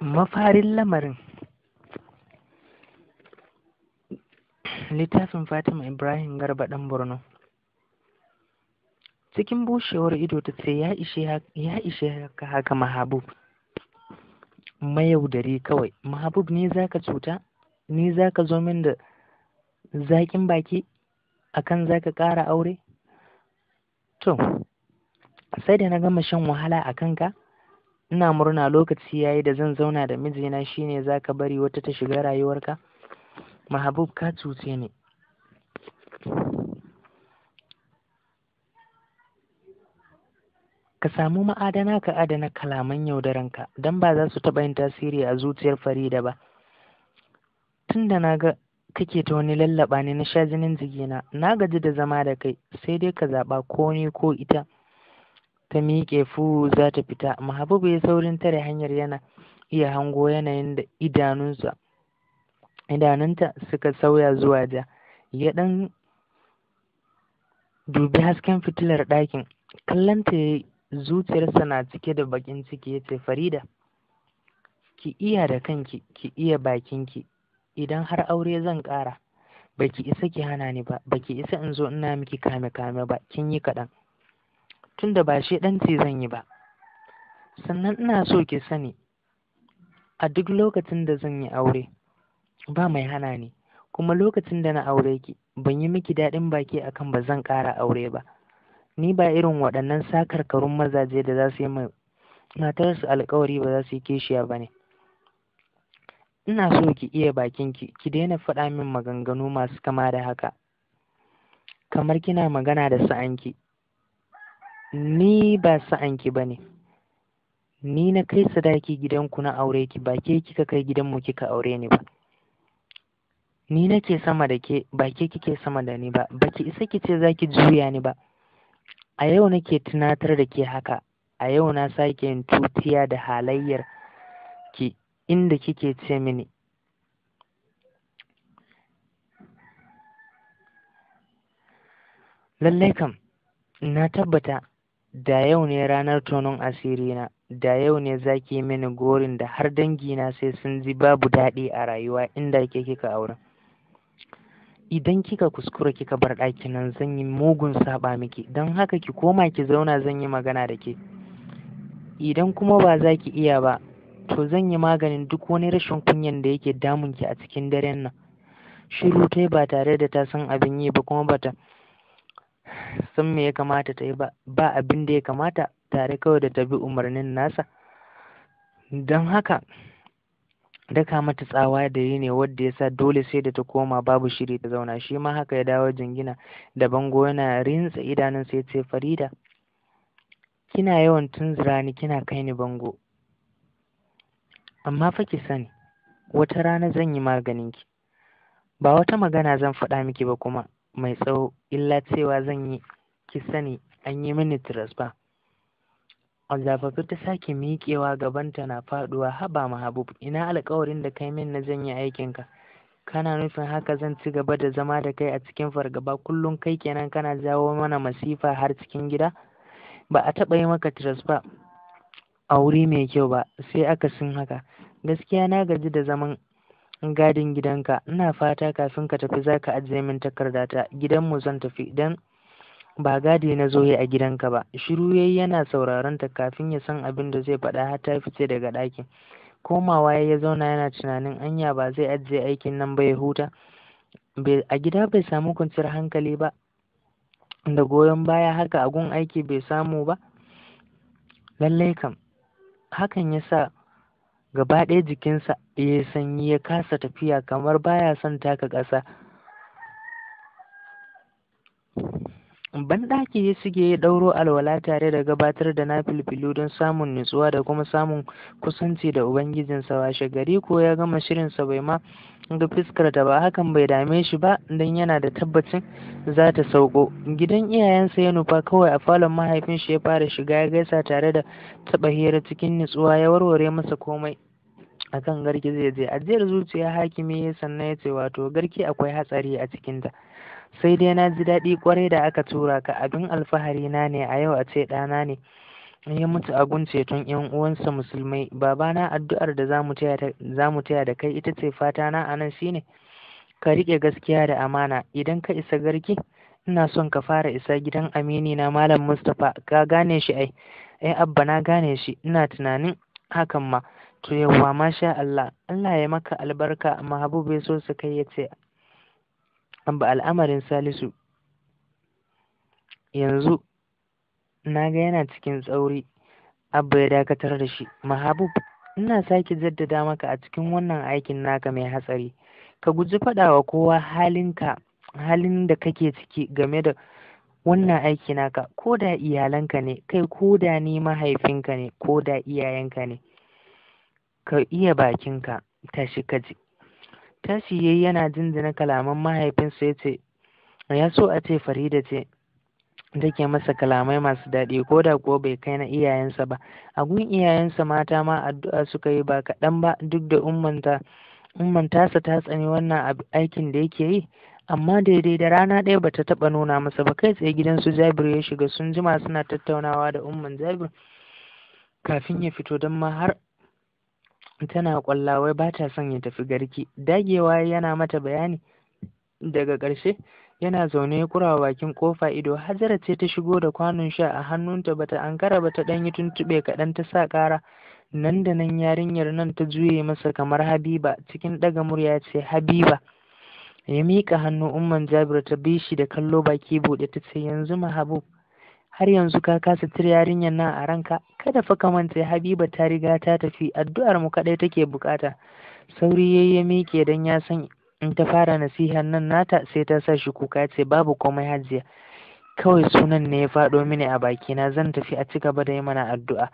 mafarin lamarin littafin fatima ibrahim garba ɗan borno cikin bushewar ido ta ce ya ishe ka haka mahabub mayaudari kawai mahabub ne zaka cuta ni zaka zo min da zaƙin baki akan zaka ƙara aure to sai da na gama shan wahala a kanka ina murna lokaci yayi da zan zauna da mijina shine zaka bari wata ta shiga rayuwarka mahabub ka cuce ni ka samu ma'adana ka adana kalaman yaudaranka don ba za su taɓa yin tasiri a zuciyar fari da ba tun da na ga kake ta wani lallaɓa ne na sha jinin jigina na gaji da zama da kai sai dai ka zaɓa ko ni ko ita ta miƙe fu za ta fita mahabubu ya saurin tare hanyar yana iya hango yanayin da idanunsa idanunta suka sauya zuwa ja ya ɗan dubi hasken fitilar ɗakin kallanta ya zuciyarsa na cike da bakin ciki ya ce farida ki iya da kanki ki iya bakinki idan har aure zan ƙara baki isa ki hana ni ba baki isa in zo ina miki kame kame ba kin yi kaɗan tunda ba shi ɗanci zan yi ba sannan ina so ki sani a duk lokacin da zan yi aure ba mai hana ni kuma lokacin da na aure ki ban yi miki daɗin baki akan ba zan ƙara aure ba ni ba irin waɗannan sakarkarun mazaje da za su yi matarsu alkawari ba za su yi kishiya ba ne ina so ki iya bakinki ki daina faɗa min maganganu masu kama da haka kamar kina magana da sa'anki ni ba sa'anki ba ne ni na kai sadaki gidanku na aure ki ba ke kika kai gidanmu kika aure ni ba ni nake sama da ke ba ke kike sama da ni ba ba ki isa ki ce za ki juya ni ba a yau nake tunatar da ke haka a yau na sake yin tutiya da halayyar ki inda kike ce mini lallai kam na tabbata da yau ne ranar tonon asirina da yau ne zaki yi mini gorin da har dangina sai sun ji babu daɗi a rayuwa inda ke kika aure idan kika kuskura kika bar ɗakin nan zan yi mugun saba miki don haka ki koma ki zauna zan yi magana da ke idan kuma ba za ki iya ba to zan yi maganin duk wani rashin kunyan da yake damunki a cikin daren nan shiru yi ba tare da ta san abin yi ba kuma bata san me ya kamata ta yi ba ba abin da ya kamata tare kawai da ta bi umarnin nasa don haka daka mata tsawa da yi ne wadda ya sa dole sai da ta koma babu shiri ta zauna shi ma haka ya dawo jingina da bango yana rinsa idanun sai ce farida kina yawan tunzura ni kina kai ni bango amma fa ki sani wata rana zan yi maganinki ba wata magana zan faɗa miki ba kuma mai tsawo illa cewa zan yi ki sani an yi mini transfer Zafafi ta sake miƙewa gabanta na faɗuwa haba mahabub ina alƙawarin da kai min na zan yi aikinka kana nufin haka zan ci gaba da zama da kai a cikin fargaba kullum kai kenan kana jawo mana masifa har cikin gida ba a taɓa yi maka ba a wuri mai kyau ba sai aka sun haka gaskiya na gaji da zaman gadin gidanka ina fata kafin ka tafi za ka ajiye min takardata gidanmu zan tafi don ba gadi na zo a gidanka ba shiru yayi yana sauraron ta kafin ya san abin da zai faɗa har ta fice daga ɗakin komawa ya zauna yana tunanin anya ba zai ajiye aikin nan ba ya huta a gida bai samu kwanciyar hankali ba da goyon baya haka a gun aiki bai samu ba lallai kam hakan ya sa gaba ɗaya jikinsa ya eh, sanyi ya kasa tafiya kamar baya son taka ƙasa banɗaki ya shige ya ɗauro alwala tare da gabatar da na filfilu don samun nutsuwa da kuma samun kusanci da ubangijinsa washe gari ko ya gama shirinsa bai ma ga fuskarta ba hakan bai dame shi ba don yana da tabbacin za ta sauko gidan iyayensa ya nufa kawai a falon mahaifin shi ya fara shiga ya gaisa tare da taɓa hira cikin nutsuwa ya warware masa komai akan garki zai je ajiyar zuciya hakimi sannan ya ce wato garki akwai hatsari a cikinta sai dai na ji daɗi kwarai da aka tura ka abin alfahari na ne a yau a ce ɗana ne ya mutu a gun ceton yan uwansa musulmai babana addu'ar da za mu taya da kai ita ce fata na anan shine ka riƙe gaskiya da amana idan ka isa garki ina son ka fara isa gidan amini na malam mustapha ka gane shi ai ai abba na gane shi ina tunanin hakan ma to yawwa masha Allah Allah ya maka albarka amma Habu bai so su kai ya ce ba al'amarin Salisu yanzu na ga yana cikin tsauri abba ya dakatar da shi mahabub ina sake jaddada maka a cikin wannan aikin naka mai hatsari ka guji faɗawa kowa halinka halin da kake ciki game da wannan aiki naka ko da iyalanka ne kai ko da ni mahaifinka ne ko da iyayenka ne ka iya bakinka tashi ka ji tashi yayi yana jinjina kalaman mahaifinsa ya ce ya so a ce farida ce take masa kalamai masu daɗi ko da ko bai kai na iyayensa ba a gun iyayensa mata ma addu'a suka yi ba kaɗan ba duk da ummanta umman ta tsani wannan aikin da yake yi amma daidai da rana ɗaya bata taɓa nuna masa ba kai tsaye gidansu jabir ya shiga sun jima suna tattaunawa da umman jabir kafin ya fito don ma har tana kwalla wai ba ta son ya tafi garki dagewa yana mata bayani daga ƙarshe yana zaune kurawa bakin kofa ido hajara ce ta shigo da kwanon sha a hannunta bata ankara ba ta dan yi tuntube kaɗan ta sa ƙara nan da nan yarinyar nan ta juye masa kamar habiba cikin ɗaga murya ce habiba ya mika hannu umman jabir ta bi da kallo baki buɗe ta ce yanzu mahabub har yanzu ka kasa cire yarinyar nan a ranka kada fa ka manta habiba ta riga ta tafi addu'ar mu kadai take bukata sauri yayi ya miƙe dan ya san in ta fara nasihar nan nata sai ta sa shi kuka ce babu komai hajiya kawai sunan ne ya faɗo mini a bakina zan tafi a ci gaba da yi mana addu'a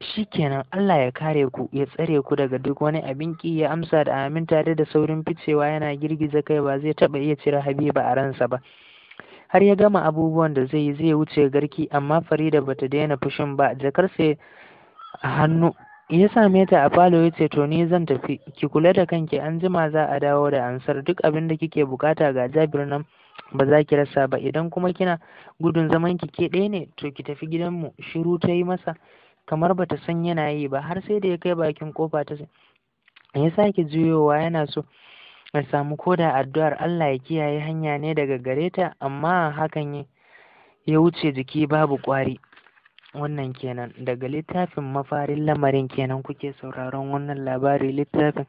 shikenan Allah ya kare ku ya tsare ku daga duk wani abin ki ya amsa da amin tare da saurin ficewa yana girgiza kai ba zai taɓa iya cire habiba a ransa ba har ya gama abubuwan da zai yi zai wuce garki amma Farida bata daina fushin ba jakarsa a hannu ya same ta a falo ya ce to ni zan tafi ki kula da kanki an jima za a dawo da ansar duk abin da kike bukata ga Jabir nan ba za ki rasa ba idan kuma kina gudun zaman ki ke ɗaya ne to ki tafi gidan mu. shiru ta yi masa kamar bata san yana yi ba har sai da ya kai bakin kofa ta ya sake juyowa yana so ya samu koda addu'ar Allah ya kiyaye hanya ne daga gare ta amma hakan ya wuce jiki babu ƙwari wannan kenan daga littafin mafarin lamarin kenan kuke sauraron wannan labari littafin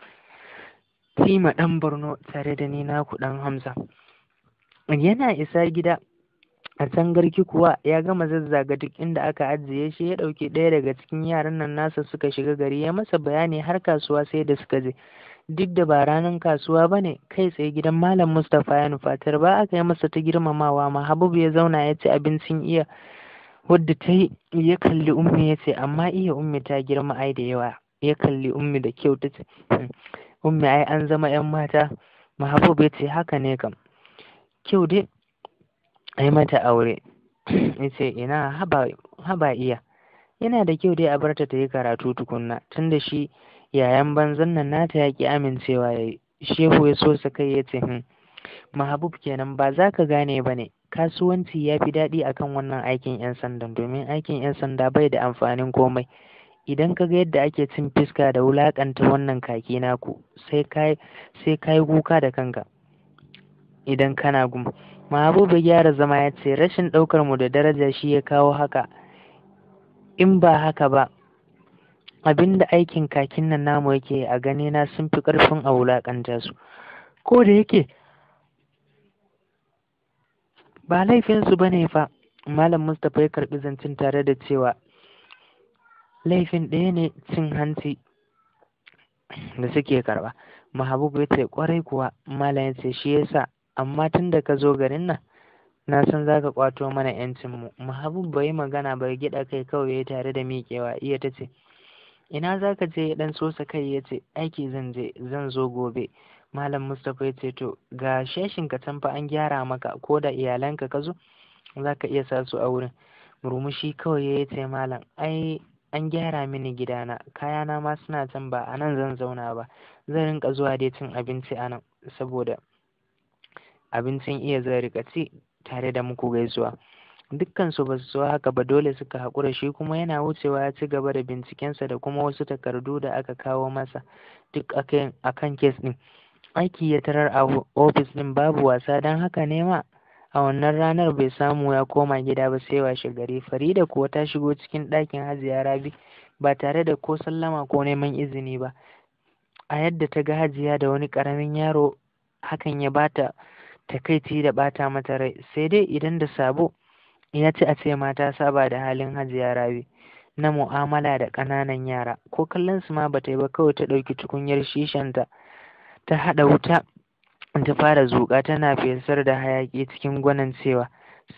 Tima ɗan Borno tare da ni naku ɗan Hamza. Yana isa gida a can garki kuwa ya gama zazzaga duk inda aka ajiye shi ya ɗauki ɗaya daga cikin yaran nan nasa suka shiga gari ya masa bayani har kasuwa sai da suka je duk da ba ranar kasuwa ba ne kai tsaye gidan malam mustapha ya nufatar ba aka yi masa ta girmamawa ma habibu ya zauna ya ci abincin iya wadda ta ya kalli ummi ya ce amma iya ummi ta girma ai da yawa ya kalli ummi da kyau ta ce hmm, ummi ai an zama yan mata mahabub ya ce haka ne kam kyau dai ai mata aure ya ce ina haba iya yana da kyau dai a barta ta yi karatu tukunna tunda shi yayan banzan nan nata ya ƙi amincewa ya shehu ya so sa kai ya ce hin hmm, mahabub kenan ba za ka gane ba ne kasuwanci ya fi daɗi akan wannan aikin 'yan sanda, domin aikin 'yan sanda bai da amfanin komai idan ka ga yadda ake cin fiska da wulaƙanta wannan kaki naku sai ka yi kuka da kanka idan kana gum mahabub ya gyara zama ya ce rashin ɗaukar mu da daraja shi ya kawo haka in ba haka ba Abin da aikin kakin nan namu yake a gani na sun fi ƙarfin a wulaƙanta su ko da yake ba laifinsu ba ne fa malam mustapha ya karɓi zancen tare da cewa laifin ɗaya ne cin hanci da suke karɓa mahabubu ya ce ƙwarai kuwa malam ya ce shi yasa amma tun da ka zo garin nan na san za ka ƙwato mana ‘yancinmu mahabub bai magana bai gida kai kawai ya tare da miƙewa iya ta ce ina za ka je ɗan sosa kai ya ce aiki zan je zan zo gobe malam mustapha ya ce to ga shashin ka can fa an gyara maka ko da iyalanka ka zo za ka iya sa su a wurin murmushi kawai ya ce malam ai an gyara mini gidana kayana ma suna can ba a nan zan zauna ba zan rinka zuwa dai cin abinci a nan saboda abincin iya zan rika tare da muku gaisuwa dukkansu ba su so haka ba dole suka haƙura shi kuma yana wucewa ya ci gaba da bincikensa da kuma wasu takardu da aka kawo masa duk akan kes ɗin aiki ya tarar a ofis ɗin babu wasa don haka nema a wannan ranar bai samu ya koma gida ba sai washe gari farida kuwa ta shigo cikin ɗakin hajiya rabi ba tare da ko sallama ko neman izini ba a yadda ta ga hajiya da wani ƙaramin yaro hakan ya bata takaici da bata mata rai sai dai idan da sabo ya ce a ce mata saba da halin hajiya rabi na mu'amala da ƙananan yara ko kallon su ma ba ta yi ba kawai ta ɗauki tukunyar shishanta ta haɗa wuta ta fara zuƙa tana fesar da hayaƙi cikin gwanin cewa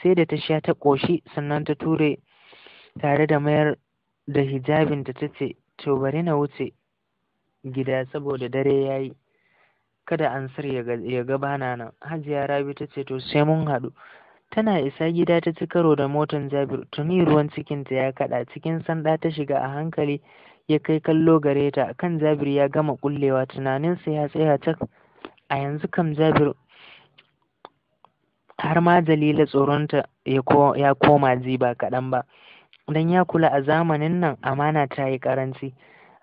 sai da ta sha ta ƙoshi sannan ta ture tare da mayar da hijabinta ta ce to bari na wuce gida saboda dare ya yi kada ansar ya gabana nan hajiya rabi ta ce to sai mun haɗu Tana isa gida ta ci karo da motan Jabiru, tuni ruwan cikinta ya kaɗa, cikin sanda ta shiga a hankali ya kai kallo gare ta, kan Jabiru ya gama ƙullewa, tunaninsa ya tsaya ta. A yanzu kam Jabiru har ma Jalila ta ya koma ji ba kaɗan ba, don ya kula a zamanin nan amana ta yi ƙaranci.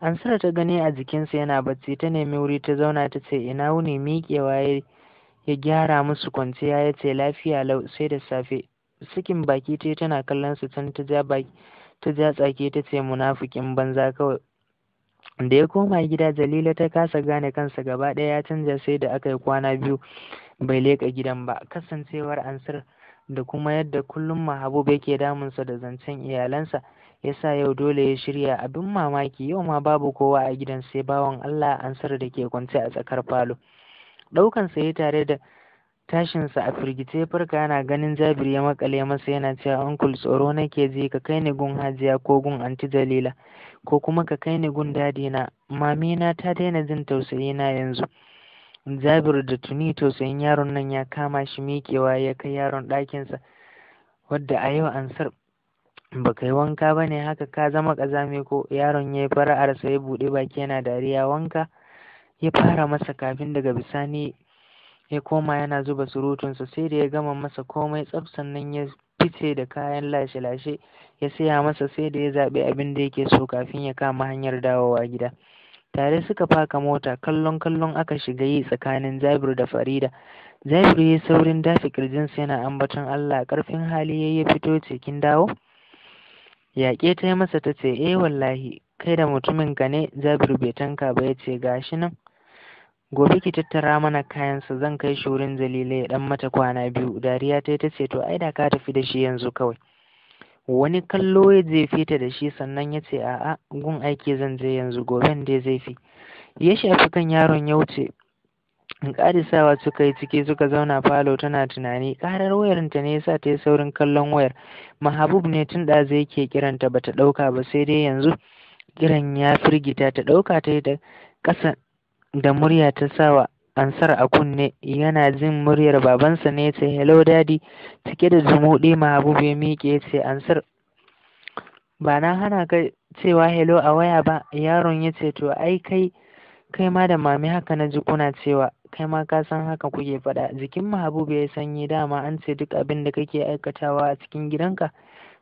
Ansira ta gani a jikinsa yana bacci, ta nemi wuri ta zauna ta ce, ina wuni miƙewa ya ya gyara musu kwanciya ya ce lafiya lau sai da safe Sikin baki ce tana kallon su can ta ja tsaki ta ce munafikin banza kawai da ya koma gida jalila ta kasa gane kansa gaba ɗaya ya canja sai da aka yi kwana biyu bai leka gidan ba kasancewar ansar da kuma yadda kullum mahabub yake damunsa da zancen iyalansa ya sa yau dole ya shirya abin mamaki yau ma babu kowa a gidan sai bawan allah ansar da ke kwance a tsakar falo ɗaukan sa tare da tashinsa a firgice farka yana ganin Jabir ya makale masa yana cewa uncle tsoro nake ji ka kai ni gun Hajiya ko gun anti Jalila ko kuma ka kai ni gun dadi na mami na ta daina jin tausayi na yanzu Jabir da tuni tausayin yaron nan ya kama shi miƙewa ya kai yaron ɗakinsa wadda a yau ansar ba kai wanka ba ne haka ka zama ƙazami ko yaron ya yi fara'arsa ya buɗe baki yana dariya wanka ya fara masa kafin daga bisani ya koma yana zuba surutunsa sai da ya gama masa komai tsaf sannan ya fice da kayan lashe-lashe ya saya masa sai da ya zaɓi abin da yake so kafin ya kama hanyar dawowa gida tare suka faka mota kallon kallon aka shiga yi tsakanin zabir da farida zabir ya saurin dafi kirjinsa yana ambaton allah karfin hali ya yi fito cikin kin dawo yaƙe ta yi masa ta ce eh wallahi kai da mutumin ka ne zabir bai tanka ba ya ce gashi nan gobe ki tattara mana kayansa zan kai shi wurin dalilai ya ɗan mata kwana biyu dariya ta ta ce to ai da ka tafi da shi yanzu kawai wani kallo ya jefe ta da shi sannan ya ce a'a gun aiki zan je yanzu gobe dai zai fi ya shafi kan yaron ya wuce Ƙadisawa suka yi ciki suka zauna falo tana tunani ƙarar wayarta ne yasa ta yi saurin kallon wayar mahabub ne tun da zai ke kiranta bata ɗauka ba sai dai yanzu kiran ya firgita ta ɗauka ta yi da ƙasa da murya ta sawa ansar a kunne yana jin muryar babansa ne ce hello daddy cike da zumuɗi mahabub ya miƙe ce ansar ba na hana ka cewa hello a waya ba yaron ya ce to ai kai kai ma da mami haka na ji kuna cewa kai ma ka san haka kuke faɗa jikin mahabub ya sanyi dama an ce duk abin da kake aikatawa a cikin gidanka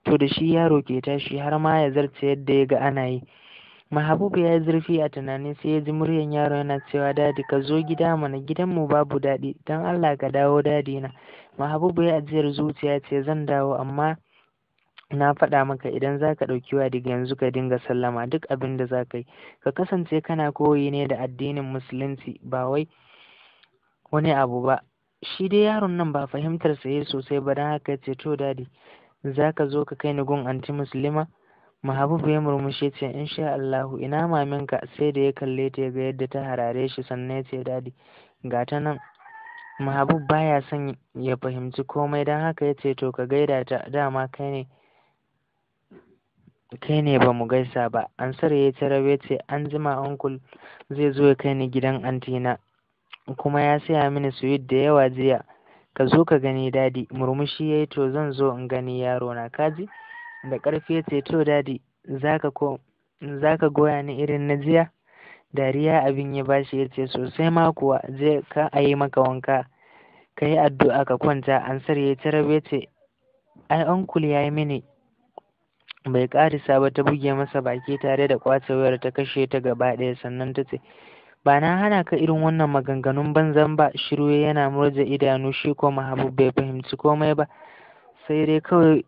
to da shi yaro ke tashi har ma ya zarce yadda ya ga ana yi mahabubu ya yi zurfi a tunani sai ya ji muryar yaron yana cewa dadi ka zo gida mana gidanmu babu daɗi don allah ka dawo dadi na mahabubu ya ajiyar zuciya ce zan dawo amma na faɗa maka idan za ka ɗauki wa daga yanzu ka dinga sallama duk abin da za ka yi ka kasance kana koyi ne da addinin musulunci ba wai wani abu ba shi dai yaron nan ba fahimtar sa sosai ba don haka ya ce to dadi za ka zo ka kai ni gun anti musulma Mahabubu ya murmushi ce in sha Allahu ina maminka sai da ya kalle ta yaga ga yadda ta harare shi sannan ya ce dadi ga ta nan Mahabub baya son ya fahimci komai don haka ya ce to ka gaida ta dama kai ne kai ne ba mu gaisa ba ansar ya ce rabe ce an jima uncle zai zo ya kai ni gidan antina kuma ya saya mini sweet da yawa jiya ka zo ka gani dadi murmushi ya yi to zan zo in gani yaro na kaji da ƙarfi ya ce to dadi zaka ko goya ni irin na jiya dariya abin ya bashi ya ce sosai ma kuwa je ka a yi maka wanka ka yi addu'a ka kwanta ansar ya ta rabe ce ai onkul ya yi mini bai karisa ba ta buge masa baki tare da kwace wayar ta kashe ta gaba ɗaya sannan ta ce ba na hana ka irin wannan maganganun banzan ba shiru yana murza idanu shi ko mahabub bai fahimci komai ba sai dai kawai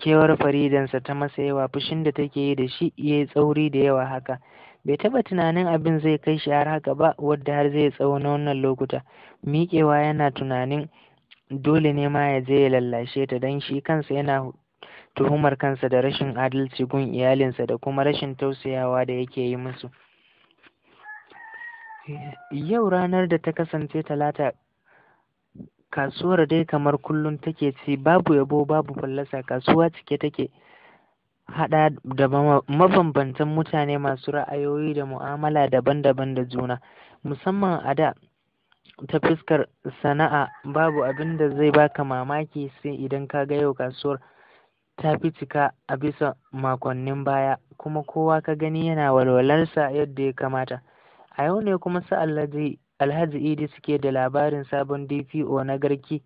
kewar faridansa ta masa yawa fushin da take yi da shi ya yi tsauri da yawa haka bai taɓa tunanin abin zai kai shi har haka ba wadda har zai tsawo na wannan lokuta miƙewa yana tunanin dole ne ma ya je ya lallashe ta don shi kansa yana tuhumar kansa da rashin adalci gun iyalinsa da kuma rashin tausayawa da yake yi musu yau ranar da ta kasance talata kasuwar dai kamar kullum take ci babu yabo babu fallasa kasuwa cike take hada da mabambantan mutane masu ra'ayoyi da mu'amala daban-daban da juna musamman a da ta fuskar sana'a babu abin da zai baka mamaki sai idan ka ga yau kasuwar ta fi cika a bisa makonnin baya kuma kowa ka gani yana walwalarsa yadda ya kamata a yau ne kuma su alhaji Alhaji Idi suke da labarin sabon DPO na Garki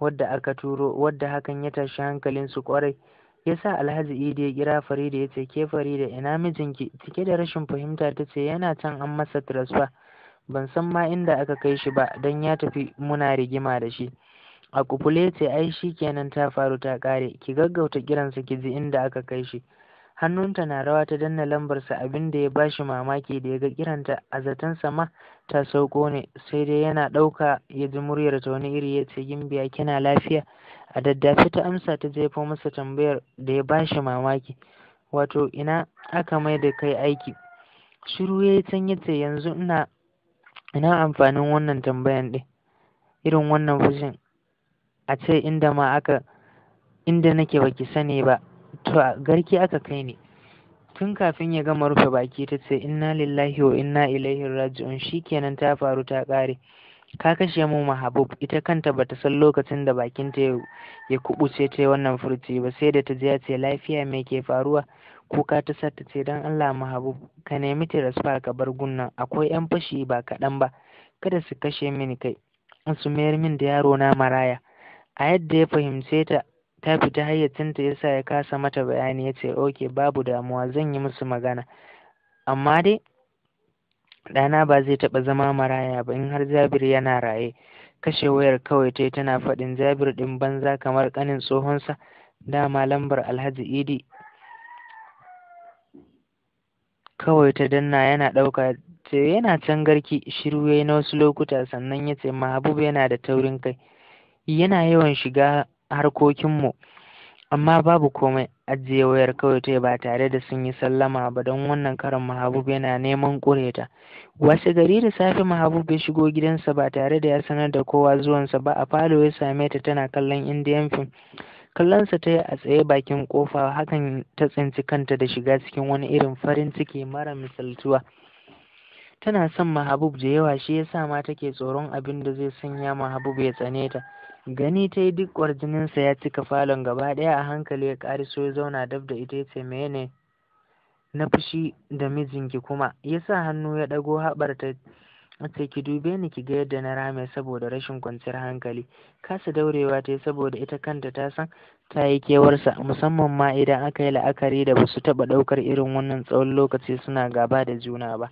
wadda aka turo wadda hakan ya tashi hankalin su kwarai sa Alhaji Idi ya kira Farida ya ce ke Farida ina mijinki cike da rashin fahimta ta ce yana can an masa transfer ban san ma inda aka kai shi ba don ya tafi muna rigima da shi a kufule ce ai shi kenan ta faru ta kare ki gaggauta kiransa ki ji inda aka kai shi hannunta na rawa ta danna lambarsa abin da ya shi mamaki da ya ga kiranta a zaton ma ta sauko ne sai dai yana ɗauka ya ji muryar ta wani iri ya ce gimbiya kina lafiya a daddafe ta amsa ta jefa masa tambayar da ya bashi mamaki wato ina aka mai da kai aiki shiru ya yi can yace yanzu ina ina amfanin wannan tambayan ɗin irin wannan fushin a ce inda ma aka inda nake baki sani ba ta garki aka kai ne. tun kafin ya gama rufe baki ta ce inna lillahi wa inna ilaihi raji'un shikenan ta faru ta kare ka kashe mu mahabub ita kanta bata san lokacin da bakin ta ya kubuce ta wannan furci ba sai da ta ji ce lafiya me ke faruwa kuka ta sa ta ce dan Allah mahabub ka nemi tirasfa ka bar gunnan akwai yan fashi ba kaɗan ba kada su kashe mini kai su mayar min da yaro na maraya a yadda ya fahimce ta ta fita hayyacinta yasa ya kasa mata bayani ya ce ok babu damuwa zan yi musu magana amma dai ɗana ba zai taɓa zama maraya ba in har jabir yana raye kashe wayar kawai ta tana faɗin jabir ɗin banza kamar ƙanin tsohonsa dama lambar alhaji idi kawai ta danna yana ɗauka ce yana can garki shiru ya na wasu lokuta sannan ya ce mahabub yana da taurin kai yana yawan shiga harkokinmu amma babu komai ajiye wayar kawai ta ba tare da sun yi sallama ba don wannan karin mahabub yana neman ƙureta wasu gari da safe mahabub ya shigo gidansa ba tare da ya sanar da kowa zuwansa ba a falo ya same ta tana kallon indian film kallonsa ta yi a tsaye bakin kofa hakan ta tsinci kanta da shiga cikin wani irin farin ciki mara misaltuwa tana son mahabub da yawa shi yasa ma take tsoron abin da zai sanya mahabub ya tsane ta gani ta yi duk ƙwarjininsa ya cika falon gaba ɗaya a hankali ya so ya zauna dab da ita ya ce mene na fushi da mijinki kuma ya sa hannu ya ɗago haɓarta ce ki dube ni ki ga yadda na rame saboda rashin kwanciyar hankali kasa daurewa ta saboda ita kanta ta san ta yi kewarsa musamman ma idan aka yi la'akari da basu taɓa ɗaukar irin wannan tsawon lokaci suna gaba da juna ba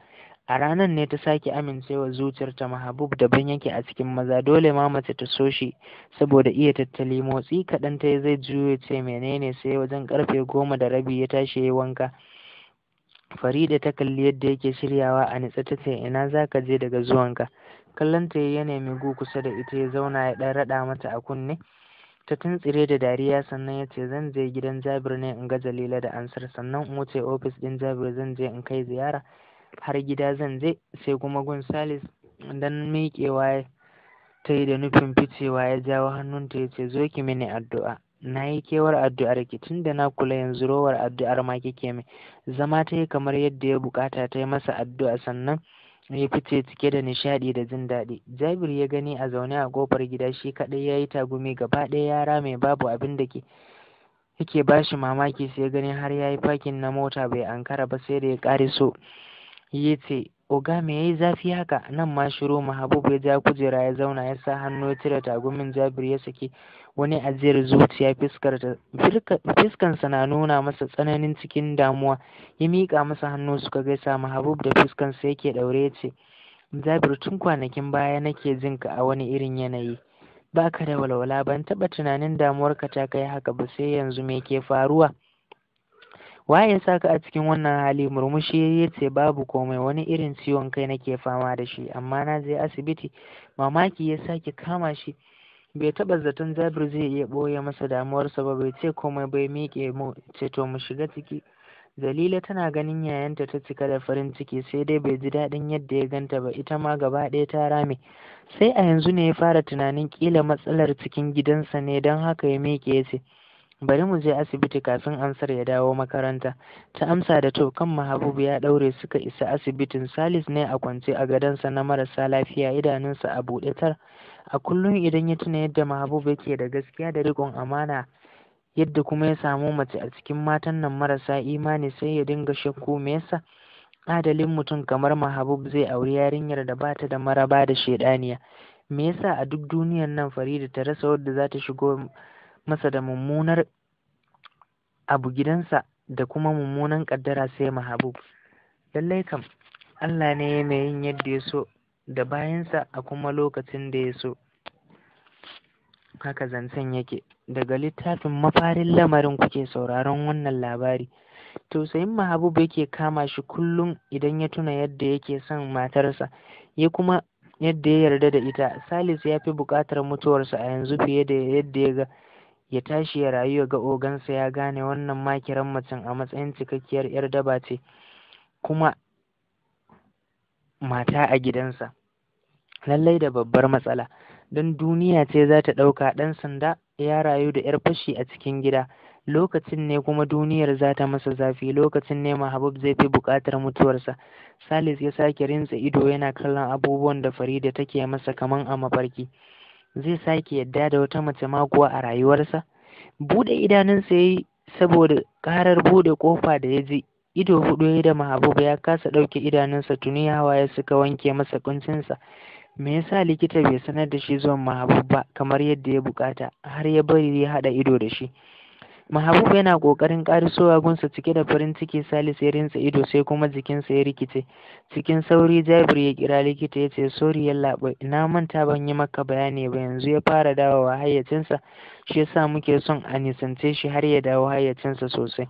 a ranar ne ta sake amincewa zuciyarta mahabub daban yake a cikin maza dole ma mace ta so shi saboda iya tattali motsi kaɗan ta zai juyo ce menene sai wajen karfe goma da rabi ya tashi ya wanka farida ta kalli yadda yake shiryawa a nitsa ta ce ina zaka je daga zuwanka kallon ta ya nemi gu kusa da ita ya zauna ya ɗan raɗa mata a kunne ta tuntsire da dariya sannan ya ce zan je gidan jabir ne in ga jalila da ansar sannan in wuce ofis ɗin jabir zan je in kai ziyara har gida zan je sai kuma gun salis dan miƙewa ta yi da nufin ficewa ya jawo hannunta ya ce zo ki mini addu'a na yi kewar addu'ar ki tun da na kula yanzu rowar addu'ar ma kike mai. zama ta yi kamar yadda ya bukata ta yi masa addu'a sannan ya fice cike da nishaɗi da jin daɗi jabir ya gani a zaune a ƙofar gida shi kaɗai ya yi tagumi gaba ɗaya yara mai babu abin da ke yake ba shi mamaki sai gani har ya yi fakin na mota bai ankara ba sai da ya ƙare so ya ce oga me ya yi zafi haka nan ma shiru mahabub ya ja kujera ya zauna ya sa hannu ya cire tagumin jabir ya saki wani ajiyar zuciya fiskansa na nuna masa tsananin cikin damuwa ya miƙa masa hannu suka gaisa mahabub da fiskansa yake ɗaure ya ce jabir tun kwanakin baya nake jin ka a wani irin yanayi ba ka da walwala ban taɓa tunanin damuwarka ta kai haka ba sai yanzu me ke faruwa waye ya ka a cikin wannan hali murmushi ya ce babu komai wani irin ciwon kai nake fama da shi amma na je asibiti mamaki ya sake kama shi bai taba zaton zabir zai iya ɓoye masa damuwarsa ba bai ce komai bai miƙe mu ce mu shiga ciki Dalila tana ganin yayanta ta cika da farin ciki sai dai bai ji daɗin yadda ya ganta ba ita ma gaba ɗaya ta rame sai a yanzu ne ya fara tunanin ƙila matsalar cikin gidansa ne don haka ya miƙe ya ce bari mu je asibiti kafin Ansar ya dawo makaranta ta amsa da to kan Mahabubu ya daure suka isa asibitin Salis ne a kwance a sa na marasa lafiya idanunsa a buɗe tar a kullum idan ya tuna yadda Mahabubu yake da gaskiya da rikon amana yadda kuma ya samu mace a cikin matan nan marasa imani sai ya dinga shakku me yasa adalin mutum kamar Mahabub zai auri yarinyar da bata da maraba da shedaniya me yasa a duk duniyar nan Farida ta rasa wadda za ta shigo masa da mummunar abu gidansa da kuma mummunan ƙaddara sai mahabub lallai kam Allah ne ya mai yin yadda ya so da bayansa a kuma lokacin da ya so haka zancen yake daga littafin mafarin lamarin kuke sauraron wannan labari tausayin mahabub yake kama shi kullum idan ya tuna yadda yake son matarsa ya kuma yadda ya yarda da ita salis ya fi buƙatar mutuwarsa a yanzu fiye da yadda ya ga ya tashi ya rayu ya ga ogansa ya gane wannan makiran macen a matsayin cikakkiyar 'yar daba ce kuma mata a gidansa lallai da babbar matsala don duniya ce za ta ɗauka ɗan sanda ya rayu da 'yar fashi a cikin gida lokacin ne kuma duniyar za ta masa zafi lokacin ne mahabub zai fi buƙatar mutuwarsa salis ya sake rintsa ido yana kallon abubuwan da farida take masa kaman a mafarki zai sake yadda da wata mace ma kuwa a rayuwarsa buɗe idanunsa ya yi saboda ƙarar buɗe ƙofa da ya ji ido hudu ya da mahabub ya kasa ɗauke idanunsa tuni hawaye suka wanke masa kuncinsa me yasa likita bai sanar da shi zuwan mahabub ba kamar yadda ya buƙata? har ya bari ya haɗa ido da shi Mahabub yana ƙoƙarin a gunsa cike da farin ciki Salisu ya rintsa ido sai kuma jikinsa ya rikice. Cikin sauri Jabir ya kira likita ya ce sorry yallaɓai ina manta ban yi maka bayani ba yanzu ya fara dawowa hayyacinsa shi yasa muke son a nisance shi har ya dawo hayyacinsa sosai.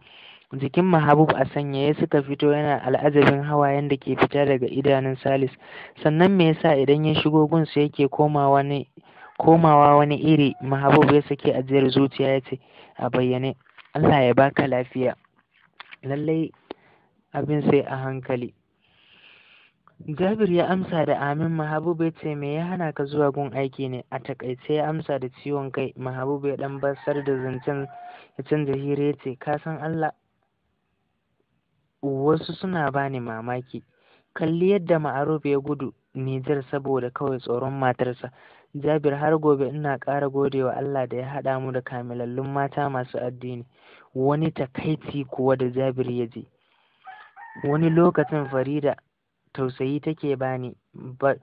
Jikin Mahabub a sanyaye suka fito yana al'ajabin hawa da ke fita daga idanun Salis. Sannan me yasa idan ya shigo gunsa yake komawa ne komawa wani iri mahabubu ya sake ajiyar zuciya ya ce a bayyane allah ya baka lafiya lallai abin sai a hankali jabir ya amsa da amin mahabub ya ce me ya hana ka zuwa gun aiki ne a takaice ya amsa da ciwon kai mahabubu ya dan basar da zancen ya canza hira ya ce ka san allah wasu suna bani mamaki kalli yadda ma'aruf ya gudu Nijar saboda kawai tsoron matarsa Jabir har gobe ina ƙara gode wa Allah da ya haɗa mu da kamilallun mata masu addini. Wani takaici kuwa da Jabir ya je. Wani lokacin Farida tausayi take bani ba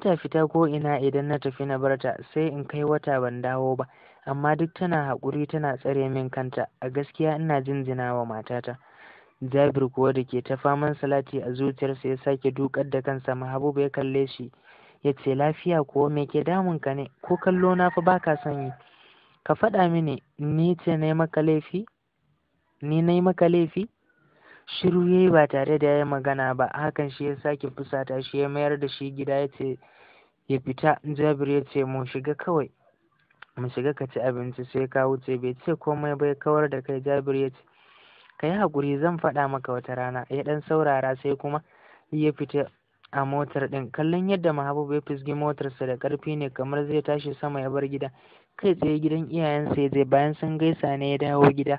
ta fita ko ina idan na tafi na barta sai in kai wata ban dawo ba amma duk tana haƙuri tana tsare min kanta a gaskiya ina jinjina wa matata. Jabir kuwa da ke ta faman salati a zuciyarsa ya sake dukar da kansa mahabuba ya kalle shi ya ce lafiya ko me ke damun ka ne ko kallo na fa baka son ka faɗa mini ni ce na maka laifi ni na maka laifi shiru ya yi ba tare da ya yi magana ba hakan shi ya sake fusata shi ya mayar da shi gida ya ce ya fita jabir ya ce mu shiga kawai mu shiga ka ci abinci sai ka wuce bai ce komai bai kawar da kai jabir ya ce ka yi haƙuri zan faɗa maka wata rana ya ɗan saurara sai kuma ya fita a motar ɗin kallon yadda mahabubu ya fisgi motarsa da ƙarfi ne kamar zai tashi sama ya bar gida kai tsaye gidan iyayensa ya je bayan sun gaisa ne ya dawo gida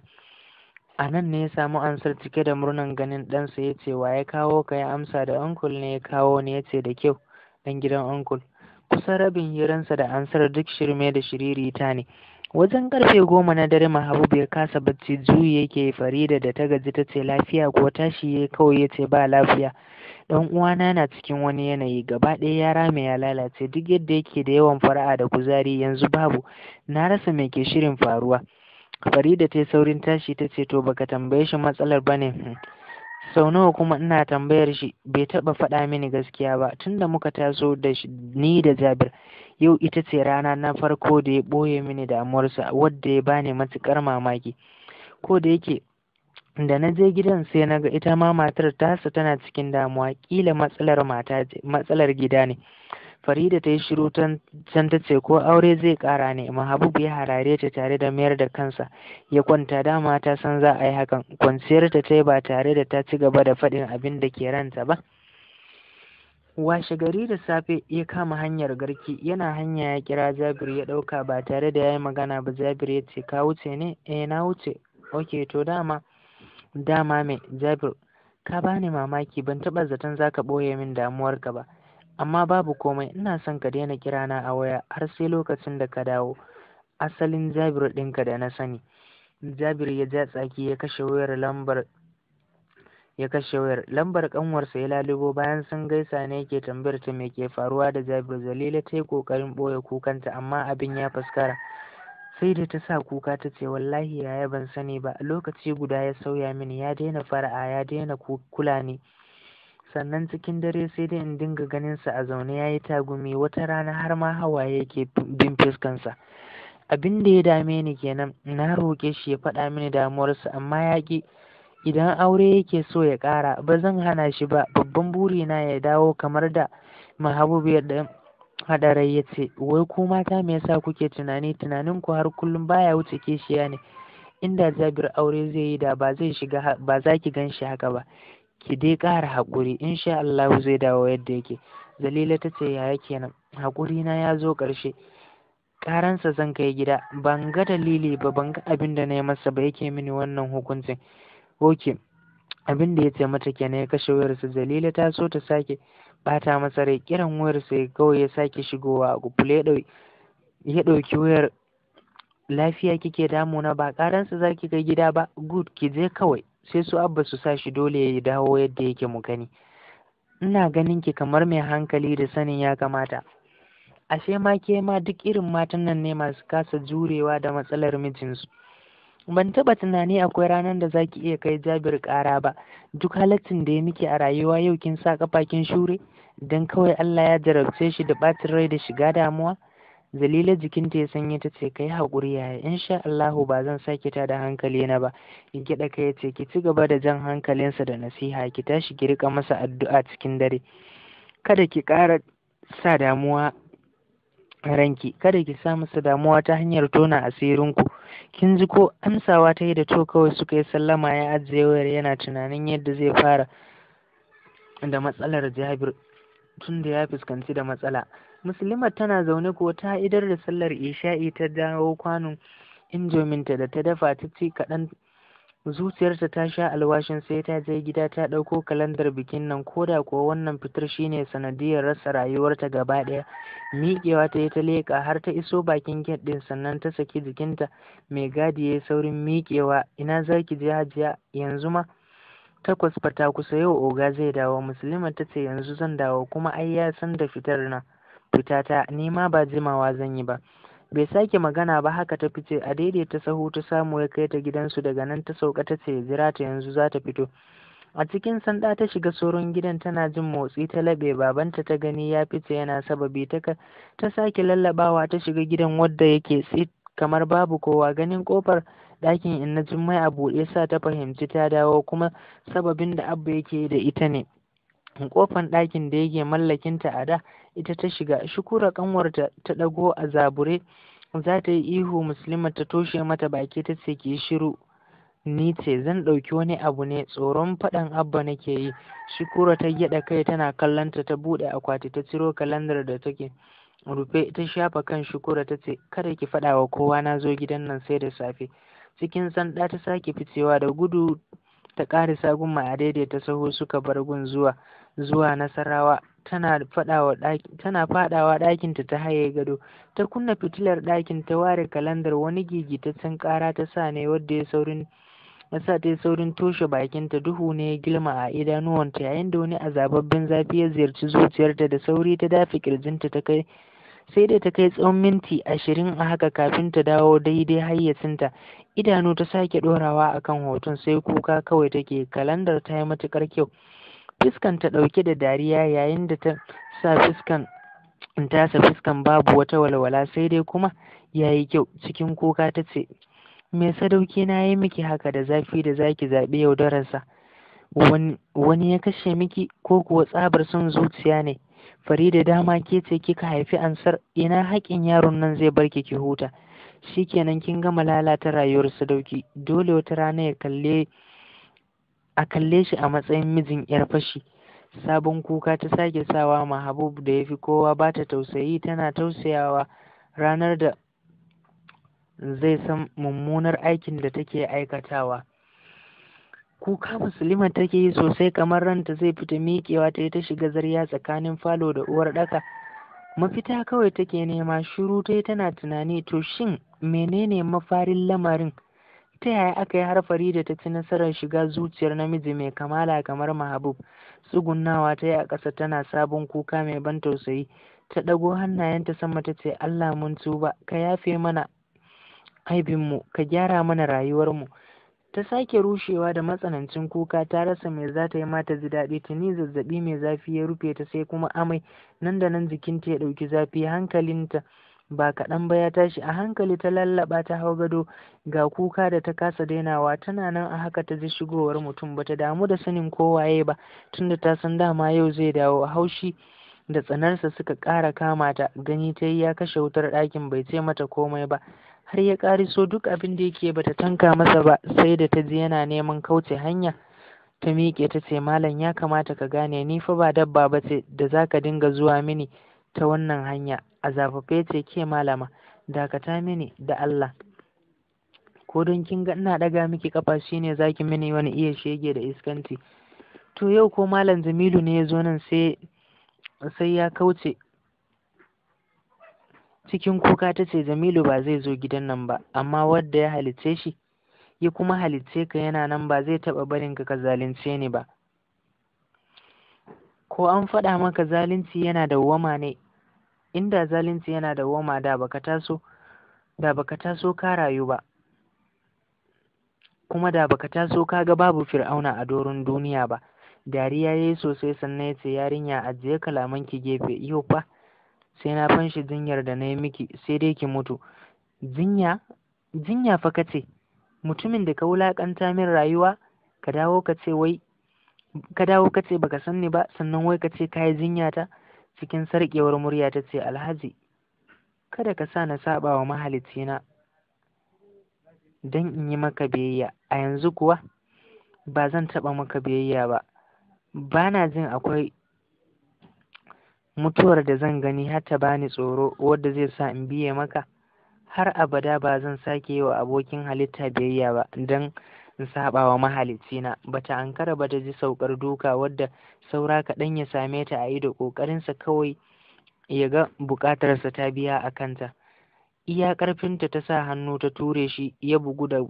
a nan ne ya samu ansar cike da murnan ganin ɗansa ya ce wa ya kawo ka ya amsa da ankul ne ya kawo ne ya ce da kyau ɗan gidan ankul kusan rabin hiransa da ansar duk shirme da shiririta ne wajen karfe goma na dare mahabubu ya kasa bacci juyi yake farida da ta gaji ta ce lafiya ko tashi ya kawai ya ce ba lafiya dan uwana na cikin wani yanayi gaba ɗaya ya rame ya lalace duk yadda yake da yawan fara'a da kuzari yanzu babu na rasa me ke shirin faruwa farida ta saurin tashi ta ce to baka tambaye shi matsalar bane hmm. sau nawa kuma ina tambayar shi bai taɓa faɗa mini gaskiya ba tunda muka taso da ni da jabir yau ita ce rana na farko da ya ɓoye mini damuwarsa wadda ya bani matuƙar mamaki ko da yake da na je gidan sai na ga ita ma matar tasa tana cikin damuwa ƙila matsalar mata matsalar gida ne farida ta yi shiru can ta ce ko aure zai ƙara ne mahabubu ya harare ta tare da mayar da kansa ya kwanta dama ta san za a yi hakan Kwanciyarta ta ta ba tare da ta ci gaba da faɗin abin da ke ranta ba washe gari da safe ya kama hanyar garki yana hanya ya kira jabir ya ɗauka ba tare da ya yi magana ba jabir ya ce ka wuce ne eh na wuce ok to dama dama me jabir ka bani mamaki ban taɓa zaton za ka ɓoye min damuwarka ba amma babu komai ina son ka daina kirana a waya har sai lokacin da ka dawo asalin jabir ɗinka da na sani jabir ya ja tsaki ya kashe wayar lambar ya kashe wayar lambar kanwarsa ya lalubo bayan sun gaisa ne yake tambayar ta me ke faruwa da Jabir Zalila ta yi kokarin ɓoye kukanta amma abin ya faskara sai da ta sa kuka ta ce wallahi yaya ban sani ba lokaci guda ya sauya mini ya daina fara'a ya daina kula ne sannan cikin dare sai da in dinga ganin sa a zaune ya yi tagumi wata rana har ma hawaye yake bin fuskansa abin da ya dame ni kenan na roƙe shi ya faɗa mini damuwarsa amma ya ƙi idan aure yake so ya ƙara ba zan hana shi ba babban burina ya dawo kamar da mahabub da hadarai ya ce wai ku mata me yasa kuke tunani tunanin ku har kullum baya wuce kishiya ne inda jabir aure zai yi da ba zai shiga ba za ki gan shi haka ba ki dai ƙara haƙuri insha Allah zai dawo yadda yake zalila ta ce yaya kenan haƙuri na ya zo ƙarshe ƙaransa zan kai gida ban ga dalili ba ban ga abin da na yi masa ba yake mini wannan hukuncin oke abin da ya ce mata kenan ya kashe wayarsa jalila ta so ta sake bata masa rai kiran wayarsa ya kawai ya sake shigowa a kufule ya dauki wayar lafiya kike damu na? ba karansa za ki kai gida ba good ki je kawai sai su abba su sa shi dole ya dawo yadda yake mu gani ina ganin ki kamar mai hankali da sanin ya kamata ashe ma ke ma duk irin matan nan ne masu kasa jurewa da matsalar mijinsu ban taɓa tunani akwai ranar da zaki iya kai jabir ƙara ba duk halattun da ya miki a rayuwa yau kin sa ƙafa kin shure don kawai Allah ya jarabce shi da ɓacin rai da shiga damuwa zalila jikinta ya sanya ta ce kai haƙuri yaya insha Allahu ba zan sake ta da hankali na ba gida ka ya ce ki ci gaba da jan hankalinsa da nasiha ki tashi ki rika masa addu'a cikin dare kada ki ƙara sa damuwa ranki kada ki sa masa damuwa ta hanyar tona asirinku kin ji ko amsawa ta yi da to kawai suka yi sallama ya ajiye wayar yana tunanin yadda zai fara da matsalar jabir tun da ya fuskanci da matsala musulmat tana zaune ko ta idar da sallar isha'i ta dawo kwanon injominta da ta dafa ta ci kaɗan zuciyarta ta sha alwashin sai ta je gida ta ɗauko kalandar bikin nan ko da kuwa wannan fitar shine sanadiyar rasa rayuwarta gaba ɗaya miƙewa ta yi ta leƙa har ta iso bakin gate ɗin sannan ta saki jikinta mai gadi ya yi saurin miƙewa ina za ki je hajiya yanzu ma takwas fata kusa yau oga zai dawo musulma ta ce yanzu zan dawo kuma ai ya san da fitar na ta ni ma ba jimawa zan yi ba bai sake magana ba haka ta fice a daidai ta sahu ta samu ya kai ta gidansu daga nan ta sauka ta ce jira ta yanzu za ta fito a cikin sanda ta shiga tsoron gidan tana jin motsi ta labe babanta ta gani ya fice yana sababi ta sake lallabawa ta shiga gidan wadda yake tsit kamar babu kowa ganin kofar ɗakin in na jummai a buɗe sa ta fahimci ta dawo kuma sababin da abba yake da ita ne kofan ɗakin da yake mallakinta a da ita ta shiga shukura kanwarta ta ɗago a zabure za ta yi ihu musulma ta toshe mata baki ta ce ki shiru ni ce zan ɗauki wani abu ne tsoron faɗan abba nake yi shukura ta gyaɗa kai tana kallonta ta buɗe akwati ta ciro kalandar da take rufe ta shafa kan shukura ta ce kada ki faɗa wa kowa na zo gidan nan sai da safe cikin sanda ta sake ficewa da gudu ta ƙarisa gun ma ta daidaita saho suka bar gun zuwa zuwa nasarawa tana faɗawa ɗakinta ta haye gado ta kunna fitilar ɗakin ta ware kalandar wani gigitaccen ƙara ta sa ne wadda ya saurin ya sa ta saurin toshe bakinta duhu ne ya gilma a idanuwanta yayin da wani azababben zafi ya ziyarci zuciyarta da sauri ta dafe kirjinta ta kai sai dai ta kai tsawon minti ashirin a haka kafin ta dawo daidai hayyacinta idanu ta sake ɗorawa akan hoton sai kuka kawai take kalandar ta yi matuƙar kyau fuskan ta ɗauke da dariya yayin da ta sa fuskan tasa fuskan babu wata walwala sai dai kuma yayi kyau cikin kuka ta ce me sadauki na yi miki haka da zafi da zaki zaɓi yaudararsa wani ya kashe miki ko kuwa tsabar son zuciya ne farida dama ke ce kika haifi ansar ina haƙin yaron nan zai bar ki huta shikenan kin gama lalata rayuwar sadauki dole wata rana ya kalle a kalle shi a matsayin mijin ‘yar fashi. Sabon kuka ta sake sawa Mahabub da ya fi kowa ba ta tausayi tana tausayawa ranar da zai san mummunar aikin da take aikatawa. Kuka musulma take yi sosai kamar ranta zai fita miƙewa ta yi ta shiga zarya tsakanin falo da uwar ɗaka. Mafita kawai take nema shiru ta yi tana tunani to shin menene mafarin lamarin? ta yaya aka yi har Farida ta ci nasarar shiga zuciyar namiji mai kamala kamar Mahabub? Tsugunnawa ta yi a ƙasa tana sabon kuka mai ban tausayi. Ta ɗago hannayenta sama ta ce, Allah mun tuba, ka yafe mana aibinmu, ka gyara mana rayuwarmu. Ta sake rushewa da matsanancin kuka ta rasa mai za ta yi mata ji daɗi tuni zazzaɓi mai zafi ya rufe ta sai kuma amai nan da nan jikinta ya ɗauki zafi hankalinta. ba kaɗan ba ya tashi a hankali ta lallaɓa ta hau gado ga kuka da ta kasa dainawa tana nan a haka ta ji shigowar mutum bata damu da sanin kowaye ba tunda ta san dama yau zai dawo a haushi da tsanarsa suka ƙara kama ta gani ta yi ya kashe wutar ɗakin bai ce mata komai ba har ya ƙariso duk abin da yake bata tanka masa ba sai da ta ji yana neman kauce hanya ta miƙe ta ce malam ya kamata ka gane ni fa ba dabba ba ce da zaka dinga zuwa mini ta wannan hanya a zafafe ce ke malama dakata mini da Allah ko don kin ga ina daga miki kafa shine zaki mini wani iya shege da iskanci to yau ko malam Jamilu ne yazo nan sai sai ya kauce cikin kuka ta ce Jamilu ba zai zo gidan nan ba amma wanda ya halice shi ya kuma halice ka yana nan ba zai taɓa barin ka ka zalunce ni ba ko an faɗa maka zalunci yana wama ne inda zalunci yana dawwama da baka taso da baka taso ka rayu ba kuma da baka taso ka ga babu fir'auna a doron duniya ba dariya yayi sosai sannan ya ce yarinya ajiye kalaman ki gefe iyo fa sai na fanshi jinyar da nayi miki sai dai ki mutu jinya jinya fa kace mutumin da ka wulakanta min rayuwa ka dawo ka ce wai ka dawo ka ce baka san ni ba sannan wai ka ce ka yi jinya ta cikin sarƙewar murya ta ce alhaji kada ka sa na saba wa mahalicina don in yi maka biyayya a yanzu kuwa ba zan taba maka biyayya ba ba na jin akwai mutuwar da zan gani har ta bani tsoro wadda zai sa in biye maka har abada ba zan sake yi wa abokin halitta biyayya ba don saɓawa mahalicina bata ankara ba ta ji saukar duka wadda saura kaɗan ya same ta a ido ƙoƙarinsa kawai ya ga buƙatarsa ta biya a kanta iya ƙarfinta ta sa hannu ta ture shi ya bugu da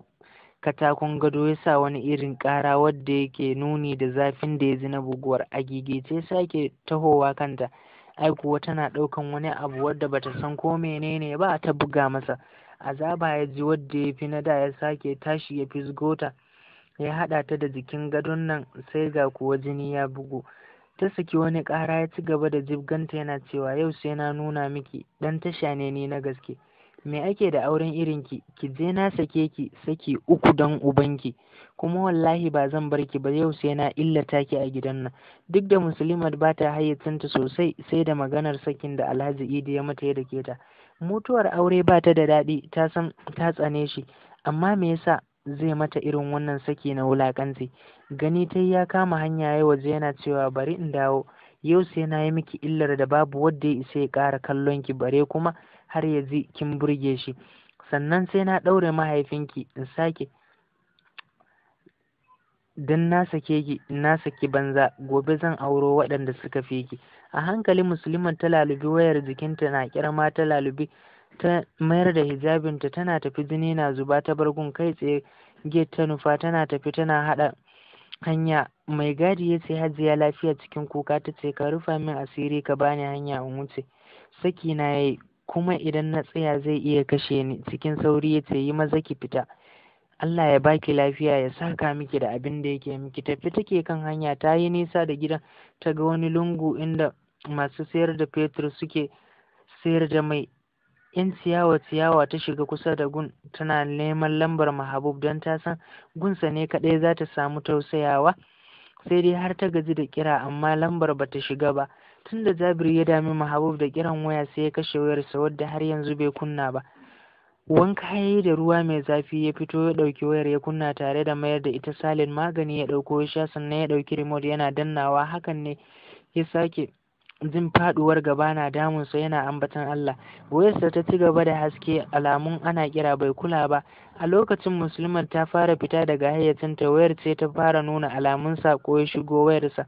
katakon gado ya sa wani irin ƙara wadda yake nuni da zafin da ya ji na buguwar a gigice sake tahowa kanta ai kuwa tana ɗaukan wani abu wadda bata san ko menene ba ta buga masa azaba ya ji wadda ya fi na da ya sake tashi ya fi zugota ya haɗa ta da jikin gadon nan sai ga kuwa jini ya bugu ta saki wani ƙara ya ci gaba da jibganta yana cewa yau sai na nuna miki dan tasha ne ni na gaske me ake da auren irinki ki je na sake ki saki uku dan ubanki kuma wallahi ba zan bar ki ba yau sai na illata ki a gidan nan duk da muslimat ba ta hayyacinta sosai sai da maganar sakin da alhaji idi ya mata ya dake ta mutuwar aure ba ta da daɗi ta san ta tsane shi amma me yasa zai mata irin wannan saki na wulakanci gani ta ya kama hanya ya waje yana cewa bari in dawo yau sai na yi miki illar da babu wadda ya isa ya ƙara kallon ki bare kuma har ya kin burge shi sannan sai na ɗaure mahaifinki in sake don na sake ki na saki banza gobe zan auro waɗanda suka fi ki a hankali musulman ta lalubi wayar jikinta na kirma ta lalubi ta mayar da hijabinta tana tafi jini na zuba ta bargun kai tsaye gate ta nufa tana tafi tana haɗa hanya mai gadi ya ce hajiya lafiya cikin kuka ta ce ka rufa min asiri ka bani hanya in wuce saki na yayi kuma idan na tsaya zai iya kashe ni cikin sauri ya ce yi maza ki fita Allah ya baki lafiya ya saka miki da abin da yake miki tafi take kan hanya ta yi nisa da gidan ta ga wani lungu inda masu sayar da fetur suke sayar da mai in ciyawa ciyawa ta shiga kusa da gun tana neman lambar mahabub don ta san gunsa ne kaɗai za ta samu tausayawa sai dai har ta gaji da kira amma lambar ba ta shiga ba tunda jabir ya dami mahabub da kiran waya sai ya kashe wayarsa wadda har yanzu bai kunna ba wanka ya da ruwa mai zafi ya fito ya ɗauki wayar ya kunna tare da mayar da ita salin magani ya ɗauko ya sha sannan ya ɗauki remote yana dannawa hakan ne ya sake jin faɗuwar gaba na damun sa yana ambaton Allah wayarsa ta ci gaba da haske alamun ana kira bai kula ba a lokacin musulmar ta fara fita daga hayyacinta wayar ce ta fara nuna alamun sako ya shigo wayarsa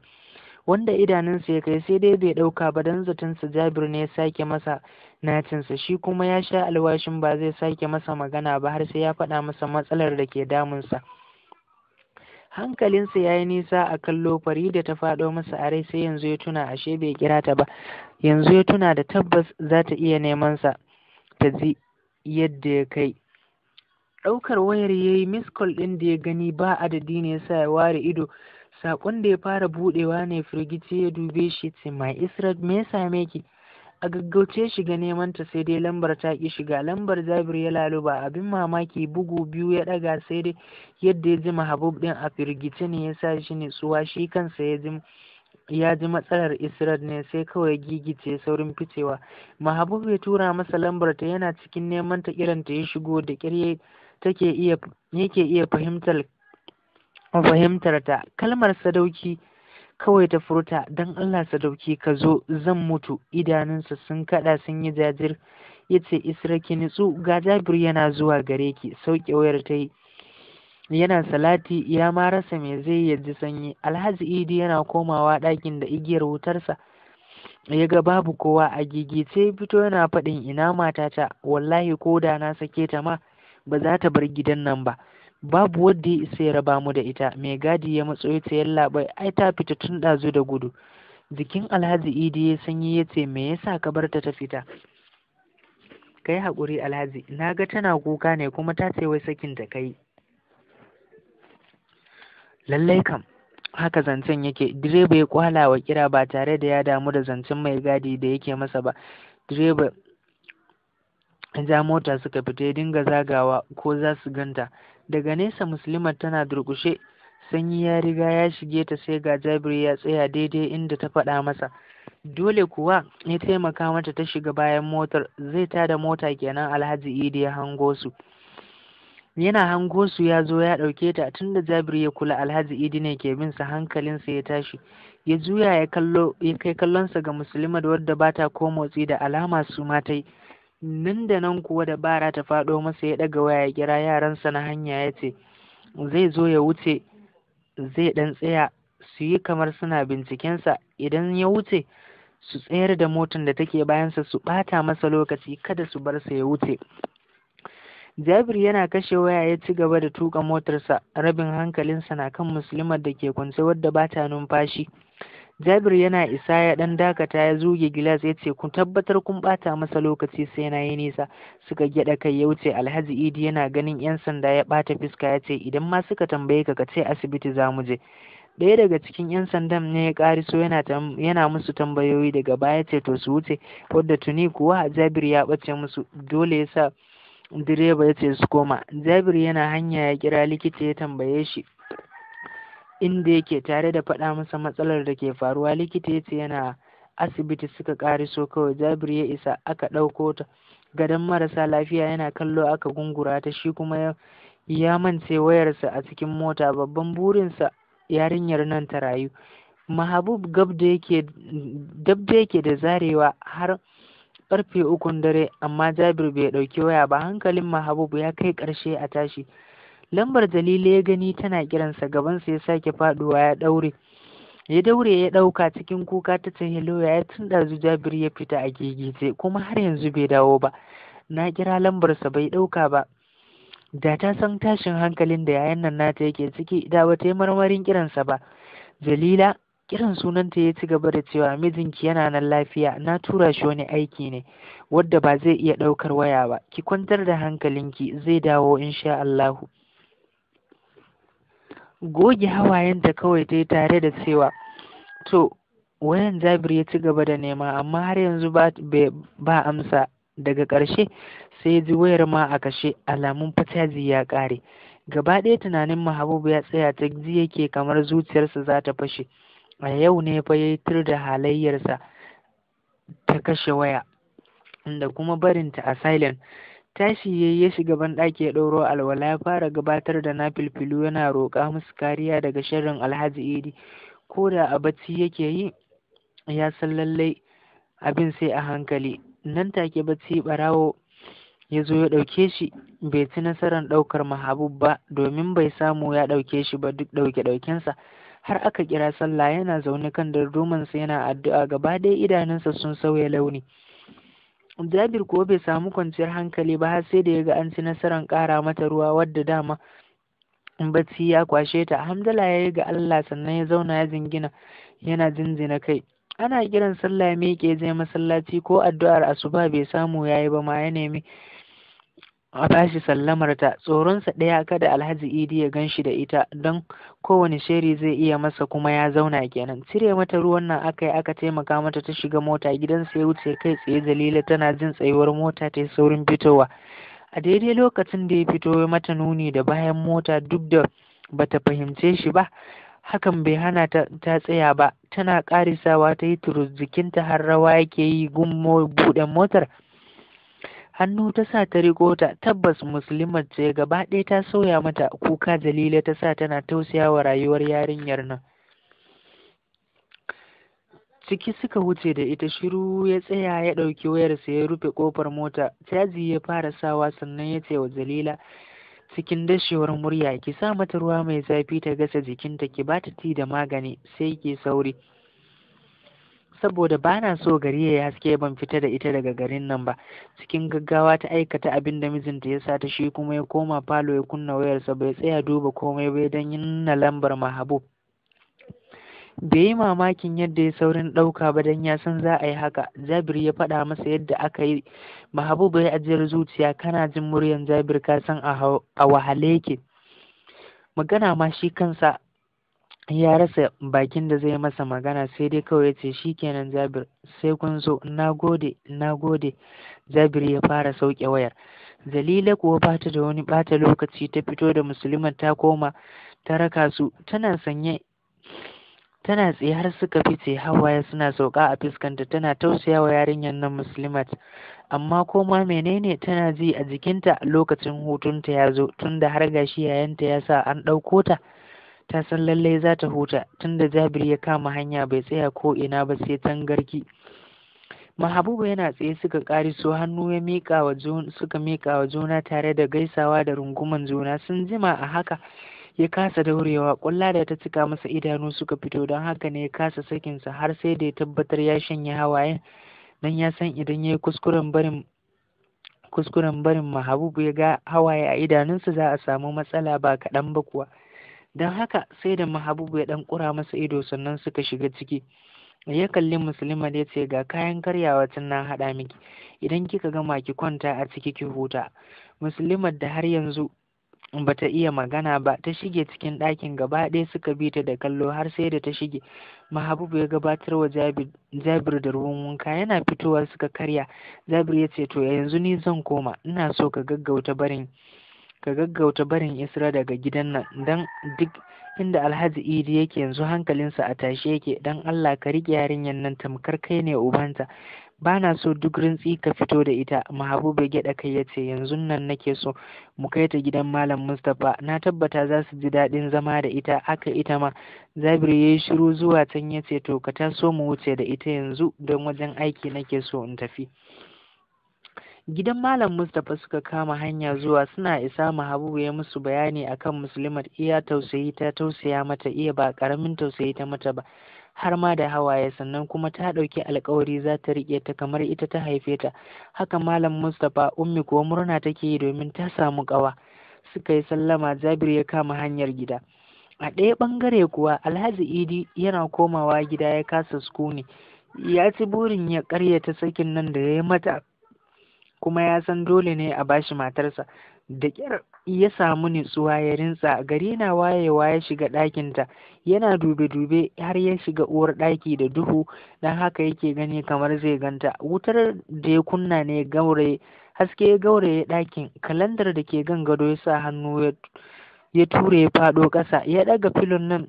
wanda idanunsa ya kai sai dai bai ɗauka ba don sa jabir ne ya sake masa nacinsa shi kuma ya sha alwashin ba zai sake masa magana ba har sai ya faɗa masa matsalar da ke damunsa hankalinsa ya yi nisa a kallo farida ta faɗo masa a rai sai yanzu ya tuna ashe bai kira ta ba yanzu ya tuna da tabbas za ta iya neman sa ta ji yadda ya kai ɗaukar wayar ya yi miss ɗin da ya gani ba adadi ne sa ya ware ido sakon da ya fara buɗewa ne firgici ya dube shi ce mai isra me ya same ki a gaggauce shiga neman ta sai dai lambar ta ki shiga lambar zabir ya laluba abin mamaki bugu biyu ya ɗaga sai dai yadda ya ji mahabub ɗin a firgice ne ya sa shi tsuwa shi kansa ya ji ya ji matsalar israel ne sai kawai gigice saurin ficewa mahabub ya tura masa lambar ta yana cikin neman ta kiranta ya shigo da kirye take yake iya fahimtar fahimtar ta kalmar sadauki kawai ta furta don Allah sadauki ka zo zan mutu idanunsa sun kada sun yi jajir ya ce isra ki nitsu ga jabir yana zuwa gare ki sauke wayar ta yi yana salati ya ma rasa me zai ya ji sanyi alhaji idi yana komawa ɗakin da igiyar wutarsa ya ga babu kowa a sai fito yana faɗin ina matata wallahi ko da na sake ta ma ba za ta bar gidan nan ba babu wanda ya isa ya raba mu da ita mai gadi ya matso ya ce yallaɓai ai ta fita tun ɗazu da gudu jikin alhaji idi ya sanyi ya ce me yasa ka bar ta ta fita kai haƙuri alhaji na ga tana kuka ne kuma ta ce wai sakin ta kai lallai kam haka zancen yake direba ya kwala wa kira ba tare da ya damu da zancen mai gadi da yake masa ba direba ja mota suka fita ya dinga zagawa ko za su ganta daga nesa musulma tana durkushe sanyi ya riga ya shige ta sai ga Jabiru ya tsaya daidai inda ta faɗa masa dole kuwa ya taimaka mata ta shiga bayan motar zai da mota kenan alhaji idi ya hango su yana hango su ya zo ya ɗauke ta tunda Jabiru ya kula alhaji idi ne ke bin sa hankalinsa ya tashi ya juya ya kai kallonsa ga da wadda bata ko motsi da alama su ma ta yi nan da nan kuwa dabara ta faɗo masa ya ɗaga waya ya kira yaransa na hanya ya ce zai zo ya wuce zai ɗan tsaya su yi kamar suna bincikensa idan ya wuce su tsayar da motar da take bayansa su ɓata masa lokaci kada su bar sa ya wuce jabir yana kashe waya ya ci gaba da tuka motarsa rabin hankalinsa na kan musulmar da ke kwance wadda ba ta numfashi Jabir yana isa ya ɗan dakata ya zuge gilas ya ce ku tabbatar kun ɓata masa lokaci sai na yi nisa suka gyaɗa kai ya wuce Alhaji Idi yana ganin 'yan sanda ya ɓata fuska ya ce idan ma suka tambaye ka ka ce asibiti za mu je. ɗaya daga cikin 'yan sandan ne ya ƙariso yana musu tambayoyi daga baya ce to su wuce wadda tuni kuwa jabir ya ɓace musu dole ya sa direba ya ce su koma jabir yana hanya ya kira likita ya tambaye shi inda yake tare da faɗa masa matsalar da ke faruwa likita ya ce yana asibiti suka ƙariso kawai jabir ya isa aka ɗauko ta gadon marasa lafiya yana kallo aka gungura ta shi kuma ya mance wayarsa a cikin mota babban burinsa yarinyar nan ta rayu mahabub gab da yake da zarewa har karfe ukun dare amma jabir bai ɗauki waya ba hankalin mahabub ya kai ƙarshe a tashi lambar jalila ya gani tana kiransa gabansa ya sake faduwa ya daure ya daure ya dauka cikin kuka ta ce hello ya tun ɗazu jabir ya fita a gegece kuma har yanzu bai dawo ba na kira lambarsa bai dauka ba da ta san tashin hankalin da yayan nan nata yake ciki da ba ta yi marmarin kiransa ba jalila kiran sunanta ya ci gaba da cewa mijinki yana nan lafiya na tura shi wani aiki ne wadda ba zai iya daukar waya ba ki kwantar da hankalinki zai dawo insha Allahu goge hawayenta kawai ta yi tare da cewa to wayan jabir ya ci gaba da nema amma har yanzu ba amsa daga ƙarshe sai ji wayar ma a kashe alamun fataji ya ƙare gaba ɗaya tunanin mahabubu ya tsaya ta ji yake kamar zuciyarsa za ta fashe a yau ne fa ya tur da halayyarsa ta kashe waya inda kuma barinta a silent Tashi ya yi ya shiga banɗaki ya ɗauro alwala ya fara gabatar da na filfilu yana roƙa musu kariya daga shirin Alhaji Idi. Ko da a bacci yake yi ya san lallai abin sai a hankali. Nan take bacci ɓarawo ya zo ya ɗauke shi bai ci nasarar ɗaukar mahabub ba domin bai samu ya ɗauke shi ba duk ɗauke-ɗaukensa. har aka kira sallah yana zaune kan dardumansa yana addu'a gaba ɗaya idanunsa sun sauya launi Jabir kuwa bai samu kwanciyar hankali ba har sai da ya ga an ci nasarar ƙara mata ruwa wadda dama bacci ya kwashe ta hamdala ya yi ga Allah sannan ya zauna ya jingina yana jinjina kai ana kiran sallah ya miƙe je masallaci ko addu'ar asuba bai samu yayi ba ma ya nemi a bashi ta, tsoronsa ɗaya kada alhaji idi ya gan shi da ita don kowane sheri zai iya masa kuma ya zauna kenan cire mata ruwan nan aka yi aka taimaka mata ta shiga mota gidansa ya wuce kai tsaye Dalila tana jin tsayuwar mota ta yi saurin fitowa a daidai lokacin da ya fito ya mata nuni da bayan mota duk da bata fahimce shi ba hakan bai hana ta, ta tsaya ba tana ƙarisawa ta yi turu jikinta har rawa yake yi gummo buɗe motar hannu ta sa ta riko ta tabbas muslimar ce gaba ɗaya ta sauya mata kuka jalila ta sa tana tausaya wa rayuwar yarinyar nan ciki suka wuce da ita shiru ya tsaya ya ɗauki wayarsa ya rufe ƙofar mota caji ya fara sawa sannan ya ce wa jalila cikin dashewar murya ki sa mata ruwa mai zafi ta gasa jikinta ki ba ta ti da magani sai ki sauri saboda ba na so gari ya haske ban fita da ita daga garin nan ba cikin gaggawa ta aikata abin da mijinta ya sa ta shi kuma ya koma falo ya kunna wayarsa bai tsaya duba komai bai don yin na lambar mahabub bai yi mamakin yadda ya saurin ɗauka ba dan ya san za a yi haka jabir ya faɗa masa yadda aka yi Mahabub ya ajiyar zuciya kana jin muryan jabir ka san a wahale yake magana ma shi kansa ya rasa bakin da zai masa magana sai dai kawai ya ce shi kenan Jabir sai kun zo na gode na Jabir ya fara sauke wayar Zalila kuwa ba ta da wani ɓata lokaci ta fito da musulman ta koma ta raka su tana sanye tana tsaye har suka fice hawaye suna sauka a fuskanta tana tausayawa yarinyar nan muslimat amma koma menene tana ji a jikinta lokacin hutunta ya zo tunda har gashi yayanta ya sa an ɗauko ta ta san lallai za ta huta tunda jabir ya kama hanya bai tsaya ko ina ba sai tangarki mahabuba yana tsaye suka ƙariso hannu ya miƙa wa suka miƙa wa juna tare da gaisawa da runguman juna sun jima a haka ya kasa daurewa ƙulla da ta cika masa idanu suka fito don haka ne ya kasa sakinsa har sai da ya tabbatar ya shanye hawayen nan ya san idan ya yi kuskuren barin kuskuren barin mahabubu ya ga hawaye a idanunsa za a samu matsala ba kaɗan ba kuwa don haka sai da mahabubu ya ɗan ƙura masa ido sannan suka shiga ciki ya kalli musulma da ce ga kayan karyawa tun na haɗa miki idan kika gama ki kwanta a ciki ki huta musulma da har yanzu bata iya magana ba ta shige cikin ɗakin gaba ɗaya suka bi ta da kallo har sai da ta shige mahabubu ya gabatar wa jabir da ruwan wanka yana fitowa suka karya jabir ya ce to yanzu ni zan koma ina so ka gaggauta barin ka gaggauta barin Isra daga gidan nan don duk inda Alhaji Idi yake yanzu hankalinsa a tashe yake don Allah ka riƙe yarinyar nan tamkar kai ne ubanta ba na so duk rintsi ka fito da ita mahabuba gyaɗa kai ya ce yanzu nan nake so mu kai ta gidan malam Mustapha na tabbata za su ji daɗin zama da ita aka ita ma Zabiru yayi shiru zuwa can ce to ka taso mu wuce da ita yanzu don wajen aiki nake so in tafi gidan malam mustapha suka kama hanya zuwa suna isa Habu ya musu bayani akan muslimat iya tausayi ta tausaya mata iya ba karamin tausayi ta mata ba har ma da hawaye sannan kuma ta ɗauki alkawari za ta riƙe ta kamar ita ta haife ta haka malam mustapha ummi kuwa murna take yi domin ta samu ƙawa suka yi sallama jabir ya kama hanyar gida a ɗaya ɓangare kuwa alhaji idi yana komawa gida ya kasa sukuni ya ci burin ya ƙaryata sakin nan da ya yi mata kuma ya san dole ne a bashi matarsa da ƙyar ya samu nutsuwa ya rintsa gari na wayewa ya shiga ɗakinta yana dube-dube har ya shiga uwar ɗaki da duhu don haka yake gani kamar zai ganta wutar da ya kunna ne gauraye haske ya gauraye ɗakin kalandar da ke gangado gado ya sa hannu ya ture ya faɗo ƙasa ya ɗaga filin nan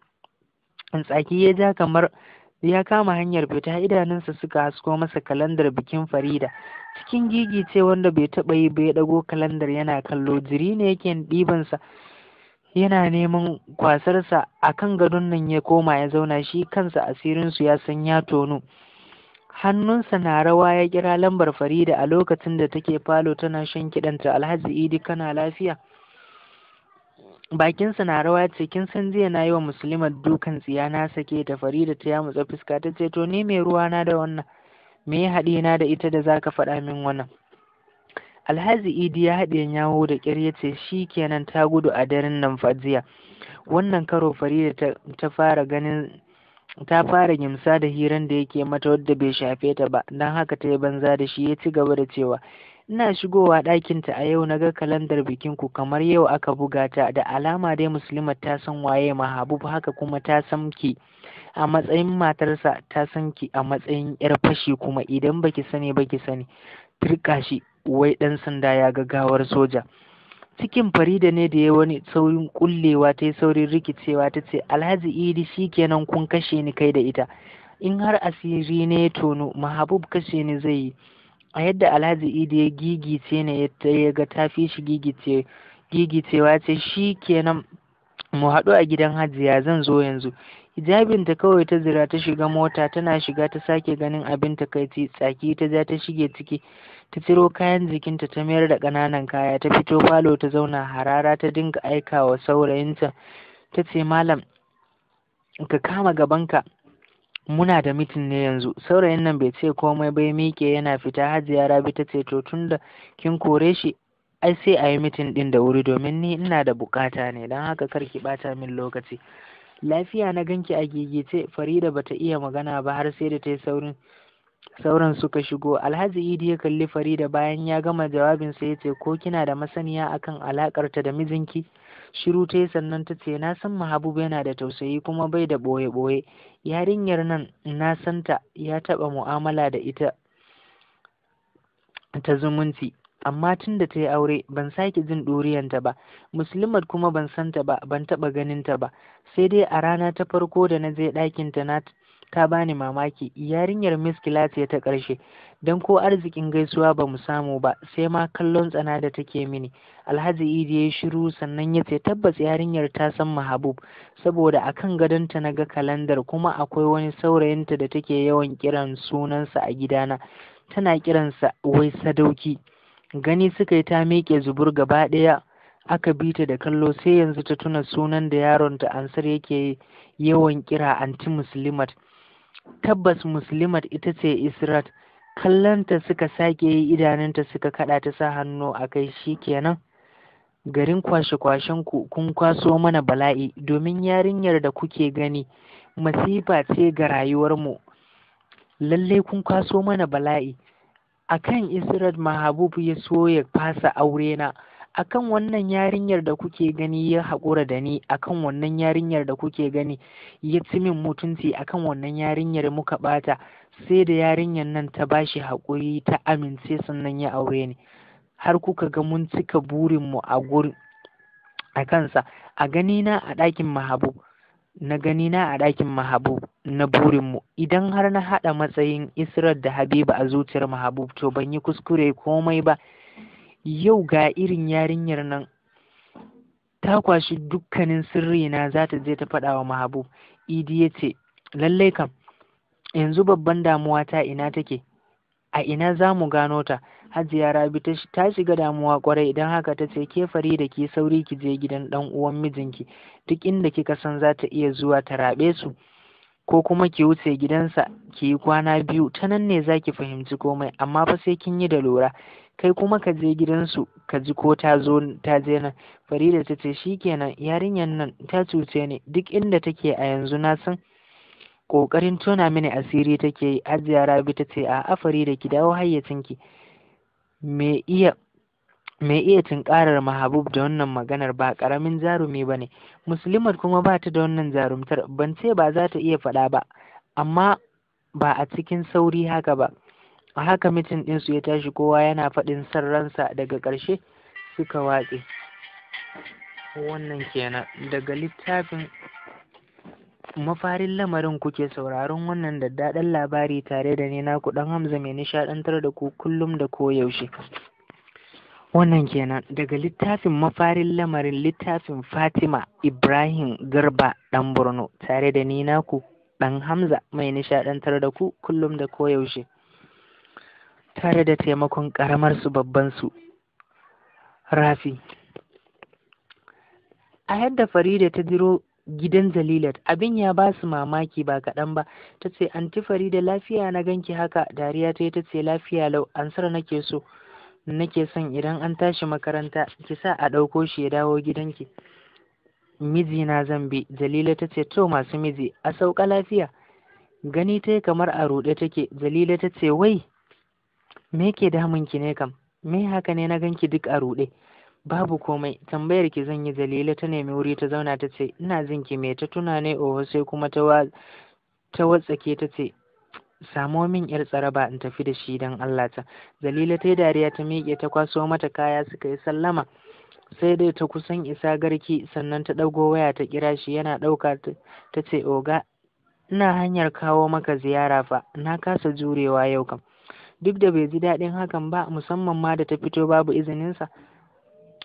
tsaki ya ja kamar ya kama hanyar fita idanunsa suka hasko masa kalandar bikin farida cikin gigi ce wanda bai taba yi bai dago kalandar yana kallo jiri ne yake ɗibansa yana neman kwasarsa a kan gadon nan ya koma ya zauna shi kansa asirinsu ya san ya tonu hannunsa na rawa ya kira lambar farida a lokacin da take falo tana shan kiɗanta alhaji idi kana lafiya bakinsa na rawa ce kin san jiya na yi wa musulma dukan tsiya na sake ta farida ta yamutsa fuska ta ce to ni mai ruwa na da wannan me ya haɗe na da ita da zaka faɗa min wannan alhaji idi ya haɗe yawo da ƙyar ya ce shi kenan ta gudu a daren nan fajiya wannan karo farida ta fara ganin ta fara gimsa da hiran da yake mata wadda bai shafe ta ba don haka ta yi banza da shi ya ci gaba da cewa Ina shigowa ɗakinta a yau na ga kalandar bikin ku kamar yau aka buga ta da alama dai Musulma ta san waye Mahabub haka kuma ta san ki a matsayin matarsa ta san ki a matsayin yar fashi kuma idan baki sani baki sani turka shi wai ɗan sanda ya ga gawar soja. cikin farida ne da ya wani saurin kullewa ta yi saurin rikicewa ta ce alhaji idi shikenan kun kashe ni kai da ita in har asiri ne ya tono mahabub kashe ni zai yi a yadda alhaji idi ya gigice ne ya ga ta fi shi gigice gigicewa ce shi kenan mu haɗu a gidan hajiya zan zo yanzu hijabinta kawai ta zira ta shiga mota tana shiga ta sake ganin abin takaici tsaki ta ja ta shige ciki ta ciro kayan jikinta ta mayar da ƙananan kaya ta fito falo ta zauna harara ta dinga aika wa saurayinta ta ce malam ka kama gabanka muna da mitin ne yanzu saurayin nan bai ce komai bai miƙe yana fita ya rabi ta ce to tun da kin kore shi ai sai a yi mitin ɗin da wuri domin ni ina da bukata ne don haka kar ki ɓata min lokaci lafiya na ganki a gigice farida bata iya magana ba har sai da ta yi saurin sauran suka shigo alhaji idi ya kalli farida bayan ya gama jawabinsa ya ce ko kina da masaniya akan alakarta da mijinki shiru ta yi sannan ta ce na san mahabubu yana da tausayi kuma bai da ɓoye-ɓoye yarinyar nan na santa ya taɓa mu'amala da ita ta zumunci amma tun da ta yi aure ban sake jin ɗoriyanta ba muslimat kuma ban santa ba ban taɓa ganinta ba sai dai a rana ta farko da na je ɗakinta na ta bani mamaki yarinyar miss ce ta ƙarshe don ko arzikin gaisuwa ba mu samu ba sai ma kallon tsana da take mini alhaji idi ya shiru sannan ya ce tabbas yarinyar ta san mahabub saboda a kan gadonta na ga kalandar kuma akwai wani saurayinta da take yawan kiran sunansa a gidana tana kiransa wai sadauki gani suka yi ta miƙe zubur gaba ɗaya aka bi ta da kallo sai yanzu ta tuna sunan da yaronta ansar yake yawan kira anti muslimat tabbas muslimat ita ce israt kallonta suka sake yi idanunta suka kaɗa ta sa hannu a kai shi kenan garin kwashe-kwashen ku kun kwaso mana bala'i domin yarinyar da kuke gani masifa ce ga rayuwarmu lallai kun kwaso mana bala'i A kan Israel Mahabub ya so ya fasa aure na kan wannan yarinyar da kuke gani ya haƙura da ni A kan wannan yarinyar da kuke gani ya ci min mutunci kan wannan yarinyar muka ɓata sai da yarinyar nan ta bashi haƙuri ta amince sannan ya aure ni har kuka ga mun cika burinmu a a kansa a ganina a ɗakin mahabu na ganina a ɗakin mahabu na burinmu idan har na haɗa matsayin israr da habiba a zuciyar mahabub to ban yi kuskure komai ba yau ga irin yarinyar nan ta kwashi dukkanin sirrina za ta je ta faɗawa wa mahabub idi ya ce lallai kam yanzu babban damuwa ta ina take a ina za mu gano ta hajiya rabi ta shiga damuwa kwarai idan haka ta ce ke fari da ke sauri ki je gidan dan uwan mijinki duk inda kika san za ta iya zuwa ta rabe su ko kuma ki wuce gidansa ki yi kwana biyu ta nan ne za ki fahimci komai amma fa sai kin yi da lura kai kuma ka je gidansu ka ji ko ta zo ta je nan farida ta ce shikenan yarinyar nan ta cuce ne duk inda take a yanzu na san ƙoƙarin tona mini asiri take yi hajiya rabi ta ce a afari da ki dawo hayyacinki me iya tunƙarar iya tunkarar mahabub da wannan maganar ba ƙaramin jarumi ba ne muslimat kuma ba ta da wannan jarumtar ban ce ba za ta iya faɗa ba amma ba a cikin sauri haka ba a haka mitin ɗinsu ya tashi kowa yana faɗin san ransa daga ƙarshe suka watse wannan kenan daga littafin mafarin lamarin kuke sauraron wannan daddaɗan labari tare da ni naku ɗan Hamza mai nishaɗantar da ku kullum da koyaushe. Wannan kenan daga littafin mafarin lamarin littafin Fatima Ibrahim Garba ɗan Borno tare da ni naku ɗan Hamza mai nishaɗantar da ku kullum da koyaushe. Tare da taimakon ƙaramar su babban su Rafi. A yadda Farida ta jiro gidan Zalilat abin ya ba su mamaki ba kaɗan ba ta ce anti da lafiya na ganki haka dariya ta yi ta ce lafiya lau ansar nake so nake son idan an tashi makaranta ki sa a ɗauko shi ya dawo gidanki miji na zambi Jalila ta ce to masu miji a sauka lafiya gani ta kamar a ruɗe take Jalila ta ce wai me ke damun ne kam me haka ne na ganki duk a ruɗe Babu komai, tambayar ki zan yi Dalila ta nemi wuri ta zauna ta ce, Ina jin ki me ta tuna ne oho sai kuma ta watsake ta ce, Samo min ‘yar tsaraba in tafi da shi don Allah ta. Dalila ta yi dariya ta miƙe ta kwaso mata kaya suka yi sallama. Sai dai ta kusan isa garki sannan ta ɗago waya ta kira shi yana ɗauka ta ce, Oga, ina hanyar kawo maka ziyara fa, na kasa jurewa yau kam. Duk da bai ji daɗin hakan ba, musamman ma da ta fito babu izininsa.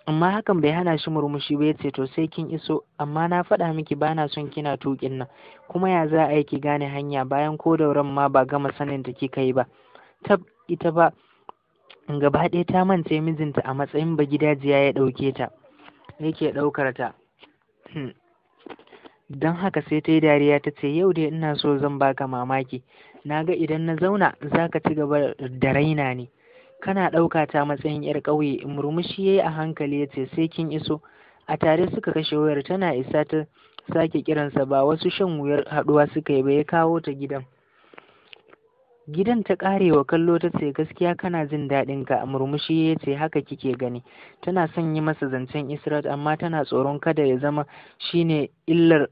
amma hakan bai hana shi murmushi ba yace to sai kin iso amma na faɗa miki ba na son kina tukin nan kuma ya za a yi gane hanya bayan ko dauran ma ba gama sanin ta kika yi ba tab ita ba gaba ɗaya ta mance mijinta a matsayin ba bagidajiya ya ɗauke ta yake ɗaukar ta hmm. don haka sai ta yi dariya ta ce yau dai ina so zan baka mamaki na ga idan na zauna zaka ka ci gaba da raina ne kana ɗauka ta matsayin 'yar ƙauye murmushi ya yi a hankali ya ce sai kin iso a tare suka kashe wayar tana isa ta sake kiransa ba wasu shan wuyar haɗuwa suka yi ba ya kawo ta gidan gidan ta karewa kallo ta ce gaskiya kana jin daɗin ka murmushi ya ce haka kike gani tana son yi masa zancen israt amma tana tsoron kada ya zama shine illar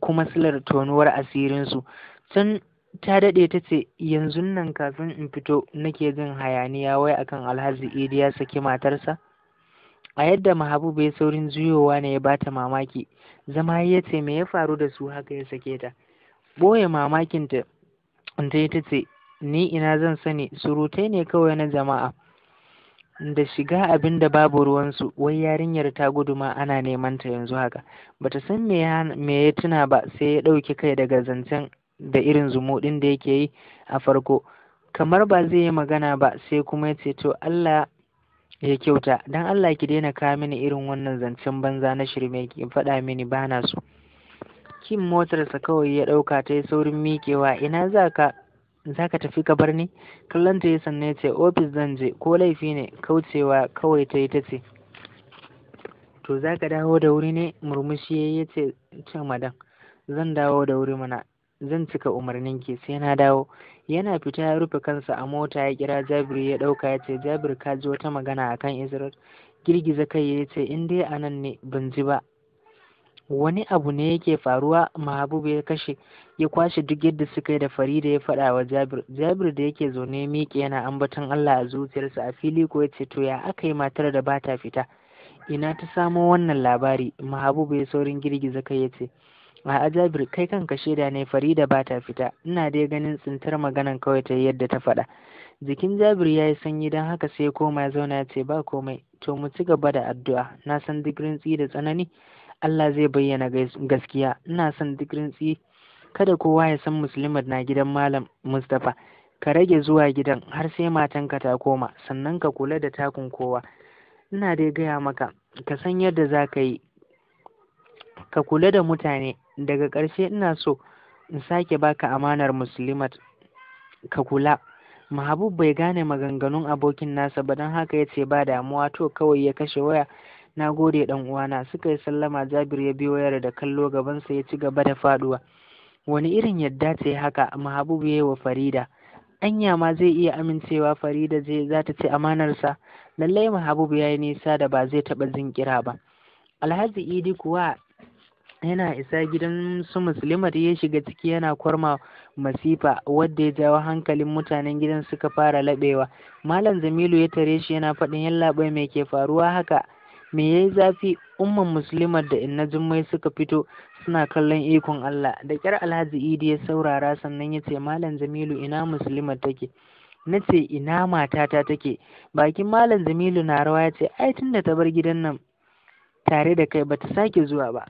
kuma silar tonuwar asirinsu tun ta daɗe ta ce yanzu nan kafin in fito nake jin hayaniya wai akan alhaji idi ya saki matarsa a yadda mahabubu ya saurin juyowa ne ya bata mamaki zama ya ce me ya faru da su haka ya sake ta ɓoye mamakin ta ta ta ce ni ina zan sani surutai ne kawai na jama'a da shiga abin da babu ruwansu wai yarinyar ta gudu ma ana neman ta yanzu haka bata san me ya tuna ba sai ya ɗauki kai daga zancen da irin zumuɗin da yake yi a farko kamar ba zai yi magana ba sai kuma ya ce to Allah ya kyauta don Allah ki daina ka mini irin wannan zancen banza na shirme ki faɗa mini ba na so kin motarsa kawai ya ɗauka ta yi saurin miƙewa ina za ka tafi ka bar ni kallon ta yi sannan ya ce ofis zan je ko laifi ne kaucewa kawai ta yi ta ce to za ka dawo da wuri ne murmushi ya ce can madan zan dawo da wuri mana zan cika umarnin ki sai na dawo yana fita ya rufe kansa a mota ya kira Jabir ya dauka ya ce Jabir ka ji wata magana akan Israel girgiza kai ya ce in dai anan ne ban ji ba wani abu ne yake faruwa mahabubu ya kashe ya kwashe duk yadda suka yi da farida ya faɗa wa jabir jabir da yake zaune miƙe yana ambaton allah a zuciyarsa a fili ko ya ce to ya aka yi matar da bata fita ina ta samo wannan labari mahabubu ya saurin girgiza kai ya ce ba a jabir kai kanka shaida ne farida ba ta fita ina dai ganin tsintar maganan kawai ta yadda ta faɗa jikin jabir ya yi sanyi don haka sai koma ya zauna ya ce ba komai to mu ci gaba da addu'a na san duk rintsi da tsanani Allah zai bayyana gaskiya ina son duk rintsi kada kowa ya san musulmat na gidan malam mustapha ka rage zuwa gidan har sai matan ka ta koma sannan ka kula da takun kowa ina dai gaya maka ka san yadda za ka yi ka kula da mutane daga ƙarshe ina so in sake baka amanar muslimat ka kula mahabub bai gane maganganun abokin nasa ba don haka ya ce ba damuwa to kawai ya kashe waya na gode dan uwana suka yi sallama jabir ya biyo wayar da kallo gabansa ya ci gaba da faduwa wani irin yadda ce haka mahabub ya yi wa farida anya ma zai iya amincewa farida zai za ta sa? amanarsa lallai mahabub ya yi nisa da ba zai taɓa jinkira ba alhaji idi kuwa yana isa gidan su musulmat ya shiga ciki yana kwarma masifa wadda ya jawo hankalin mutanen gidan suka fara labewa. malam zamilu ya tare shi yana faɗin yallaɓai mai ke faruwa haka me ya yi zafi umman musulmat da inna jummai suka fito suna kallon ikon allah da kyar alhaji idi ya saurara sannan ya ce malam zamilu ina musulmat take na ce ina matata take bakin malam zamilu na rawa ya ce ai tun da ta bar gidan nan tare da kai bata sake zuwa ba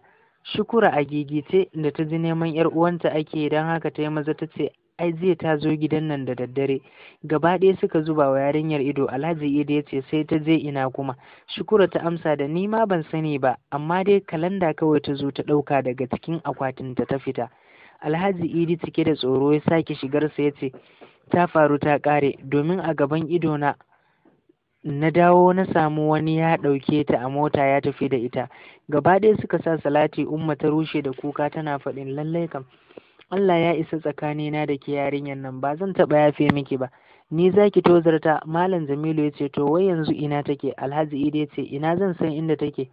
shukura a gigice da ta ji neman yar uwanta ake don haka ta yi maza ta ce ai zai ta zo gidan nan da daddare gaba ɗaya suka zuba wa yarinyar ido alhaji ido ya ce sai ta je ina kuma shukura ta amsa da ni ma ban sani ba amma dai kalanda kawai ta zo ta ɗauka daga cikin akwatin ta ta fita alhaji idi cike da tsoro ya sake shigarsa ya ce ta faru ta ƙare domin a gaban idona na dawo na samu wani ya ɗauke ta a mota ya tafi da ita gaba ɗaya suka sa salati umma ta rushe da kuka tana faɗin lallai kam Allah ya isa tsakanina da ke yarinyar nan ba zan taɓa yafe miki ba ni za ki tozarta malam jamilu ya ce to wai yanzu ina take alhaji idi ya ina zan san inda take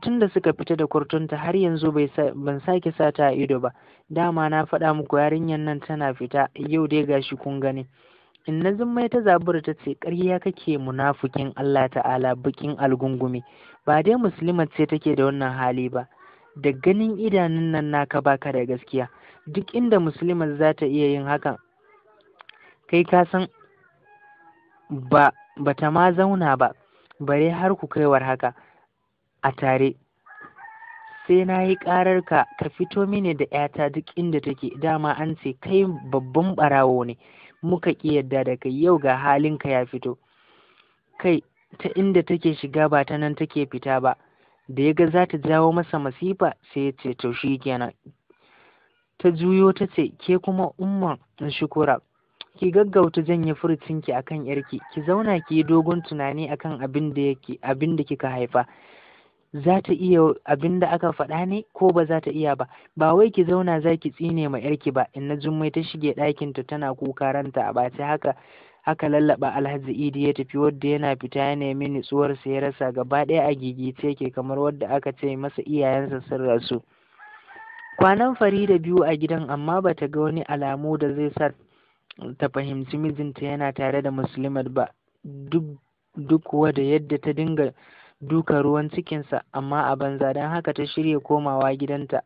tunda suka fita da kurtunta har yanzu ban sake sata ta ido ba dama na faɗa muku yarinyar nan tana fita yau dai gashi kun gani inna zummai ta zabura ta ce ƙarya kake munafukin Allah ta'ala bakin algungumi ba dai muslimat ce take da wannan hali ba da ganin idanun nan naka baka da gaskiya duk inda muslimat za ta iya yin hakan kai ka san ba ta ma zauna ba bare har ku kaiwar haka a tare sai na yi ƙarar ka ka fito mini da 'yata duk inda take dama an ce kai babban ɓarawo ne muka ƙi yadda da kai yau ga halinka ya fito kai ta inda take shiga ba ta nan take fita ba da ya ga za ta jawo masa masifa sai ya ce to shi kenan ta juyo ta ce ke kuma umman shukura ki gaggauta janye furucinki akan yarki ki zauna ki yi dogon tunani akan abin abin da kika haifa za ta iya abin da aka faɗa ne ko ba za ta iya ba ba wai ki zauna za ki tsine ma yarki ba in na jummai ta shige ta tana kuka ranta a ɓace haka haka lallaɓa alhaji idi ya tafi wadda yana fita ya nemi sa ya rasa gaba ɗaya a gigice ke kamar wadda aka ce masa iyayensa sun rasu kwanan fari da biyu a gidan amma ba ta ga wani alamu da zai sa ta fahimci mijinta yana tare da muslimat ba duk duk da yadda ta dinga duka ruwan cikinsa amma a banza don haka ta shirya komawa gidanta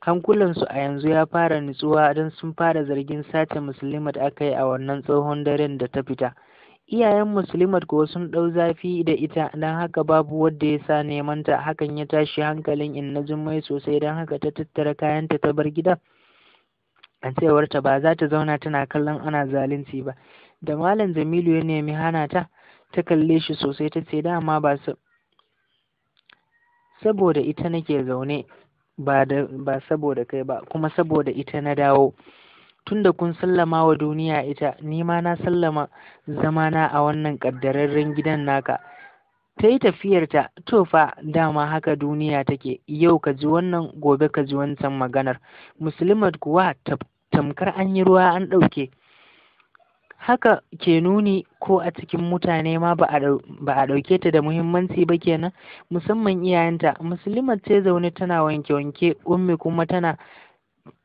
hankulansu a yanzu ya fara nutsuwa don sun fara zargin sace muslimat aka yi a wannan tsohon daren da ta fita iyayen muslimat kuwa sun ɗau zafi da ita don haka babu wadda ya sa nemanta hakan ya tashi hankalin in na jummai sosai don haka ta tattara kayanta ta bar gida a cewarta ba za ta zauna tana kallon ana zalunci ba da malam jamilu ya nemi hana ta ta kalle shi sosai ta ce dama ba saboda ita nake zaune ba saboda kai ba kuma saboda ita na dawo tunda kun sallama wa duniya ita nima na sallama zamana a wannan ƙaddararren gidan naka ta yi tafiyarta to fa dama haka duniya take yau ka ji wannan gobe ka ji wancan maganar muslimat kuwa tamkar an yi ruwa an ɗauke haka ke nuni ko a cikin mutane ma ba a ɗauke ta da muhimmanci ba kenan musamman iyayenta musulmat ce zaune tana wanke-wanke ummi kuma tana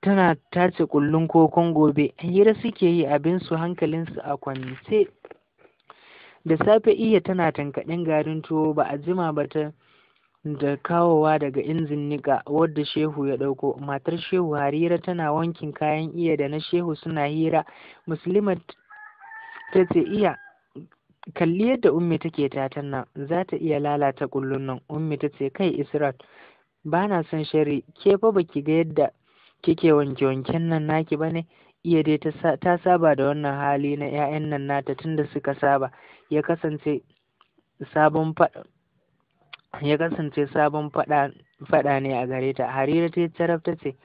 tana tace kullun kokon gobe hira suke yi abin su hankalin su a kwance da safe iya tana tankaɗin garin tuwo ba a jima ba ta da kawowa daga injin niƙa wadda shehu ya ɗauko matar shehu harira tana wankin kayan iya da na shehu suna hira muslimat ta ce iya kalli yadda ummi take tatan nan za ta iya lalata kullun nan ummi ta ce kai israel ba na son shari ke fa baki ga yadda kike wanke wanken nan naki ba ne iya dai ta saba da wannan hali na 'ya'yan nan nata tunda suka saba ya kasance sabon faɗa ya kasance sabon faɗa ne a gare ta harira ta yi tarafta ce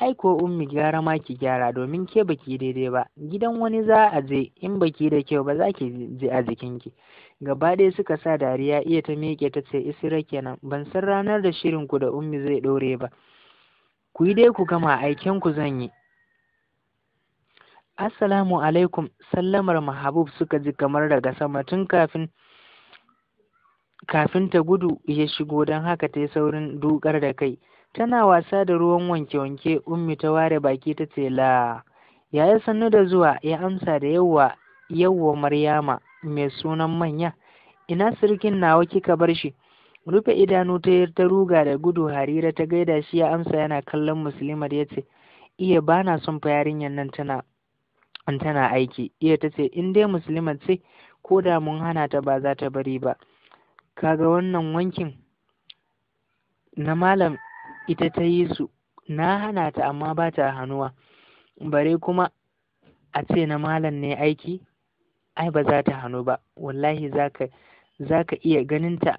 ai ko ummi gyara ma ki gyara domin ke baki daidai ba gidan wani za a je in baki da kyau ba za ki je a jikin ki? gaba ɗaya suka sa dariya iya ta miƙe ta ce isra kenan ban san ranar da shirin ku da ummi zai ɗore ba ku yi dai ku gama aikin ku zan yi assalamu alaikum sallamar mahabub suka ji kamar daga sama tun kafin kafin ta gudu ya shigo don haka ta yi saurin dukar da kai tana wasa da ruwan wanke-wanke ummi ta ware baki ta ce la yi sannu da zuwa ya amsa da yawwa yawwa maryama mai sunan manya ina sirkin nawa kika bar shi rufe idanu ta ta ruga da gudu harira ta gaida shi ya amsa yana kallon muslimar ya ce iya na son fa yarinyar nan tana tana aiki iya ta ce in dai muslimar ce ko da mun hana ta ba za ta bari ba kaga wannan wankin na malam ita ta yi su na hana ta amma ba ta hannuwa bare kuma a ce na malam ne aiki ai ba za ta hannu ba wallahi za ka iya ganin ta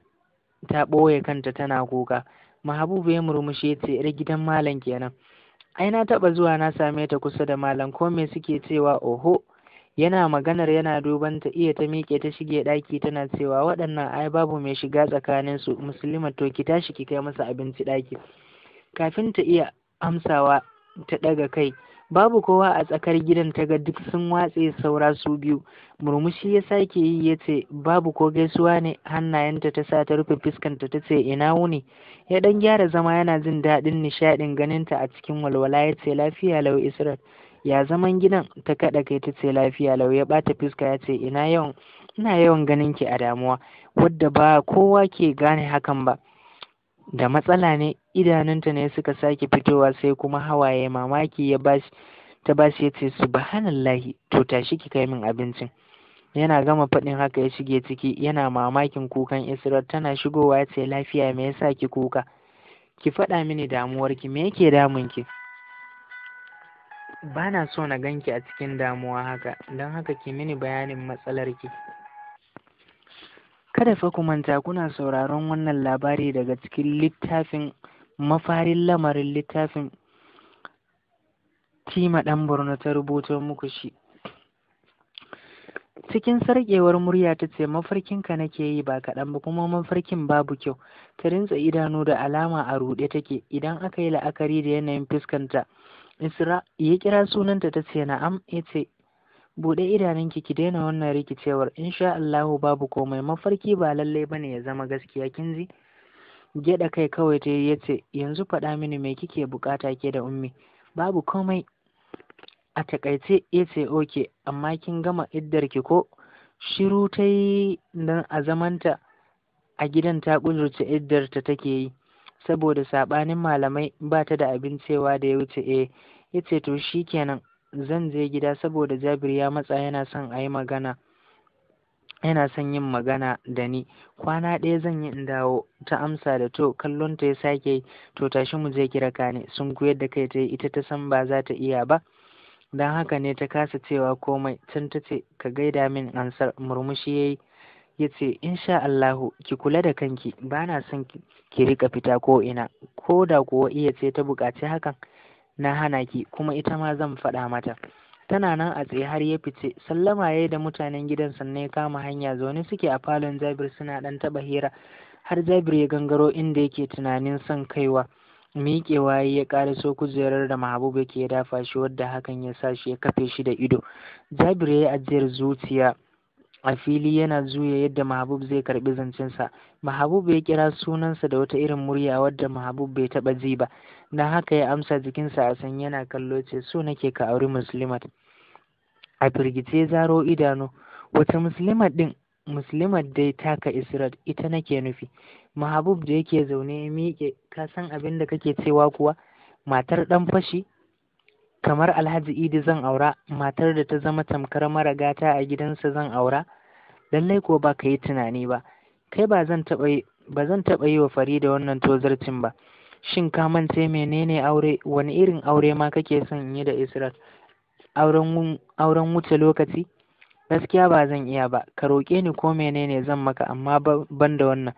ta ɓoye kanta tana kuka mahabubu ya murmushe ce gidan malam kenan ai na taɓa zuwa na same ta kusa da malam ko me suke cewa oho yana maganar yana duban ta iya ta miƙe ta shige ɗaki tana cewa waɗannan ai babu mai shiga tsakaninsu musulma to ki tashi ki kai masa abinci ɗaki kafin ta iya amsawa ta ɗaga kai babu kowa a tsakar gidan ta ga duk sun watse saura su biyu murmushi ya sake yi ya ce babu ko gaisuwa ne hannayenta ta sa ta rufe fuskanta ta ce ina wuni ya dan gyara zama yana jin daɗin nishaɗin ganinta a cikin walwala ya ce lafiya lau israel ya zaman gidan ta kaɗa kai ta ce lafiya lau ya ɓata fuska ya ce ina yawan ina yawan ganin ki a damuwa wadda ba kowa ke gane hakan ba da matsala ne idanunta ne suka sake fitowa sai kuma hawaye mamaki ya bashi ta shi ya ce subhanallahi to tashi ki kai min abincin yana gama faɗin haka ya shige ciki yana mamakin kukan isra tana shigowa ya ce lafiya me yasa ki kuka ki faɗa mini damuwarki me yake ki?" ba na so na ganki a cikin damuwa haka don haka ki mini bayanin matsalar ki. kada fa ku manta kuna sauraron wannan labari daga cikin littafin mafarin lamarin littafin tima ɗan borno ta rubuto muku shi cikin sarƙewar murya ta ce mafarkinka nake yi ba kaɗan ba kuma mafarkin babu kyau ta rinsa idanu da alama a ruɗe take idan aka yi la'akari da yanayin fuskanta isra ya kira sunanta ta ce na'am ya ce buɗe idanunki ki daina wannan rikicewar insha Allahu babu komai mafarki ba lallai bane ya zama gaskiya kin ji gyaɗa kai kawai ta yi ya ce yanzu faɗa mini mai kike bukata ke da ummi babu komai a takaice ya ce oke amma kin gama iddarki ko shiru ta yi don a zamanta a gidan ta iddar iddarta take yi saboda saɓanin malamai ba ta da abin cewa da ya wuce e ya ce to kenan zan je gida saboda jabir ya matsa yana son a yi magana yana son yin magana da ni kwana ɗaya zan yi in dawo ta amsa da to kallon ta ya sake yi to tashi mu je kira ka ne sun koyar da kai ta yi ita ta san ba za ta iya ba don haka ne ta kasa cewa komai can ta ce ka gaida min ansar murmushi ya ya ce insha Allahu ki kula da kanki ba na son ki rika fita ko ina ko da kuwa iya ce ta buƙaci hakan na hana ki kuma ita ma zan faɗa mata tana nan a tsaye har ya fice sallama ya yi da mutanen gidan sannan ya kama hanya zaune suke a falon jabir suna dan taba hira har jabir ya gangaro inda yake tunanin son kaiwa miƙewa ya ƙara so kujerar da mahabub yake dafa shi wadda hakan ya sa shi ya kafe shi da ido jabir ya yi ajiyar zuciya a fili yana zuya yadda mahabub zai karbi zancensa mahabub ya kira sunansa da wata irin murya wadda mahabub bai taba ji ba na haka ya amsa jikinsa a san yana kallo ce so nake ka auri muslimat a firgice zaro idanu wata musulma din musulmar dai taka israt ita nake nufi mahabub da yake zaune ya miƙe ka san abin da kake cewa kuwa matar ɗan fashi kamar alhaji idi zan aura matar da ta zama tamkar mara gata a gidansa zan aura lallai ko ba ka yi tunani ba kai ba zan taɓa yi wa fari da wannan tozarcin ba shin ka mance menene aure wani irin aure ma kake son yi da israt auren wuce lokaci gaskiya ba zan iya ba ka roƙe ni ko menene zan maka amma ban da wannan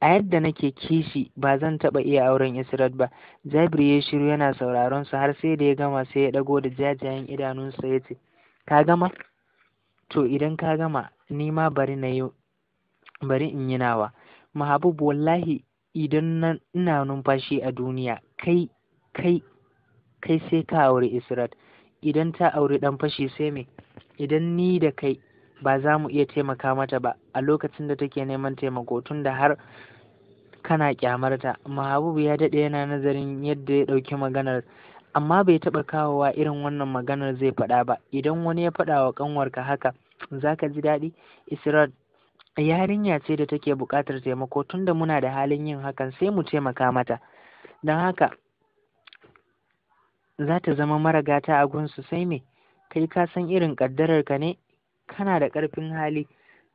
a yadda nake kishi ba zan taɓa iya auren isirat ba Jabiru ya shiru yana sauraron su har sai da ya gama sai ya ɗago da jajayen idanunsa ya ce ka gama to idan ka gama ni ma bari na yi bari in yi nawa mahabub wallahi idan na ina numfashi a duniya kai kai kai sai ka aure Israt idan ta auri ɗan fashi sai me idan ni da kai ba za mu iya taimaka mata ba a lokacin da take neman taimako tun da har kana kyamarta mahabubu ya daɗe yana nazarin yadda ya ɗauki maganar amma bai taɓa kawowa irin wannan maganar zai faɗa ba idan wani ya faɗa wa ƙanwarka haka za ka ji daɗi Isra'il, yarinya ce da take buƙatar taimako tunda muna da halin yin hakan sai mu taimaka mata don haka za ta zama mara gata a gunsu sai me kai ka san irin ƙaddararka ne kana da ƙarfin hali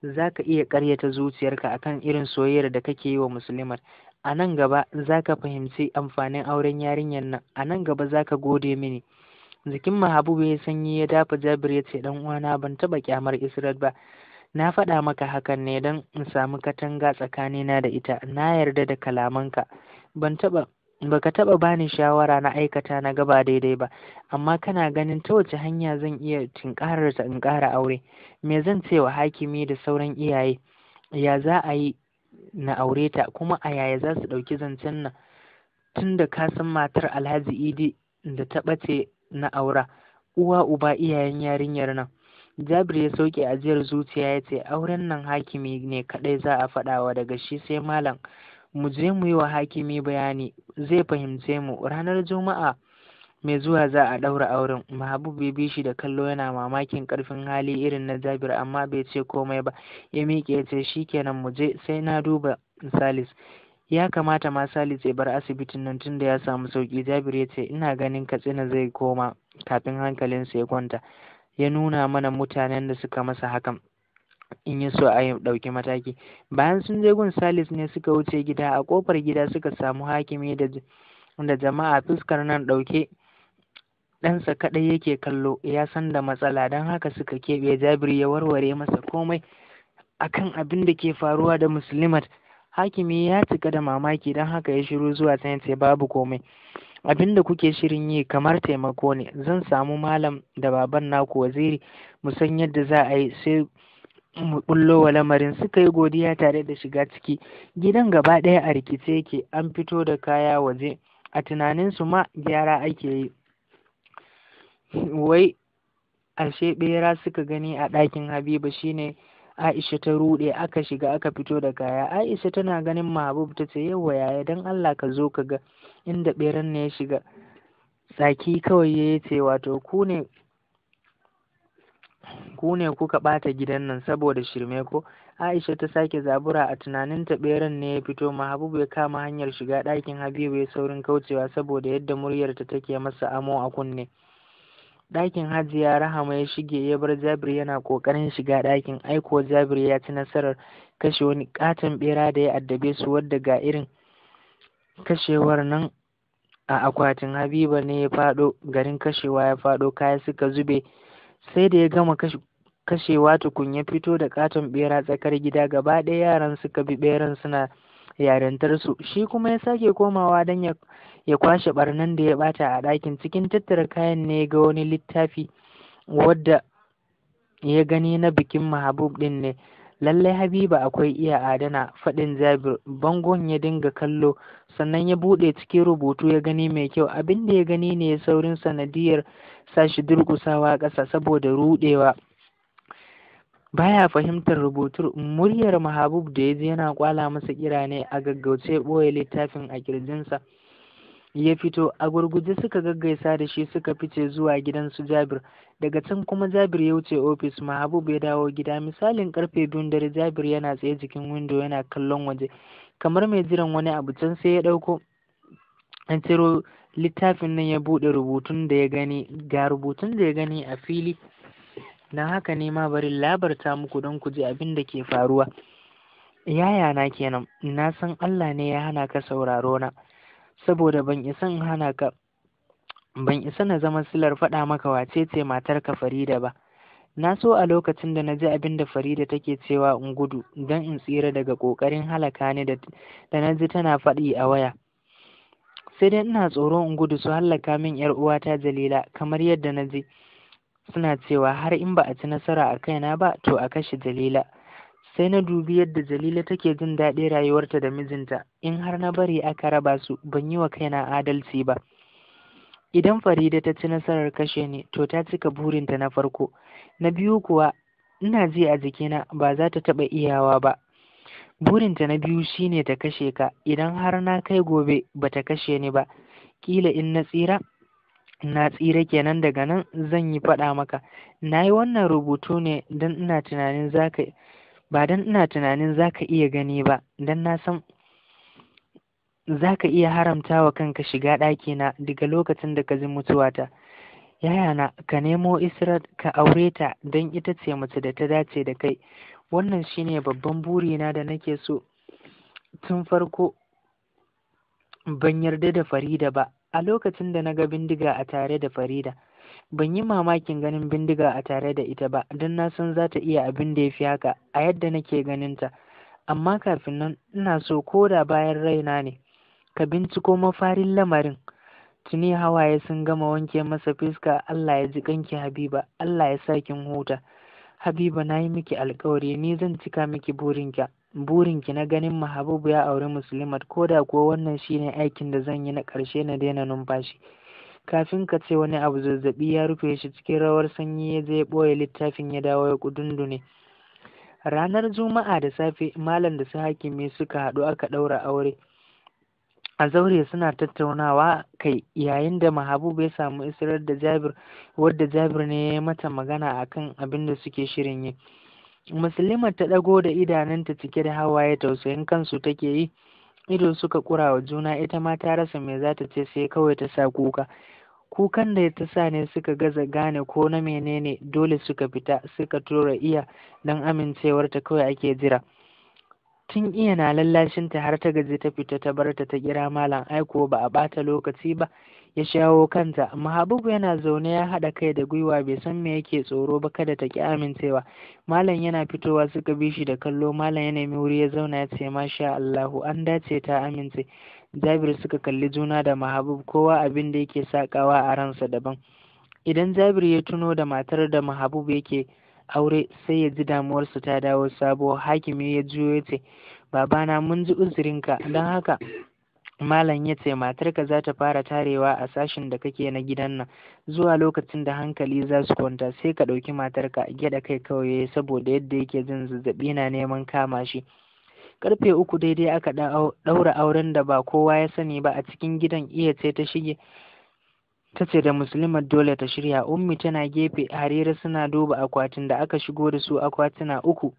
za ka iya ƙaryata zuciyarka akan irin soyayyar da kake yi wa musulmar a nan gaba za ka fahimci amfanin auren yarinyar nan a nan gaba za ka gode mini jikin mahabubu ya sanyi ya dafa jabir ya ce dan uwana ban taɓa kyamar Israr ba na faɗa maka hakan ne don in samu katanga tsakanina da ita na yarda da kalamanka ban taɓa baka taɓa bani shawara na aikata na gaba daidai ba amma kana ganin ta wace hanya zan iya tinkararsa in ƙara aure me zan ce wa hakimi da sauran iyaye ya za a yi na aure ta kuma a yaya za su ɗauki zancen nan tun da ka san matar alhaji idi da ta ɓace na aura uwa uba iyayen yarinyar nan jabir ya sauke ajiyar zuciya ya ce auren nan hakimi ne kaɗai za a faɗawa daga shi sai malam mu je mu yi wa hakimi bayani zai fahimce mu ranar juma'a mai zuwa za a ɗaura auren mahabub ya bi shi da kallo yana mamakin ƙarfin hali irin na jabir amma bai ce komai ba ya miƙe ya ce kenan mu je sai na duba salis ya kamata ma salis ya bar asibitin nan tunda ya samu sauki jabir ya ce ina ganin katsina zai koma kafin hankalinsa ya kwanta ya nuna mana mutanen da suka masa hakan in ya so a ɗauki mataki bayan sun je gun salis ne suka wuce gida a ƙofar gida suka samu hakimi da jama'a fuskar nan ɗauke ɗansa kaɗai yake kallo ya san da matsala don haka suka keɓe jabir ya warware masa komai akan abin da ke faruwa da muslimat hakimi ya cika da mamaki don haka ya shiru zuwa can ce babu komai abin da kuke shirin yi kamar taimako ne zan samu malam da baban naku waziri mu san yadda za a yi sai mu bullo wa lamarin suka yi godiya tare da shiga ciki gidan gaba ɗaya a rikice yake an fito da kaya waje a tunanin su ma gyara ake yi wai ashe ɓera suka gani a ɗakin habiba shine aisha ta ruɗe aka shiga aka fito da kaya aisha tana ganin mahabub ta ce yawa yaya don allah ka zo ka ga inda ɓeran ne ya shiga tsaki kawai ya ce wato ku ne ku ne kuka ɓata gidan nan saboda shirme ko aisha ta sake zabura a tunanin ta ɓeran ne ya fito mahabubu ya kama hanyar shiga ɗakin habibu ya saurin kaucewa saboda yadda muryarta take masa amo a kunne ɗakin hajiya rahama ya shige ya bar jabir yana ƙoƙarin shiga ɗakin aiko jabir ya ci nasarar kashe wani ƙaton ɓera da ya addabe su wadda ga irin kashewar nan a akwatin habiba ne ya faɗo garin kashewa ya faɗo kaya suka zube sai da ya gama kashewa tukun ya fito da katon bera tsakar gida gaba ɗaya yaran suka bi beran suna yarantarsu. shi kuma ya sake komawa don ya kwashe barnan da ya bata a ɗakin cikin tattara kayan ne ga wani littafi wadda ya gani na bikin mahabub din ne lallai habiba akwai iya adana faɗin jabir bangon ya dinga kallo sannan ya buɗe cikin rubutu ya gani mai kyau abin da ya gani ne saurin sanadiyar sa shi durƙusawa ƙasa saboda ruɗewa baya fahimtar rubutur muryar mahabub da ya ji yana kwala masa kira ne a gaggauce ɓoye littafin a kirjinsa ya fito a gurguje suka gaggaisa da shi suka fice zuwa gidan su jabir daga can kuma jabir ya wuce ofis mahabub ya dawo gida misalin karfe biyun dare jabir yana tsaye jikin windo yana kallon waje kamar mai jiran wani abu can sai ya ɗauko an ciro littafin nan ya buɗe rubutun da ya gani ga rubutun da ya gani a fili na haka ne ma bari labarta muku don ku ji abin da ke faruwa Yaya na kenan na san Allah ne ya hana ka sauraro na saboda ban isa in hana ka ban isa na zama silar faɗa maka wace ce matar ka Farida ba na so a lokacin da na ji abin da Farida take cewa in gudu don in tsira daga ƙoƙarin halaka ne da na ji tana faɗi a waya sai dai ina tsoro in gudu su hallaka min yar uwata Jalila kamar yadda na ji suna cewa har in ba a ci nasara a kaina ba to a kashe Jalila sai na dubi yadda Jalila take jin daɗin rayuwarta da mijinta in har na bari aka raba su ban yi wa kaina adalci ba idan Farida ta ci nasarar kashe ni to ta cika burinta na farko na biyu kuwa ina ji a jikina ba za ta taɓa iyawa ba burinta na biyu shine ta kashe ka idan har na kai gobe bata kashe ni ba kila in na tsira na tsira kenan daga nan zan yi faɗa maka na yi wannan rubutu ne don ina tunanin zaka ba don ina tunanin zaka iya gani ba don na san zaka iya haramta wa kanka shiga ɗakina daga lokacin da ka ji mutuwata na, ka nemo isra ka aure ta don ita ce mace da ta dace da kai wannan shine babban burina da nake so tun farko ban yarda da Farida ba a lokacin da na ga bindiga a tare da Farida ban yi mamakin ganin bindiga a tare da ita ba don na san za ta iya abin da ya fi haka a yadda nake ganinta amma kafin nan ina so ko da bayan raina ne ka binciko mafarin lamarin tuni hawaye sun gama wanke masa fuska Allah ya ji kanki Habiba Allah ya sa kin huta Habiba na yi miki alkawari ni zan cika miki burinka burinki na ganin Mahabubu ya auri Muslimat ko da kuwa wannan shine aikin da zan yi na ƙarshe na daina numfashi. Kafin ka ce wani abu zazzaɓi ya rufe shi cikin rawar sanyi ya je ɓoye littafin ya dawo ya kudundune. Ranar Juma'a da safe Malam da su Hakimi suka haɗu aka ɗaura aure. a zaure suna tattaunawa kai yayin da mahabubu ya samu israr da jabir wadda jabir ne ya mata magana akan abin da suke shirin yi musulima ta ɗago da idanunta cike da hawaye tausayin kansu take yi ido suka kurawa wa juna ita ma ta rasa me za ta ce sai kawai ta sa kuka kukan da ta sa ne suka gaza gane ko na menene dole suka fita suka tura iya don amincewarta kawai ake jira tun iya na lallashinta har ta gaji ta fita ta bar ta ta kira malam aiko ba a bata lokaci ba ya shawo kanta mahabubu yana zaune ya haɗa kai da gwiwa bai san me yake tsoro ba kada ta ki amincewa malam yana fitowa suka bi shi da kallo malam yanayin wuri ya zauna ya ce masha Allahu an dace ta amince Jabir suka kalli juna da mahabub kowa abin da yake sakawa a ransa daban idan Jabir ya tuno da matar da mahabub yake aure sai ya ji damuwarsa ta dawo sabo hakimi ya juyo ya ce babana mun ji uzurinka don haka malam ya ce matarka za ta fara tarewa a sashen da kake na gidan nan zuwa lokacin da hankali za su kwanta sai ka ɗauki matarka gyaɗa kai kawai saboda yadda yake jin zazzaɓi na neman kama shi karfe uku daidai aka ɗaura auren da ba kowa ya sani ba a cikin gidan iya ce ta shige ta ce da musulmar dole ta shirya ummi tana gefe harira suna duba akwatin da aka shigo da su akwatuna uku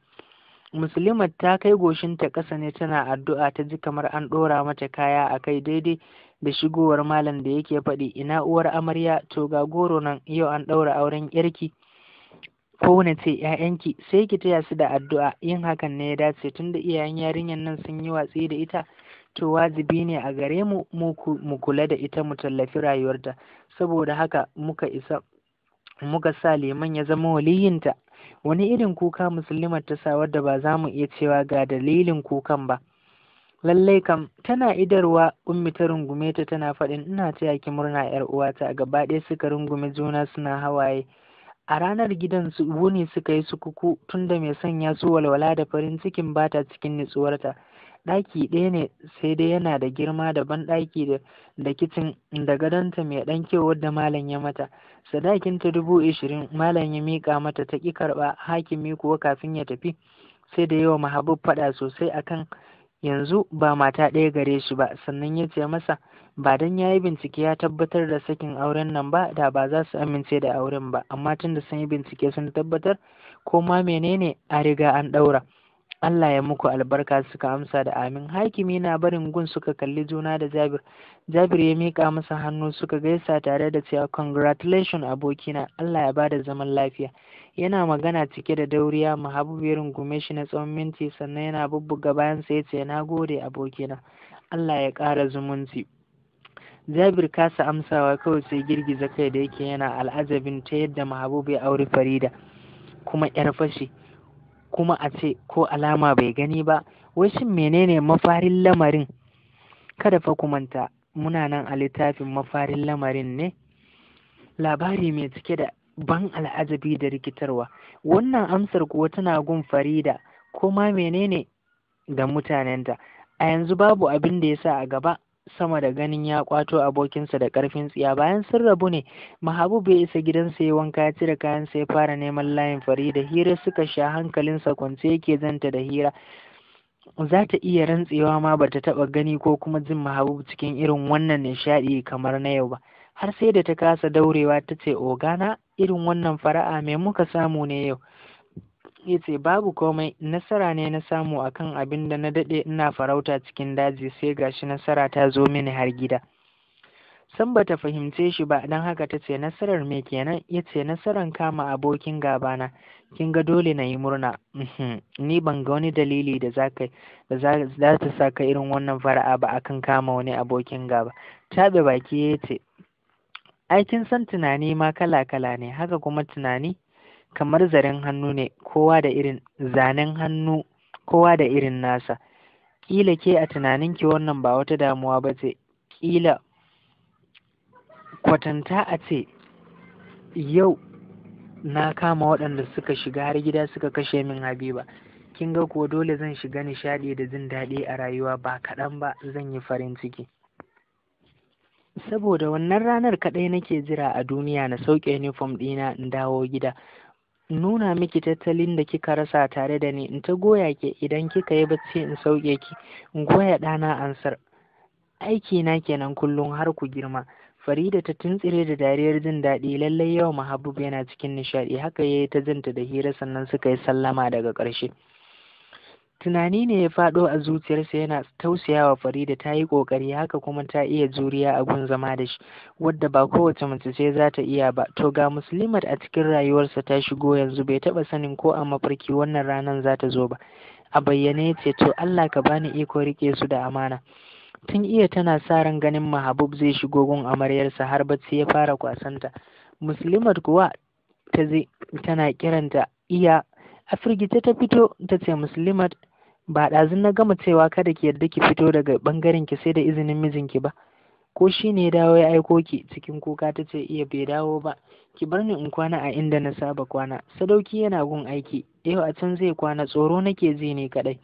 musulmar ta kai goshinta ƙasa ne tana addu'a ta ji kamar an ɗora mata kaya a kai daidai da shigowar malam da yake faɗi ina uwar amarya to ga goro nan yau an ɗaura auren yarki ko wani ce ‘ya'yanki sai ki taya su da addu'a yin hakan ne ya dace tunda iyayen yarinyar nan sun yi watsi da ita to wajibi ne a gare mu mu kula da ita mu tallafi rayuwarta saboda haka muka isa muka sa liman ya zama waliyinta wani irin kuka musulmar ta sa wadda ba za mu iya cewa ga dalilin kukan ba lallai kam tana idarwa ummi ta rungume ta tana faɗin ina taya ki murna yar uwata gaba ɗaya suka rungume juna suna hawaye a ranar gidan su wuni suka yi sukuku tunda mai sanya su walwala da farin cikin bata cikin nutsuwarta ɗaki ɗaya ne sai dai yana da girma da ɗaki da kicin da gadonta mai ɗan kewar da malam ya mata Sadakin ta dubu ishirin malam ya miƙa mata ta ƙi karɓa hakimi kuwa kafin ya tafi sai da yawa mahabub faɗa sosai akan yanzu ba mata ɗaya gare shi ba sannan ya ce masa ba don ya yi bincike ya tabbatar da sakin auren nan ba da ba za su amince da auren ba amma tun da sun yi bincike sun tabbatar ko ma menene a riga an ɗaura Allah ya muku albarka suka amsa da amin hakimi na barin gun suka kalli juna da Jabir Jabir ya mika masa hannu suka gaisa tare da cewa congratulations abokina Allah ya bada zaman lafiya yana magana cike da dauriya mahabubu ya rungume shi na tsawon minti sannan yana bubbuga bayansa ya ce na gode abokina Allah ya ƙara zumunci Jabir kasa amsawa kawai sai girgiza kai da yake yana al'ajabin ta yadda mahabub ya auri Farida kuma 'yar fashi kuma a ce ko alama bai gani ba wai shin menene mafarin lamarin kada fa ku manta muna nan a littafin mafarin lamarin ne labari mai cike da ban al'ajabi da rikitarwa wannan amsar kuwa tana gun farida kuma menene da mutanenta a yanzu babu abin da ya sa a gaba sama da ganin ya kwato abokinsa da karfin tsiya bayan sun rabu ne mahabub ya isa gidansa ya wanka ya cire kayansa ya fara neman layin fari, da hira suka sha hankalinsa kwance yake zanta da hira za ta iya rantsewa ma ba ta taɓa gani ko kuma jin mahabub cikin irin wannan nishaɗi kamar na yau ba har sai da ta kasa daurewa ta ce ogana irin wannan fara'a me muka samu ne yau ya ce babu komai nasara ne na samu akan abin da na daɗe ina farauta cikin daji sai gashi nasara ta zo mini har gida san bata fahimce shi ba don haka ta ce nasarar me kenan ya ce nasarar kama abokin gabana kin ga dole na yi murna uhm, ni ban ga wani dalili da za ta sa ka irin wannan fara'a ba akan kama wani abokin gaba taɓe baki ya ce aikin san tunani ma kala kala ne haka kuma tunani kamar zaren hannu ne kowa da irin zanen hannu kowa da irin nasa ƙila ke a tunaninki wannan ba wata damuwa ba ce ƙila kwatanta a ce yau na kama waɗanda suka shiga har gida suka kashe min habiba kin ga ko dole zan shiga nishaɗi da jin daɗi a rayuwa ba kaɗan ba zan yi farin ciki saboda wannan ranar kaɗai nake jira a duniya na sauke uniform ɗina in dawo gida nuna miki tattalin da kika rasa tare da ni in ta goya ke idan kika yi bacci in sauke ki in goya ɗana ansar aiki na kenan kullum har ku girma Farida ta tuntsire da dariyar jin daɗi lallai yau Mahabub yana cikin nishaɗi haka yayi ta jinta da hira sannan suka yi sallama daga ƙarshe. tunani ne ya faɗo a zuciyarsa yana tausayawa Farida ta yi ƙoƙari haka kuma ta iya juriya a gun zama da shi wadda ba kowace mace sai za ta iya ba to ga muslimat a cikin rayuwarsa ta shigo yanzu bai taɓa sanin ko a mafarki wannan ranar za ta zo ba a bayyane ya ce to Allah ka bani iko rike su da amana tun iya tana sa ran ganin mahabub zai shigo gun amaryarsa har bacci ya fara kwasanta muslimat kuwa ta tana kiranta iya a firgita ta fito ta ce muslimat ba ɗazun na gama cewa kada ki yarda ki fito daga ɓangaren ki sai da izinin mijinki ba ko shi ne ya dawo ya aiko ki cikin kuka ta ce iya bai dawo ba ki bar ni in kwana a inda na saba kwana sadauki yana gun aiki yau a can zai kwana tsoro nake ji ne kaɗai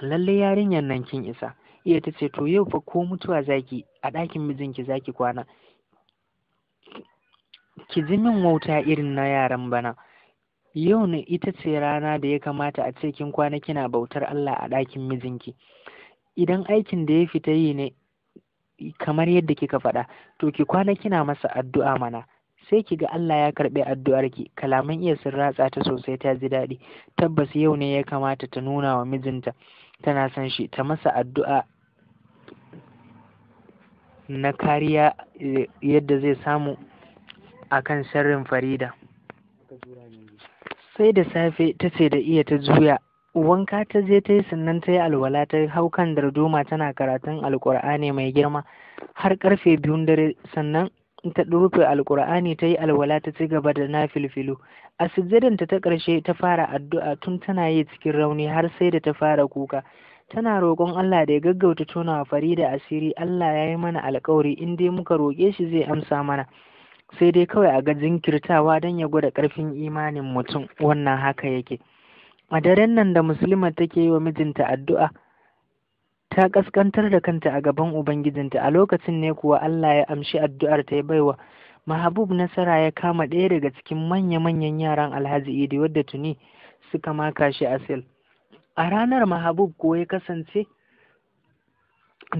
Lallai yarinyar nan kin isa iya ta ce to yau fa ko mutuwa zaki a ɗakin mijinki zaki kwana ki ji min wauta irin na yaran bana yau ne ita ce rana da ya kamata a ce kin kwana kina bautar Allah a ɗakin mijinki idan aikin da ya fita yi ne kamar yadda kika faɗa to ki kwana kina masa addu'a mana sai ki ga Allah ya karɓi addu'arki kalaman iya sun ratsa ta sosai ta ji daɗi tabbas yau ne ya kamata ta nuna wa mijinta tana son shi ta masa addu'a na kariya eh, yadda zai samu akan sharrin farida sai da safe ta ce da iya ta juya wanka ta je ta yi sannan ta yi alwala ta hau kan darduma tana karatun alkur'ani mai girma har karfe biyun dare sannan ta rufe alkur'ani ta yi alwala ta ci gaba da na filfilu a sujjadanta ta ƙarshe ta fara addu'a tun tana yi cikin rauni har sai da ta fara kuka tana roƙon Allah da ya gaggauta fari farida asiri Allah ya yi mana alƙawari in dai muka roƙe shi zai amsa mana sai dai kawai a ga jinkirtawa don ya gwada ƙarfin imanin mutum wannan haka yake a daren nan da musulma take yi wa mijinta addu'a ta ƙasƙantar da kanta a gaban ubangijinta a lokacin ne kuwa allah ya amshi addu'ar ta ya baiwa mahabub nasara ya kama ɗaya daga cikin manya-manyan yaran alhaji idi wadda tuni suka maka shi asil a ranar mahabub kuwa ya kasance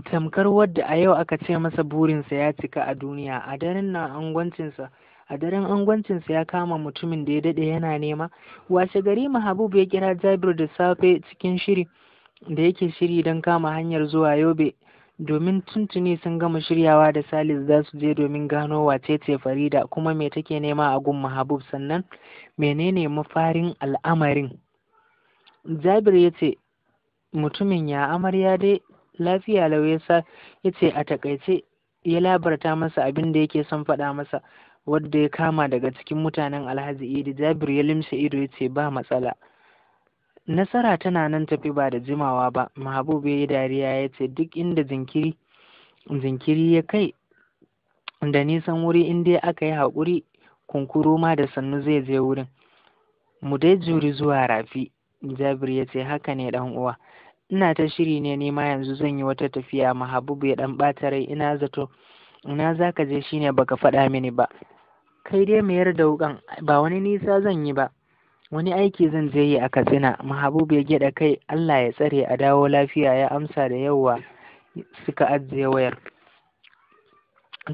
tamkar wadda a yau aka ce masa burinsa ya cika a duniya a daren nan angwancinsa a daren angwancinsa ya kama mutumin da ya daɗe yana nema washe gari mahabub ya kira jabir da safe cikin shiri da yake shiri don kama hanyar zuwa yobe domin tuntuni sun gama shiryawa da salis za su je domin gano wace ce farida kuma me take nema a gun mahabub sannan menene mafarin al'amarin jabir ya ce mutumin ya amarya dai lafiya lau ya ce a takaice ya labarta masa abin da yake son faɗa masa wadda ya kama daga cikin mutanen alhaji idi jabir ya limshe ido ya ce ba matsala nasara tana nan tafi ba da jimawa ba mahabub ya yi dariya ya ce duk inda jinkiri ya kai da nisan wuri inda aka yi haƙuri kunkuru ma da sannu zai je wurin mu dai juri zuwa rafi jabir ya ce haka ne ɗan uwa ina ta shiri ne nema yanzu zan yi wata tafiya mahabubu ya dan bata rai ina zato ina za ka je shine baka faɗa mini ba kai dai mayar da wukan ba wani nisa zan yi ba wani aiki zan je yi a katsina mahabubu ya gyaɗa kai allah ya tsare a dawo lafiya ya amsa da yawa suka ajiye wayar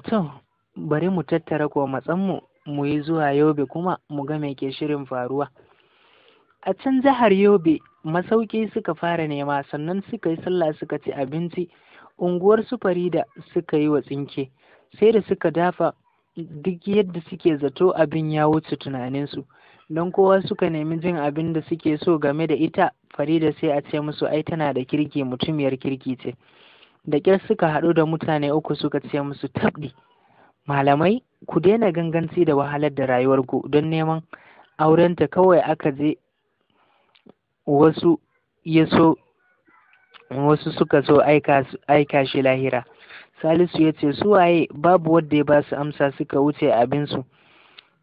to bari mu tattara ko matsanmu mu yi zuwa yobe kuma mu ga me ke shirin faruwa a can jihar yobe masauki suka fara nema sannan suka yi sallah suka ci abinci unguwar su farida suka yi wa tsinke sai da suka dafa duk yadda suke zato abin ya wuce tunaninsu don kowa suka nemi jin abin da suke so game da ita farida sai a ce musu ai tana da kirki mutumiyar kirki ce da ƙyar suka haɗu da mutane uku suka ce musu tabɗi malamai ku daina ganganci da wahalar da rayuwar rayuwarku don neman aurenta kawai aka je wasu ya so wasu suka so aika shi lahira salisu ya ce su waye babu wadda ya ba su amsa suka wuce abinsu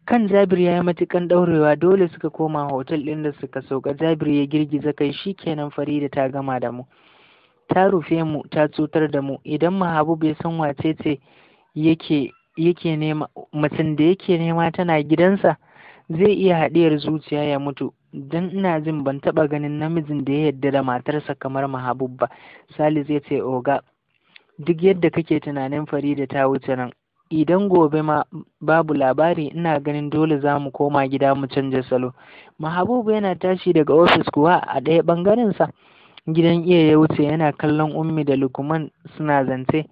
kan jabir ya yi matukan daurewa dole suka koma hotel ɗin da suka sauka jabir ya girgiza kai shi kenan da ta gama da mu ta rufe mu ta cutar da mu idan mahabub ya san wace ce mutum da yake nema tana gidansa zai iya haɗiyar zuciya ya mutu dan ina jin ban taɓa ganin namijin da ya yarda da matarsa kamar mahabub ba salis ya ce oga duk yadda kake tunanin farida ta wuce nan idan gobe ma babu labari ina ganin dole za mu koma gida mu canja salo mahabubu yana tashi daga ofis kuwa a ɗaya ɓangarensa gidan iya ya wuce yana kallon ummi da lukuman suna zance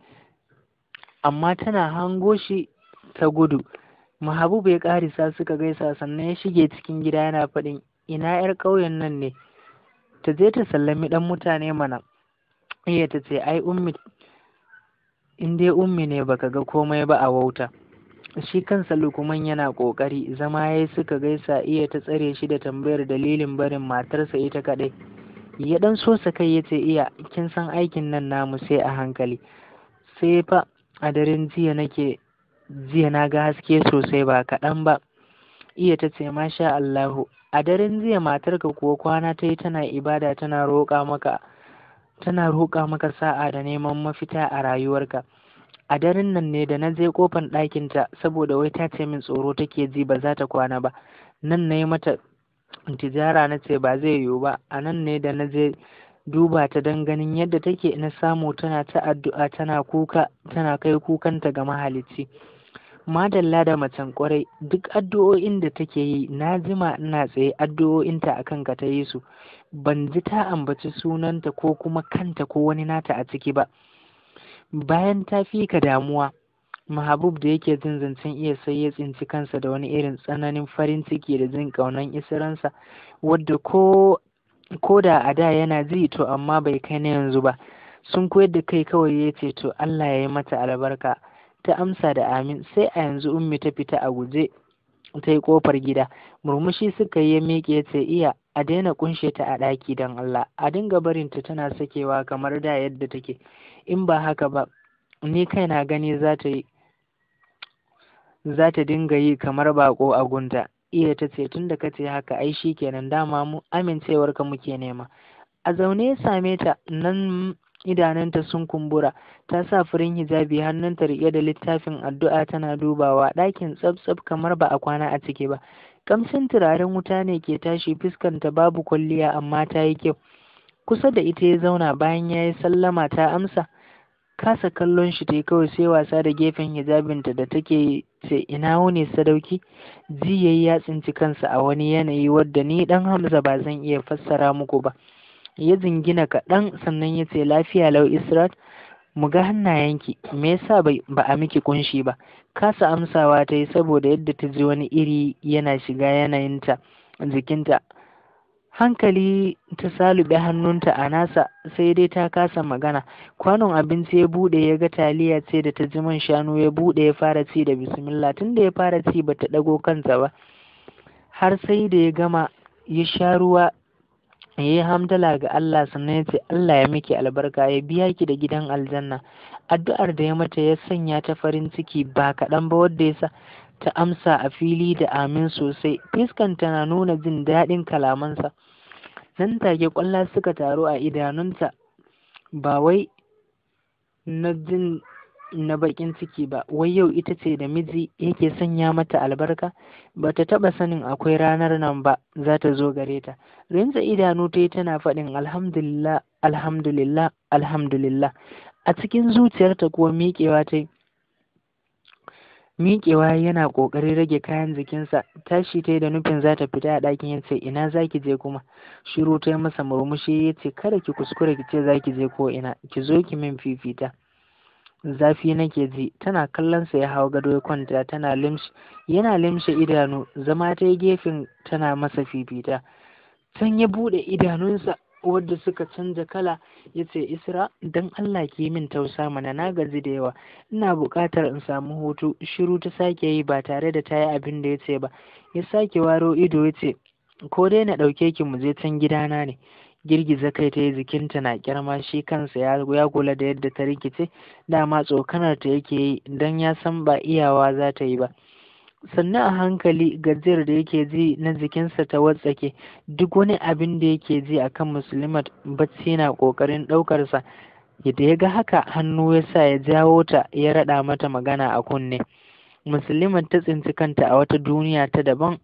amma tana hango shi ta gudu mahabubu ya ƙarisa suka gaisa sannan ya shige cikin gida yana faɗin ina yar ƙauyen nan ne ta je ta sallami ɗan mutane mana iya ta ce ai ummi in dai ummi ne baka ga komai ba a wauta shi kansa lukuman yana ƙoƙari zama ya suka gaisa iya ta tsare shi da tambayar dalilin barin matarsa ita kaɗai ya ɗan sosa kai ya ce iya kin san aikin nan namu sai a hankali sai fa a daren jiya nake jiya na ga haske sosai ba kaɗan ba iya ta ce masha Allahu a daren jiya matarka kuwa kwana ta yi tana ibada tana roƙa maka tana roƙa maka sa'a da neman mafita a rayuwarka a daren nan ne da na je ƙofar ɗakinta saboda wai ta ce min tsoro take ji ba za ta kwana ba nan na yi mata tijara na ce ba zai yiwu ba a nan ne da na je duba ta don ganin yadda take na samu tana ta addu'a tana kuka tana kai kukanta ga mahalicci madalla da macen kwarai duk addu'o'in da take yi na jima ina tsaye addu'o'inta a kanka ta yi su ban ji ta ambaci sunanta ko kuma kanta ko wani nata a ciki ba bayan ta fi ka damuwa mahabub da yake jin zancen iya sai ya tsinci kansa da wani irin tsananin farin ciki da jin ƙaunan isiransa wadda ko ko da a da yana ji to amma bai kai na yanzu ba sun koyar da kai kawai ya ce to Allah ya yi mata albarka ta amsa da amin sai a yanzu ummi ta fita a guje ta yi kofar gida murmushi suka yi ya miƙe ta iya a daina kunshe ta a ɗaki don Allah a dinga barinta tana sakewa kamar da yadda take in ba haka ba ni kaina gani za ta dinga yi kamar bako a gunta iya ta ce tun da ka ce haka ai shi kenan dama mu ka muke nema a zaune ya same ta nan idananta sun kumbura ta sa furin hijabi hannunta riƙe da littafin addu'a tana dubawa ɗakin tsabtsab kamar ba a kwana a ciki ba ƙamshin turaren wuta ne ke tashi fuskanta babu kwalliya amma ta yi kyau kusa da ita ya zauna bayan ya yi sallama ta amsa kasa kallon shi tai kawai sai wasa da gefen hijabinta da take ce ina wani sadauki ji yayi ya tsinci kansa a wani yanayi wadda ni dan Hamza ba zan iya fassara muku ba ya zingina kaɗan sannan ya ce lafiya lau israt mu ga hannayenki me yasa ba a miki kunshi ba kasa amsawa ta yi saboda yadda ta ji wani iri yana shiga yanayinta jikinta hankali ta salube hannunta a nasa sai dai ta kasa magana kwanon abinci ya bude ya ga taliya ce da ta ji man shanu ya bude ya fara ci da bismillah tunda ya fara ci bata ɗago kansa ba har sai da ya gama ya sha ruwa ya yi hamdala ga Allah sannan ya ce Allah ya miki albarka ya biya ki da gidan aljanna addu'ar da ya mata ya sanya ta farin ciki ba kaɗan ba wadda ya sa ta amsa a fili da amin sosai fiskanta na nuna jin daɗin kalamansa nan take ƙwallo suka taru a idanunta ba wai na jin na bakin ciki ba wai yau ita ce da miji yake sanya mata albarka ba ta taba sanin akwai ranar nan ba za ta zo gare ta rinsa idanu ta yi tana faɗin alhamdulillah alhamdulillah alhamdulillah a cikin zuciyarta kuwa miƙewa ta miƙewa yana ƙoƙarin rage kayan jikinsa tashi ta yi da nufin za ta fita a ɗakin yace, ina za ki je kuma shiru ta yi masa murmushi ya ce kada ki kuskure ki ce za ki je ko ina ki zo ki min fifita zafi nake ji tana kallon sa ya hau gado ya kwanta tana limshi yana limshe idanu zama ta yi gefen tana masa fifita can ya bude idanunsa wadda suka canza kala ya ce isra don allah ki min tausa mana na gaji da yawa ina buƙatar in samu hutu shiru ta sake yi ba tare da tayi abin da ya ce ba ya sake waro ido ya ce ko dai na ɗauke ki mu je can gidana ne girgiza kai ta yi jikinta na kyarma shi kansa ya gula da yadda ta rikice dama tsokanar ta yake yi don ya san ba iyawa za ta yi ba sannan a hankali gajiyar da yake ji na jikinsa ta watsake duk wani abin da yake ji a kan musulmat bacci na ƙoƙarin ɗaukarsa da ya ga haka hannu ya sa ya jawo ta ya raɗa mata magana a kunne musulman ta tsinci kanta a wata duniya ta daban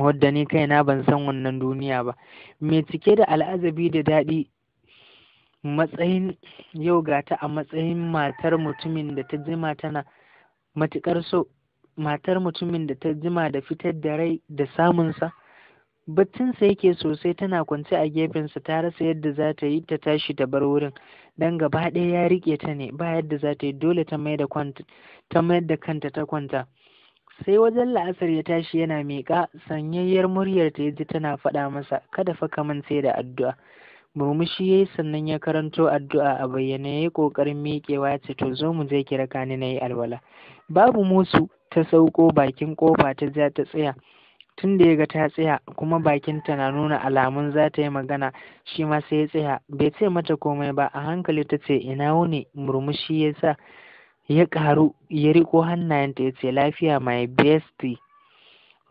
wadda ni kaina ban san wannan duniya ba mai cike da al'azabi da daɗi matsayin yau gata a matsayin matar mutumin da ta jima tana matuƙar so matar mutumin da ta jima da fitar da rai da samunsa baccinsa yake sosai tana kwance a gefensa ta rasa yadda za ta yi ta tashi ta bar wurin don gaba ɗaya ya riƙe ta ne ba yadda za ta yi dole ta mayar da kanta ta kwanta sai wajen la'asar ya tashi yana miƙa sanyayyar muryar ta ji tana faɗa masa kada fa ka mance da addu'a murmushi yayi sannan ya karanto addu'a a bayyane yayi ƙoƙarin miƙewa ya ce to zo mu je ki raka ni nayi alwala babu musu ta sauko bakin ƙofa ta ja ta tsaya tun da ya ga ta tsaya kuma bakinta na nuna alamun za ta yi magana shi ma sai ya tsaya bai ce mata komai ba a hankali ta ce ina wuni murmushi ya sa ya ƙaru ya riko hannayenta ya ce lafiya my bestie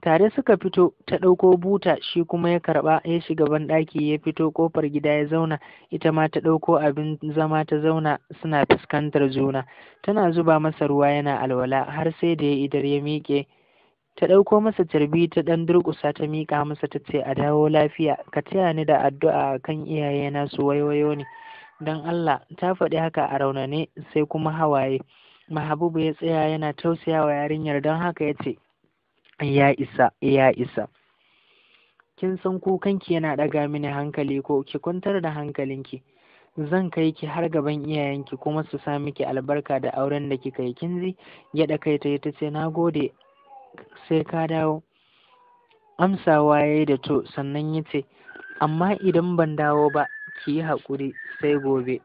tare suka fito ta ɗauko buta shi kuma ya karɓa ya shiga banɗaki ya fito kofar gida ya zauna ita ma ta ɗauko abin zama ta zauna suna fuskantar juna tana zuba masa ruwa yana alwala har sai da ya idar ya miƙe ta ɗauko masa carbi ta ɗan durƙusa ta miƙa masa ta ce a dawo lafiya ka taya ni da addu'a kan iyayena su waiwayo ne don allah ta faɗi haka a raunane sai kuma hawaye mahabubu ya tsaya yana tausayawa yarinyar don haka ya ce ya isa ya isa kin san kukanki yana ɗaga mini hankali ko ki kwantar da hankalinki zan kai ki har gaban iyayenki kuma su sa miki albarka da auren da kika yi kin ji ya da kai ta ta ce na gode sai ka dawo amsawa ya yi da to sannan ya ce amma idan ban dawo ba ki yi haƙuri sai gobe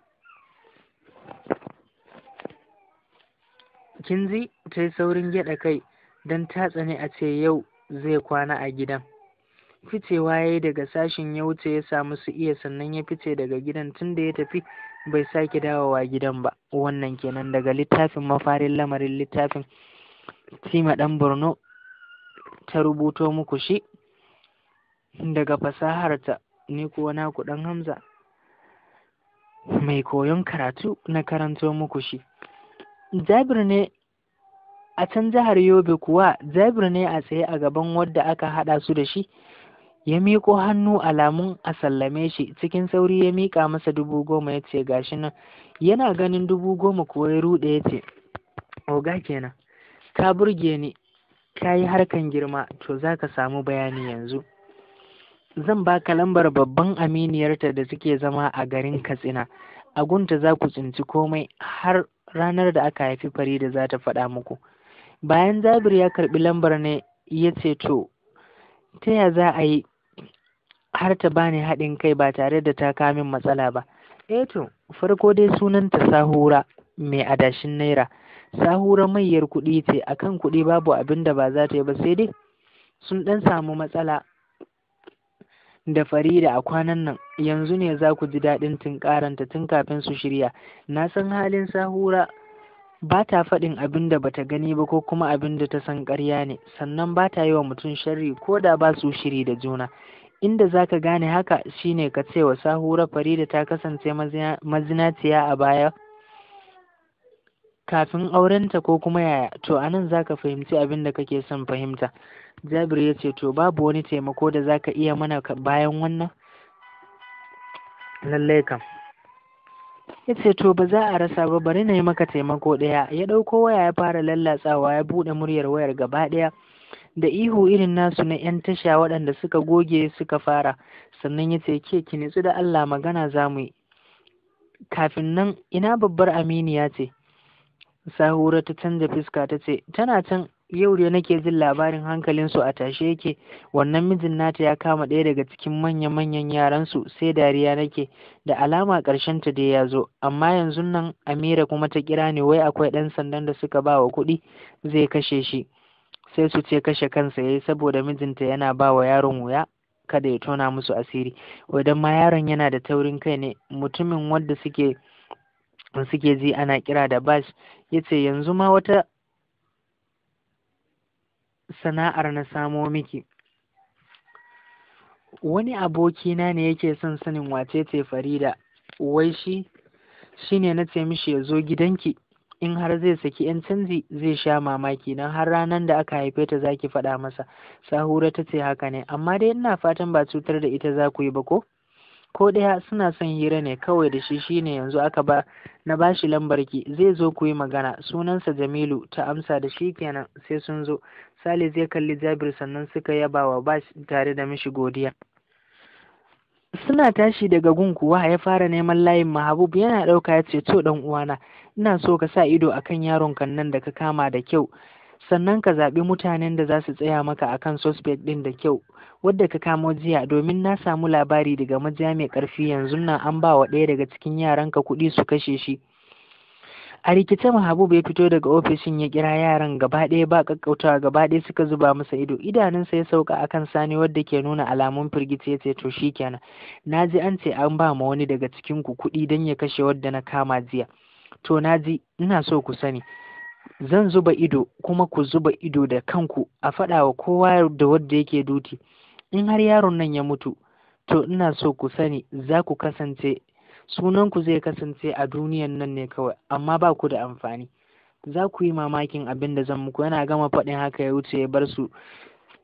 kin ji ta yi saurin gyaɗa kai don ta tsani a ce yau zai kwana a gidan ficewa ya yi daga sashin ya wuce ya samu su iya sannan ya fice daga gidan tun da ya tafi bai sake dawowa gidan ba wannan kenan daga littafin mafarin lamarin littafin tima ɗan borno ta rubuto muku shi daga fasaharta ni kuwa naku ɗan hamza mai koyon karatu na karanto muku shi Jabir ne a can jihar Yobe kuwa Jabir ne a tsaye a gaban wadda aka haɗa su da shi ya miko hannu alamun a sallame shi cikin sauri ya miƙa masa dubu goma ya ce gashi nan yana ganin dubu goma kuwa ya ruɗe ya ce oga kenan ka burge ni ka yi harkan girma to za ka samu bayani yanzu zan ba ka lambar babban aminiyarta da suke zama a garin katsina a gunta za ku tsinci komai har ranar da aka haifi Farida za ta faɗa muku. Bayan Zabir ya karɓi lambar ne ya ce to, ta ya za a yi har ta bani haɗin kai ba tare da ta kamin matsala ba. Eh to, farko dai sunanta Sahura mai adashin Naira. Sahura mayyar kuɗi ce, akan kuɗi babu abin da ba za ta yi ba sai dai sun ɗan samu matsala da Farida a kwanan nan, yanzu ne za ku ji daɗin tunkaranta tun kafin su shirya. Na san halin sahura ba ta faɗin abin da bata gani ba ko kuma abin da ta san ƙarya ne, sannan ba ta yi wa mutum sharri ko da ba su shiri da juna. Inda za ka gane haka shine ka ce wa sahura Farida ta kasance mazinaciya a baya kafin aurenta ko kuma yaya to a nan za ka fahimci abin da kake son fahimta jabir ya ce to babu wani taimako da za ka iya mana bayan wannan lallai kam ya ce to ba za a rasa ba bari na yi maka taimako ɗaya ya ɗauko waya ya fara lallatsawa ya buɗe muryar wayar gaba ɗaya da ihu irin nasu na 'yan tasha waɗanda suka goge suka fara sannan ya ce ke ki nitsu da Allah magana za mu yi kafin nan ina babbar aminiya ce Sahura ta canza fuska ta ce, Tana can yau da nake jin labarin hankalinsu a tashe yake, wannan mijin nata ya kama ɗaya daga cikin manya-manyan yaransu sai dariya nake, da alama ƙarshen ta dai ya zo, amma yanzu nan Amira kuma ta kira ne wai akwai ɗan sandan da suka ba wa kuɗi zai kashe shi. Sai su ce kashe kansa yayi saboda mijinta yana ba wa yaron wuya kada ya tona musu asiri, wai ma yaron yana da taurin kai ne mutumin wanda suke suke ji ana kira da bash ya ce yanzu ma wata sana'ar na samo miki wani abokina ne yake son sanin wace ce farida wai shi shi ne na ce mishi ya zo gidanki in har zai saki yan canji zai sha mamaki don har ranar da aka haife ta zaki faɗa masa sahura ta ce haka ne amma dai ina fatan ba cutar da ita za ku yi ba ko ko ɗaya suna son hira ne kawai da shi shine yanzu aka ba na ba bashi lambarki zai zo ku yi magana sunansa Jamilu ta amsa da shi kenan sai sun zo Sale zai kalli Jabir sannan suka yaba wa Bash tare da mishi godiya suna tashi daga gun kuwa ya fara neman layin mahabub yana ɗauka ya ce to ɗan uwana ina so ka sa ido akan yaron kan nan da ka kama da kyau sannan ka zaɓi mutanen da za su tsaya maka akan suspect ɗin da kyau wadda ka kamo jiya domin na samu labari daga majiya mai ƙarfi yanzu nan an ba wa ɗaya daga cikin yaranka kuɗi su kashe shi a rikice mahabub ya fito daga ofishin ya kira yaran gaba ɗaya ba ƙaƙƙautawa gaba ɗaya suka zuba masa ido idanunsa ya sauka akan sani wadda ke nuna alamun firgici ya ce to shikenan na ji an ce an ba ma wani daga cikin ku kuɗi don ya kashe wadda na kama jiya to na ji ina so ku sani zan zuba ido kuma ku zuba ido da kanku a faɗa wa kowa da wadda yake duti in har yaron nan ya mutu to ina so ku sani za ku kasance sunanku zai kasance a duniyan nan ne kawai amma ba ku da amfani za ku yi mamakin abin da zan muku yana gama faɗin haka ya wuce ya bar su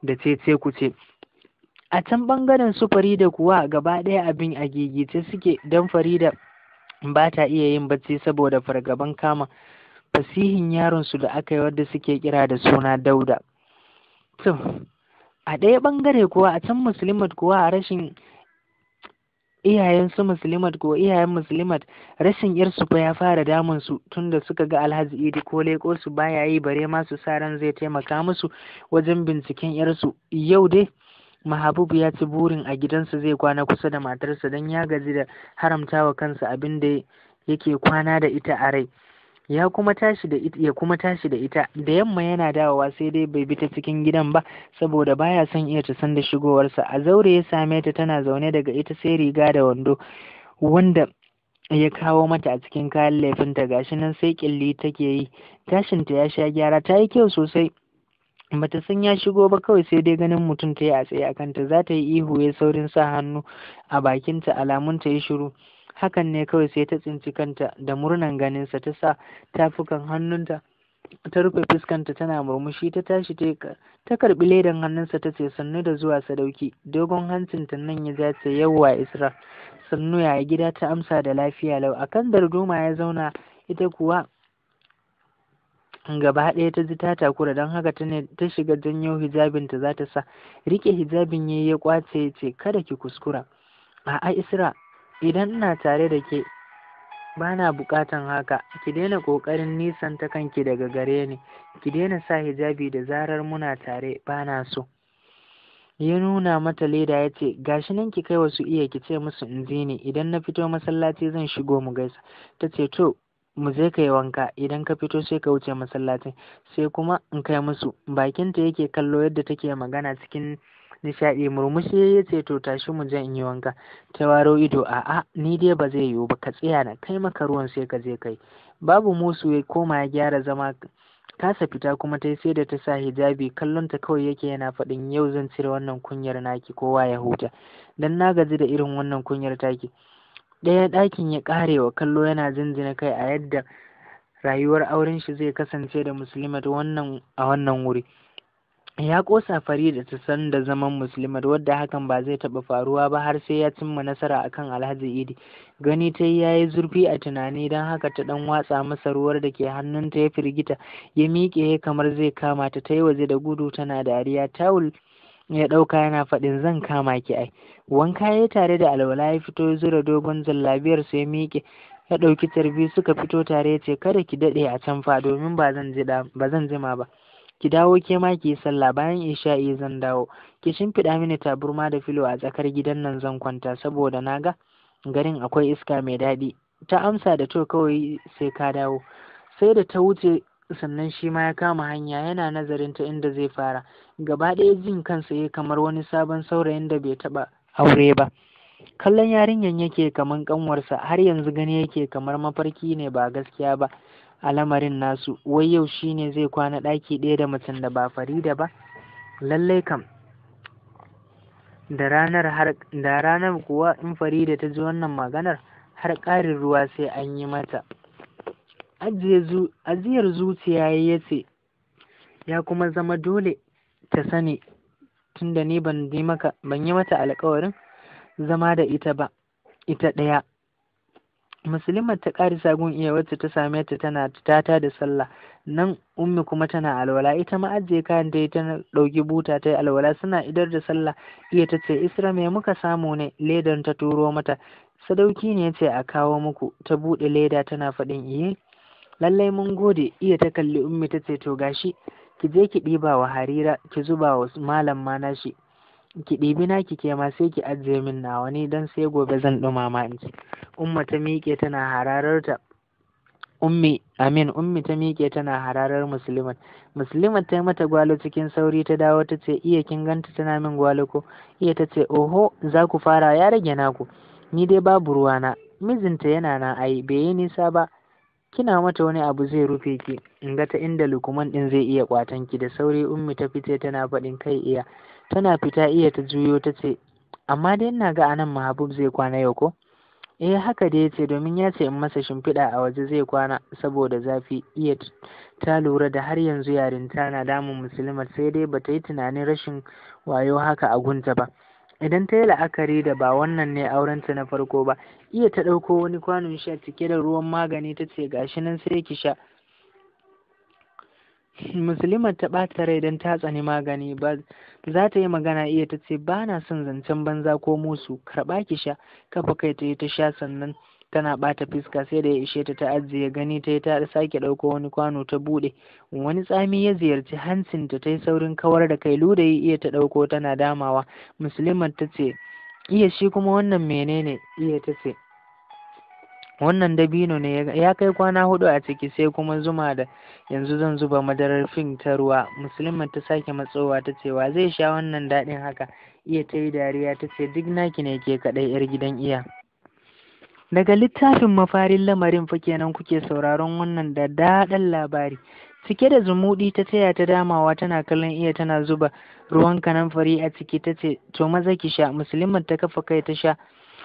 da tece ku ce a can ɓangaren su farida kuwa gaba ɗaya abin a gigice suke don farida ba ta iya yin bacci saboda fargaban kama fasihin yaron su da aka yi wadda suke kira da suna dauda a ɗaya ɓangare kuwa a can muslimat kuwa a rashin iyayen su muslimat ko iyayen muslimat rashin yarsu fa ya fara damun su da suka ga alhaji idi ko leko su baya yi bare ma su sa ran zai taimaka musu wajen binciken yarsu yau dai mahabubu ya ci burin a gidansa zai kwana kusa da matarsa don ya gaji da haramtawa kansa abin da yake kwana da ita a rai ya kuma tashi da ita ya kuma tashi da ita da yamma yana dawowa sai dai bai bi ta cikin gidan ba saboda baya son iya ta san da shigowarsa a zaure ya same ta tana zaune daga ita sai riga da wando wanda ya kawo mata a cikin kayan laifin ta, gashi nan sai killi take yi tashin ta ya sha gyara ta yi kyau sosai bata san ya shigo ba kawai sai dai ganin mutum ta yi a tsaye a kanta za ta yi ihu ya saurin sa hannu a bakinta alamun ta yi shiru hakan ne kawai sai ta tsinci kanta da murnan ganinsa ta sa tafukan hannunta ta rufe fuskanta tana murmushi ta tashi ta karbi ledan hannunsa ta ce sannu da zuwa sadauki dogon hancin ta nan ya zace yawwa isra sannu ya gida ta amsa da lafiya lau akan darduma ya zauna ita kuwa gaba ɗaya ta ji ta takura don haka ta ne ta shiga janyo hijabin ta za ta sa rike hijabin yayi ya kwace ce kada ki kuskura a'a isra idan ina tare da ke ba buƙatan haka ki daina ƙoƙarin ta kanki daga gare ni ki daina sa hijabi da zarar muna tare bana so ya nuna mata leda ya ce gashi nan ki kai wasu iya ki ce musu in je ni idan na fito masallaci zan shigo mu gaisa ta ce to mu je ka yi wanka idan ka fito sai ka wuce masallacin sai kuma in kai musu bakinta yake kallo yadda take magana cikin nishaɗi murmushi ya ce to tashi mu jan in yi wanka ta waro ido a'a ni dai ba zai yiwu ba ka tsaya na kai maka ruwan sai ka je kai babu musu ya koma ya gyara zama kasa fita kuma ta yi sai da ta sa hijabi kallon ta kawai yake yana faɗin yau zan cire wannan kunyar naki kowa ya huta dan na gaji da irin wannan kunyar taki ɗaya ɗakin ya wa kallo yana zinzina kai a yadda rayuwar auren shi zai kasance da musulmi wannan a wannan wuri ya ƙosa Farida ta san da zaman Musulma, da wadda hakan ba zai taɓa faruwa ba har sai ya cimma nasara a kan Alhaji Idi. Gani ta yi yayi zurfi a tunani don haka ta ɗan watsa masa ruwar da ke hannunta ya firgita ya miƙe ya kamar zai kama ta ta yi waje da gudu tana dariya tawul ya ɗauka yana faɗin zan kama ki ai. Wanka ya tare da alwala ya fito ya zura dogon zallabiyar su ya miƙe ya ɗauki tarbi suka fito tare ya ce kada ki daɗe a can fa domin ba zan jima ba. ki dawo ke ma ki sallah bayan isha'i zan dawo ki shimfiɗa mini taburma da filo a tsakar gidan nan zan kwanta saboda na ga garin akwai iska mai daɗi ta amsa da to kawai sai ka dawo sai da ta wuce sannan shi ma ya kama hanya yana nazarin ta inda zai fara gaba ɗaya jin kansa ya kamar wani sabon saurayin da bai taba aure ba kallon yarinyar yake kamar kanwarsa har yanzu gani yake kamar mafarki ne ba gaskiya ba a lamarin nasu wai yau shine zai kwana ɗaki ɗaya da mutum da ba farida ba lallai kam da ranar kuwa in farida ta ji wannan maganar har ƙarin ruwa sai an yi mata ajiyar zuciya ya ce ya kuma zama dole ta sani tunda ni ban yi ban yi mata alkawarin zama da ita ba ita ɗaya musulman ta ƙari sagun iya wacce ta same ta tana tata da sallah nan ummi kuma tana alwala ita ma ajiye kayan ta ta ɗauki buta ta yi alwala suna idar da sallah iya ta ce isra me muka samu ne ledan ta turo mata sadauki ne ce a kawo muku ta buɗe leda tana faɗin iye lallai mun gode iya ta kalli ummi ta ce to gashi ki je ki ɗiba wa harira ki zuba wa malam ma nashi ki ɗibi naki ke ma sai ki ajiye min na wani, dan sai gobe zan ɗumama in ci umma ta miƙe tana ta ummi amin ummi ta miƙe tana hararar musulman musulman ta yi mata gwalo cikin sauri ta dawo ta ce iya kin ganta tana min gwalo ko iya ta ce oho za ku fara ya rage naku ni dai babu na." mijinta yana na ai bai yi nisa ba kina mata wani abu zai rufe ki in ga ta inda lukuman din zai iya kwatan ki da sauri ummi ta fice tana faɗin kai iya tana fita iya ta juyo ta ce amma dai ina ga anan mahabub zai kwana yau ko eh haka dai yace domin ya ce in masa shimfiɗa a waje zai kwana saboda zafi iya ta lura da har yanzu yarinta na damun musulma, sai dai bata yi tunanin rashin wayo haka a gunta ba idan ta yi la'akari da ba wannan ne aurenta na farko ba iya ta ɗauko wani kwanon sha cike da ruwan magani ta ce gashi nan sai ki sha musulman ta ɓata rai don ta tsani magani ba za ta yi magana iya ta ce ba na son zancen banza ko musu karɓa ki sha kafa kai ta yi ta sha sannan tana ɓata fiska sai da ya ishe ta ta ajiye gani ta yi ta sake ɗauko wani kwano ta buɗe wani tsami ya ziyarci hancinta ta yi saurin kawar da kai yi iya ta ɗauko tana damawa musulman ta ce iya shi kuma wannan menene iya ta ce wannan dabino ne ya kai kwana hudu a ciki sai kuma zuma da yanzu zan zuba madarar fin ta ruwa musulman ta sake matsowa ta ce wa zai sha wannan daɗin haka iya ta yi dariya ta ce duk naki ne ke kaɗai yar gidan iya daga littafin mafarin lamarin fa kenan kuke sauraron wannan da daɗin labari cike da zumuɗi ta taya ta damawa tana kallon iya tana zuba ruwan kanamfari a ciki ta ce to maza ki sha musulman ta kafa kai ta sha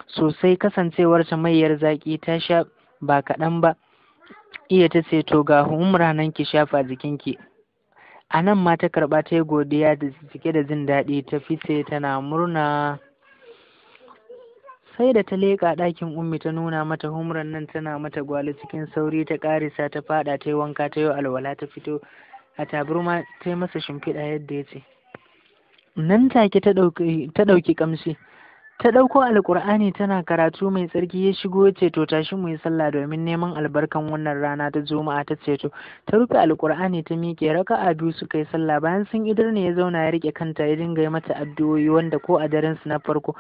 sosai kasancewar mayyar zaki ta sha ba kaɗan ba iya ta ce to ga humranan ki shafa jikinki a nan ma ta karɓa ta yi godiya da cike da jin daɗi ta fice tana murna sai da ta leƙa ɗakin ummi ta nuna mata humran nan tana mata gwali cikin sauri ta ƙarisa ta faɗa ta yi wanka ta yi alwala ta fito a tabarma ta yi masa shimfiɗa yadda ya ce nan take ta ɗauki ƙamshi ta ɗauko alƙur'ani tana karatu mai tsarki ya shigo ya ce to tashi mu yi sallah domin neman albarkan wannan rana ta juma'a ta ceto ta rufe alƙur'ani ta miƙe a biyu suka yi sallah bayan sun idar ne ya zauna ya rike kanta ya dinga yi mata addu'o'i wanda ko a daren su na farko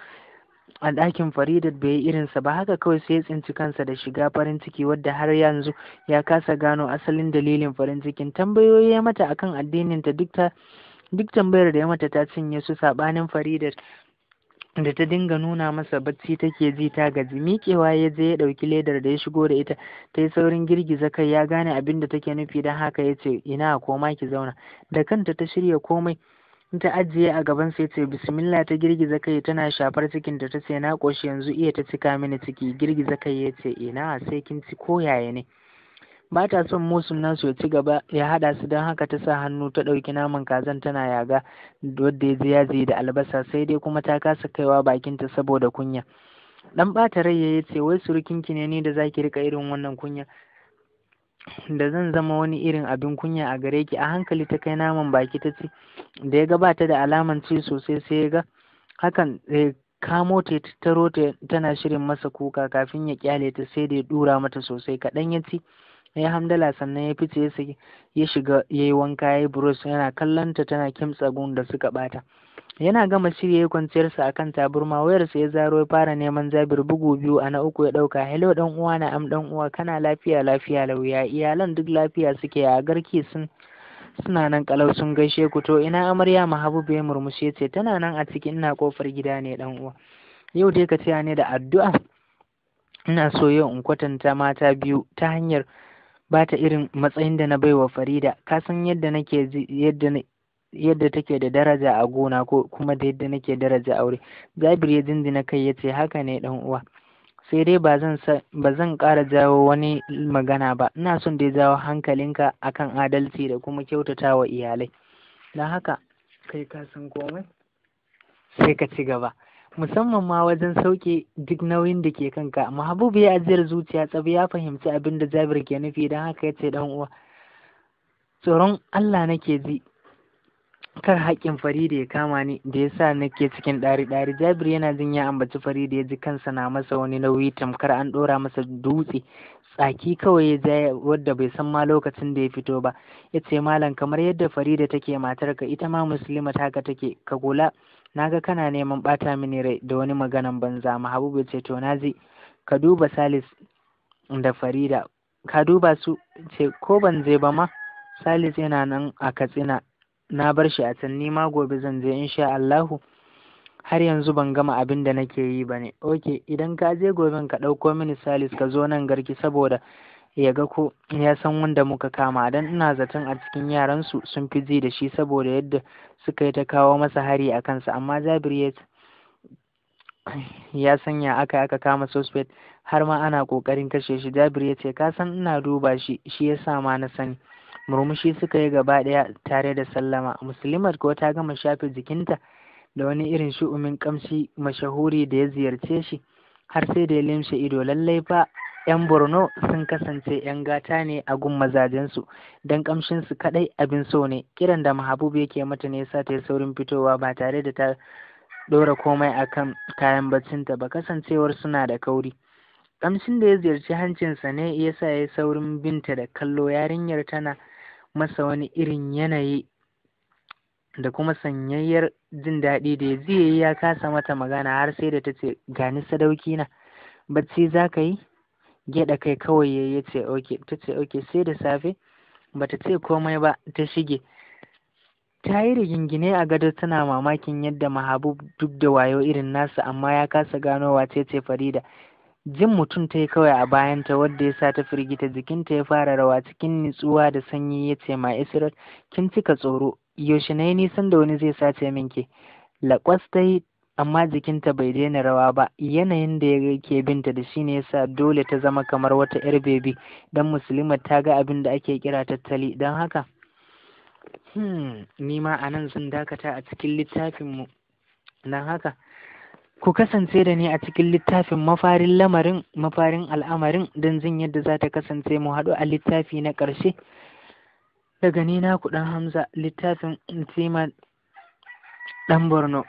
a ɗakin Faridat bai yi irinsa ba haka kawai sai ya tsinci kansa da shiga farin ciki wadda har yanzu ya kasa gano asalin dalilin farin cikin tambayoyi ya mata akan addinin ta duk ta duk tambayar da ya mata ta cinye su sabanin faridar da ta dinga nuna masa bacci take ji ta gaji miƙewa ya je ya ɗauki ledar da ya shigo da ita ta yi saurin girgiza kai ya gane abin da take nufi don haka ya ce ina koma ki zauna da kanta ta shirya komai ta ajiye a gaban sai ce bismillah ta girgiza kai tana shafar cikin ta ce na ƙoshi yanzu iya ta cika mini ciki girgiza kai ya ce ina sai kin ci yaya ne ba ta son musun nasu ya ci gaba ya haɗa su don haka ta sa hannu ta ɗauki naman kazan tana yaga wadda ya ziya da albasa sai dai kuma ta kasa kaiwa bakinta saboda kunya dan bata rai ya ce wai surukinki ne ni da zaki rika irin wannan kunya da zan zama wani irin abin kunya a gare ki a hankali ta kai naman baki ta ci. da ya gabata da alaman ci sosai sai ya ga hakan eh, kamo ta taro ta tana shirin masa kuka kafin ya kyale ta sai da ya dura mata sosai kaɗan ya ci ya yi hamdala sannan ya fice ya shiga ya yi wanka ya yi burus yana kallon ta tana kimtsa gun da suka bata yana gama shirya ya kwanciyarsa a kan taburma wayarsa ya zaro ya fara neman zabir bugu biyu a na uku ya ɗauka hello dan uwa na am ɗan uwa kana lafiya lafiya lauya iyalan duk lafiya suke a garki sun suna nan kalau sun gaishe ku to ina amarya mahabubu ya murmushe ce tana nan a ciki ina kofar gida ne dan uwa yau dai ka taya ne da addu'a ina so yau in kwatanta mata biyu ta hanyar ba ta irin matsayin da na bai wa Farida ka san yadda nake yadda yadda take da daraja a gona ko kuma da yadda nake daraja aure Jabir ya jinjina kai ya ce haka ne dan uwa sai dai ba zan ba zan ƙara jawo wani magana ba ina son dai jawo hankalinka akan adalci da kuma kyautata wa iyalai don haka kai ka san komai sai ka ci gaba musamman ma wajen sauke duk nauyin da ke kanka mahabubu ya ajiyar zuciya tsabi ya fahimci abin da jabir ke nufi don haka ya ce dan uwa tsoron allah nake ji kar haƙƙin farida ya kama ni da ya sa nake cikin ɗari ɗari jabir yana jin ya ambaci farida ya ji kansa na masa wani nauyi tamkar an ɗora masa dutse tsaki kawai ya ja wadda bai san ma lokacin da ya fito ba ya ce malam kamar yadda farida take matarka ita ma muslima taka take ka kula Na ga kana neman bata mini rai da wani maganan banza mahabubu ce to na ji ka duba salis da farida ka duba su ce ko ban je ba ma salis yana nan a katsina na bar shi a can ni ma gobe zan je insha allahu har yanzu ban gama abin da nake yi ba ne oke idan ka je goben ka ɗauko mini salis ka zo nan garki saboda ya ga ko ya san wanda muka kama don ina zaton a cikin yaransu sun fi ji da shi saboda yadda suka yi ta kawo masa hari a kansa amma jabir ya sanya aka aka kama suspect har ma ana kokarin kashe shi jabir ya ce ka san ina duba shi shi ya sa ma na sani murmushi suka yi gaba daya tare da sallama muslimat ko ta gama shafe jikinta da wani irin shu'umin kamshi mashahuri da ya ziyarce shi har sai da ya limshe ido lallai fa 'yan borno sun kasance 'yan gata ne a gun mazajensu don kamshinsu kaɗai abin so ne kiran da mahabub yake mata ne sa ta yi saurin fitowa ba tare da ta ɗora komai a kan kayan baccinta ba kasancewar suna da kauri kamshin da ya ziyarci hancinsa ne ya sa ya saurin binta da kallo yarinyar tana masa wani irin yanayi da kuma sanyayyar jin daɗi da ya ziye ya kasa mata magana har sai da ta ce gani sadauki na bacci za ka yi gyaɗa kai kawai ya ce oke ta ce oke sai da safe bata ce komai ba ta shige ta yi rigingine a gado tana mamakin yadda mahabub duk da wayo irin nasa amma ya kasa gano wace ce farida jin mutum ta yi kawai a bayanta wadda ya sa ta firgita jikinta ya fara rawa cikin nutsuwa da sanyi ya ce ma israt kin cika tsoro yaushe na yi nisan da wani zai sace min ke laƙwas ta yi amma jikinta bai daina rawa ba yanayin da ya ke binta da shi ne yasa dole ta zama kamar wata yar bebi don musulma ta ga abin da ake kira tattali don haka hmm, ni ma a nan sun dakata a cikin littafinmu don haka ku kasance da ni a cikin littafin mafarin lamarin mafarin al'amarin don jin yadda za ta kasance mu haɗu a littafi na ƙarshe daga ni na ɗan hamza littafin tsima ɗan borno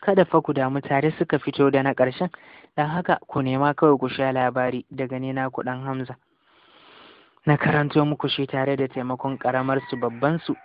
kada fa ku damu tare suka fito da na ƙarshen don haka ku nema kawai ku sha labari daga ni na hamza na karanto muku shi tare da taimakon ƙaramar su babban su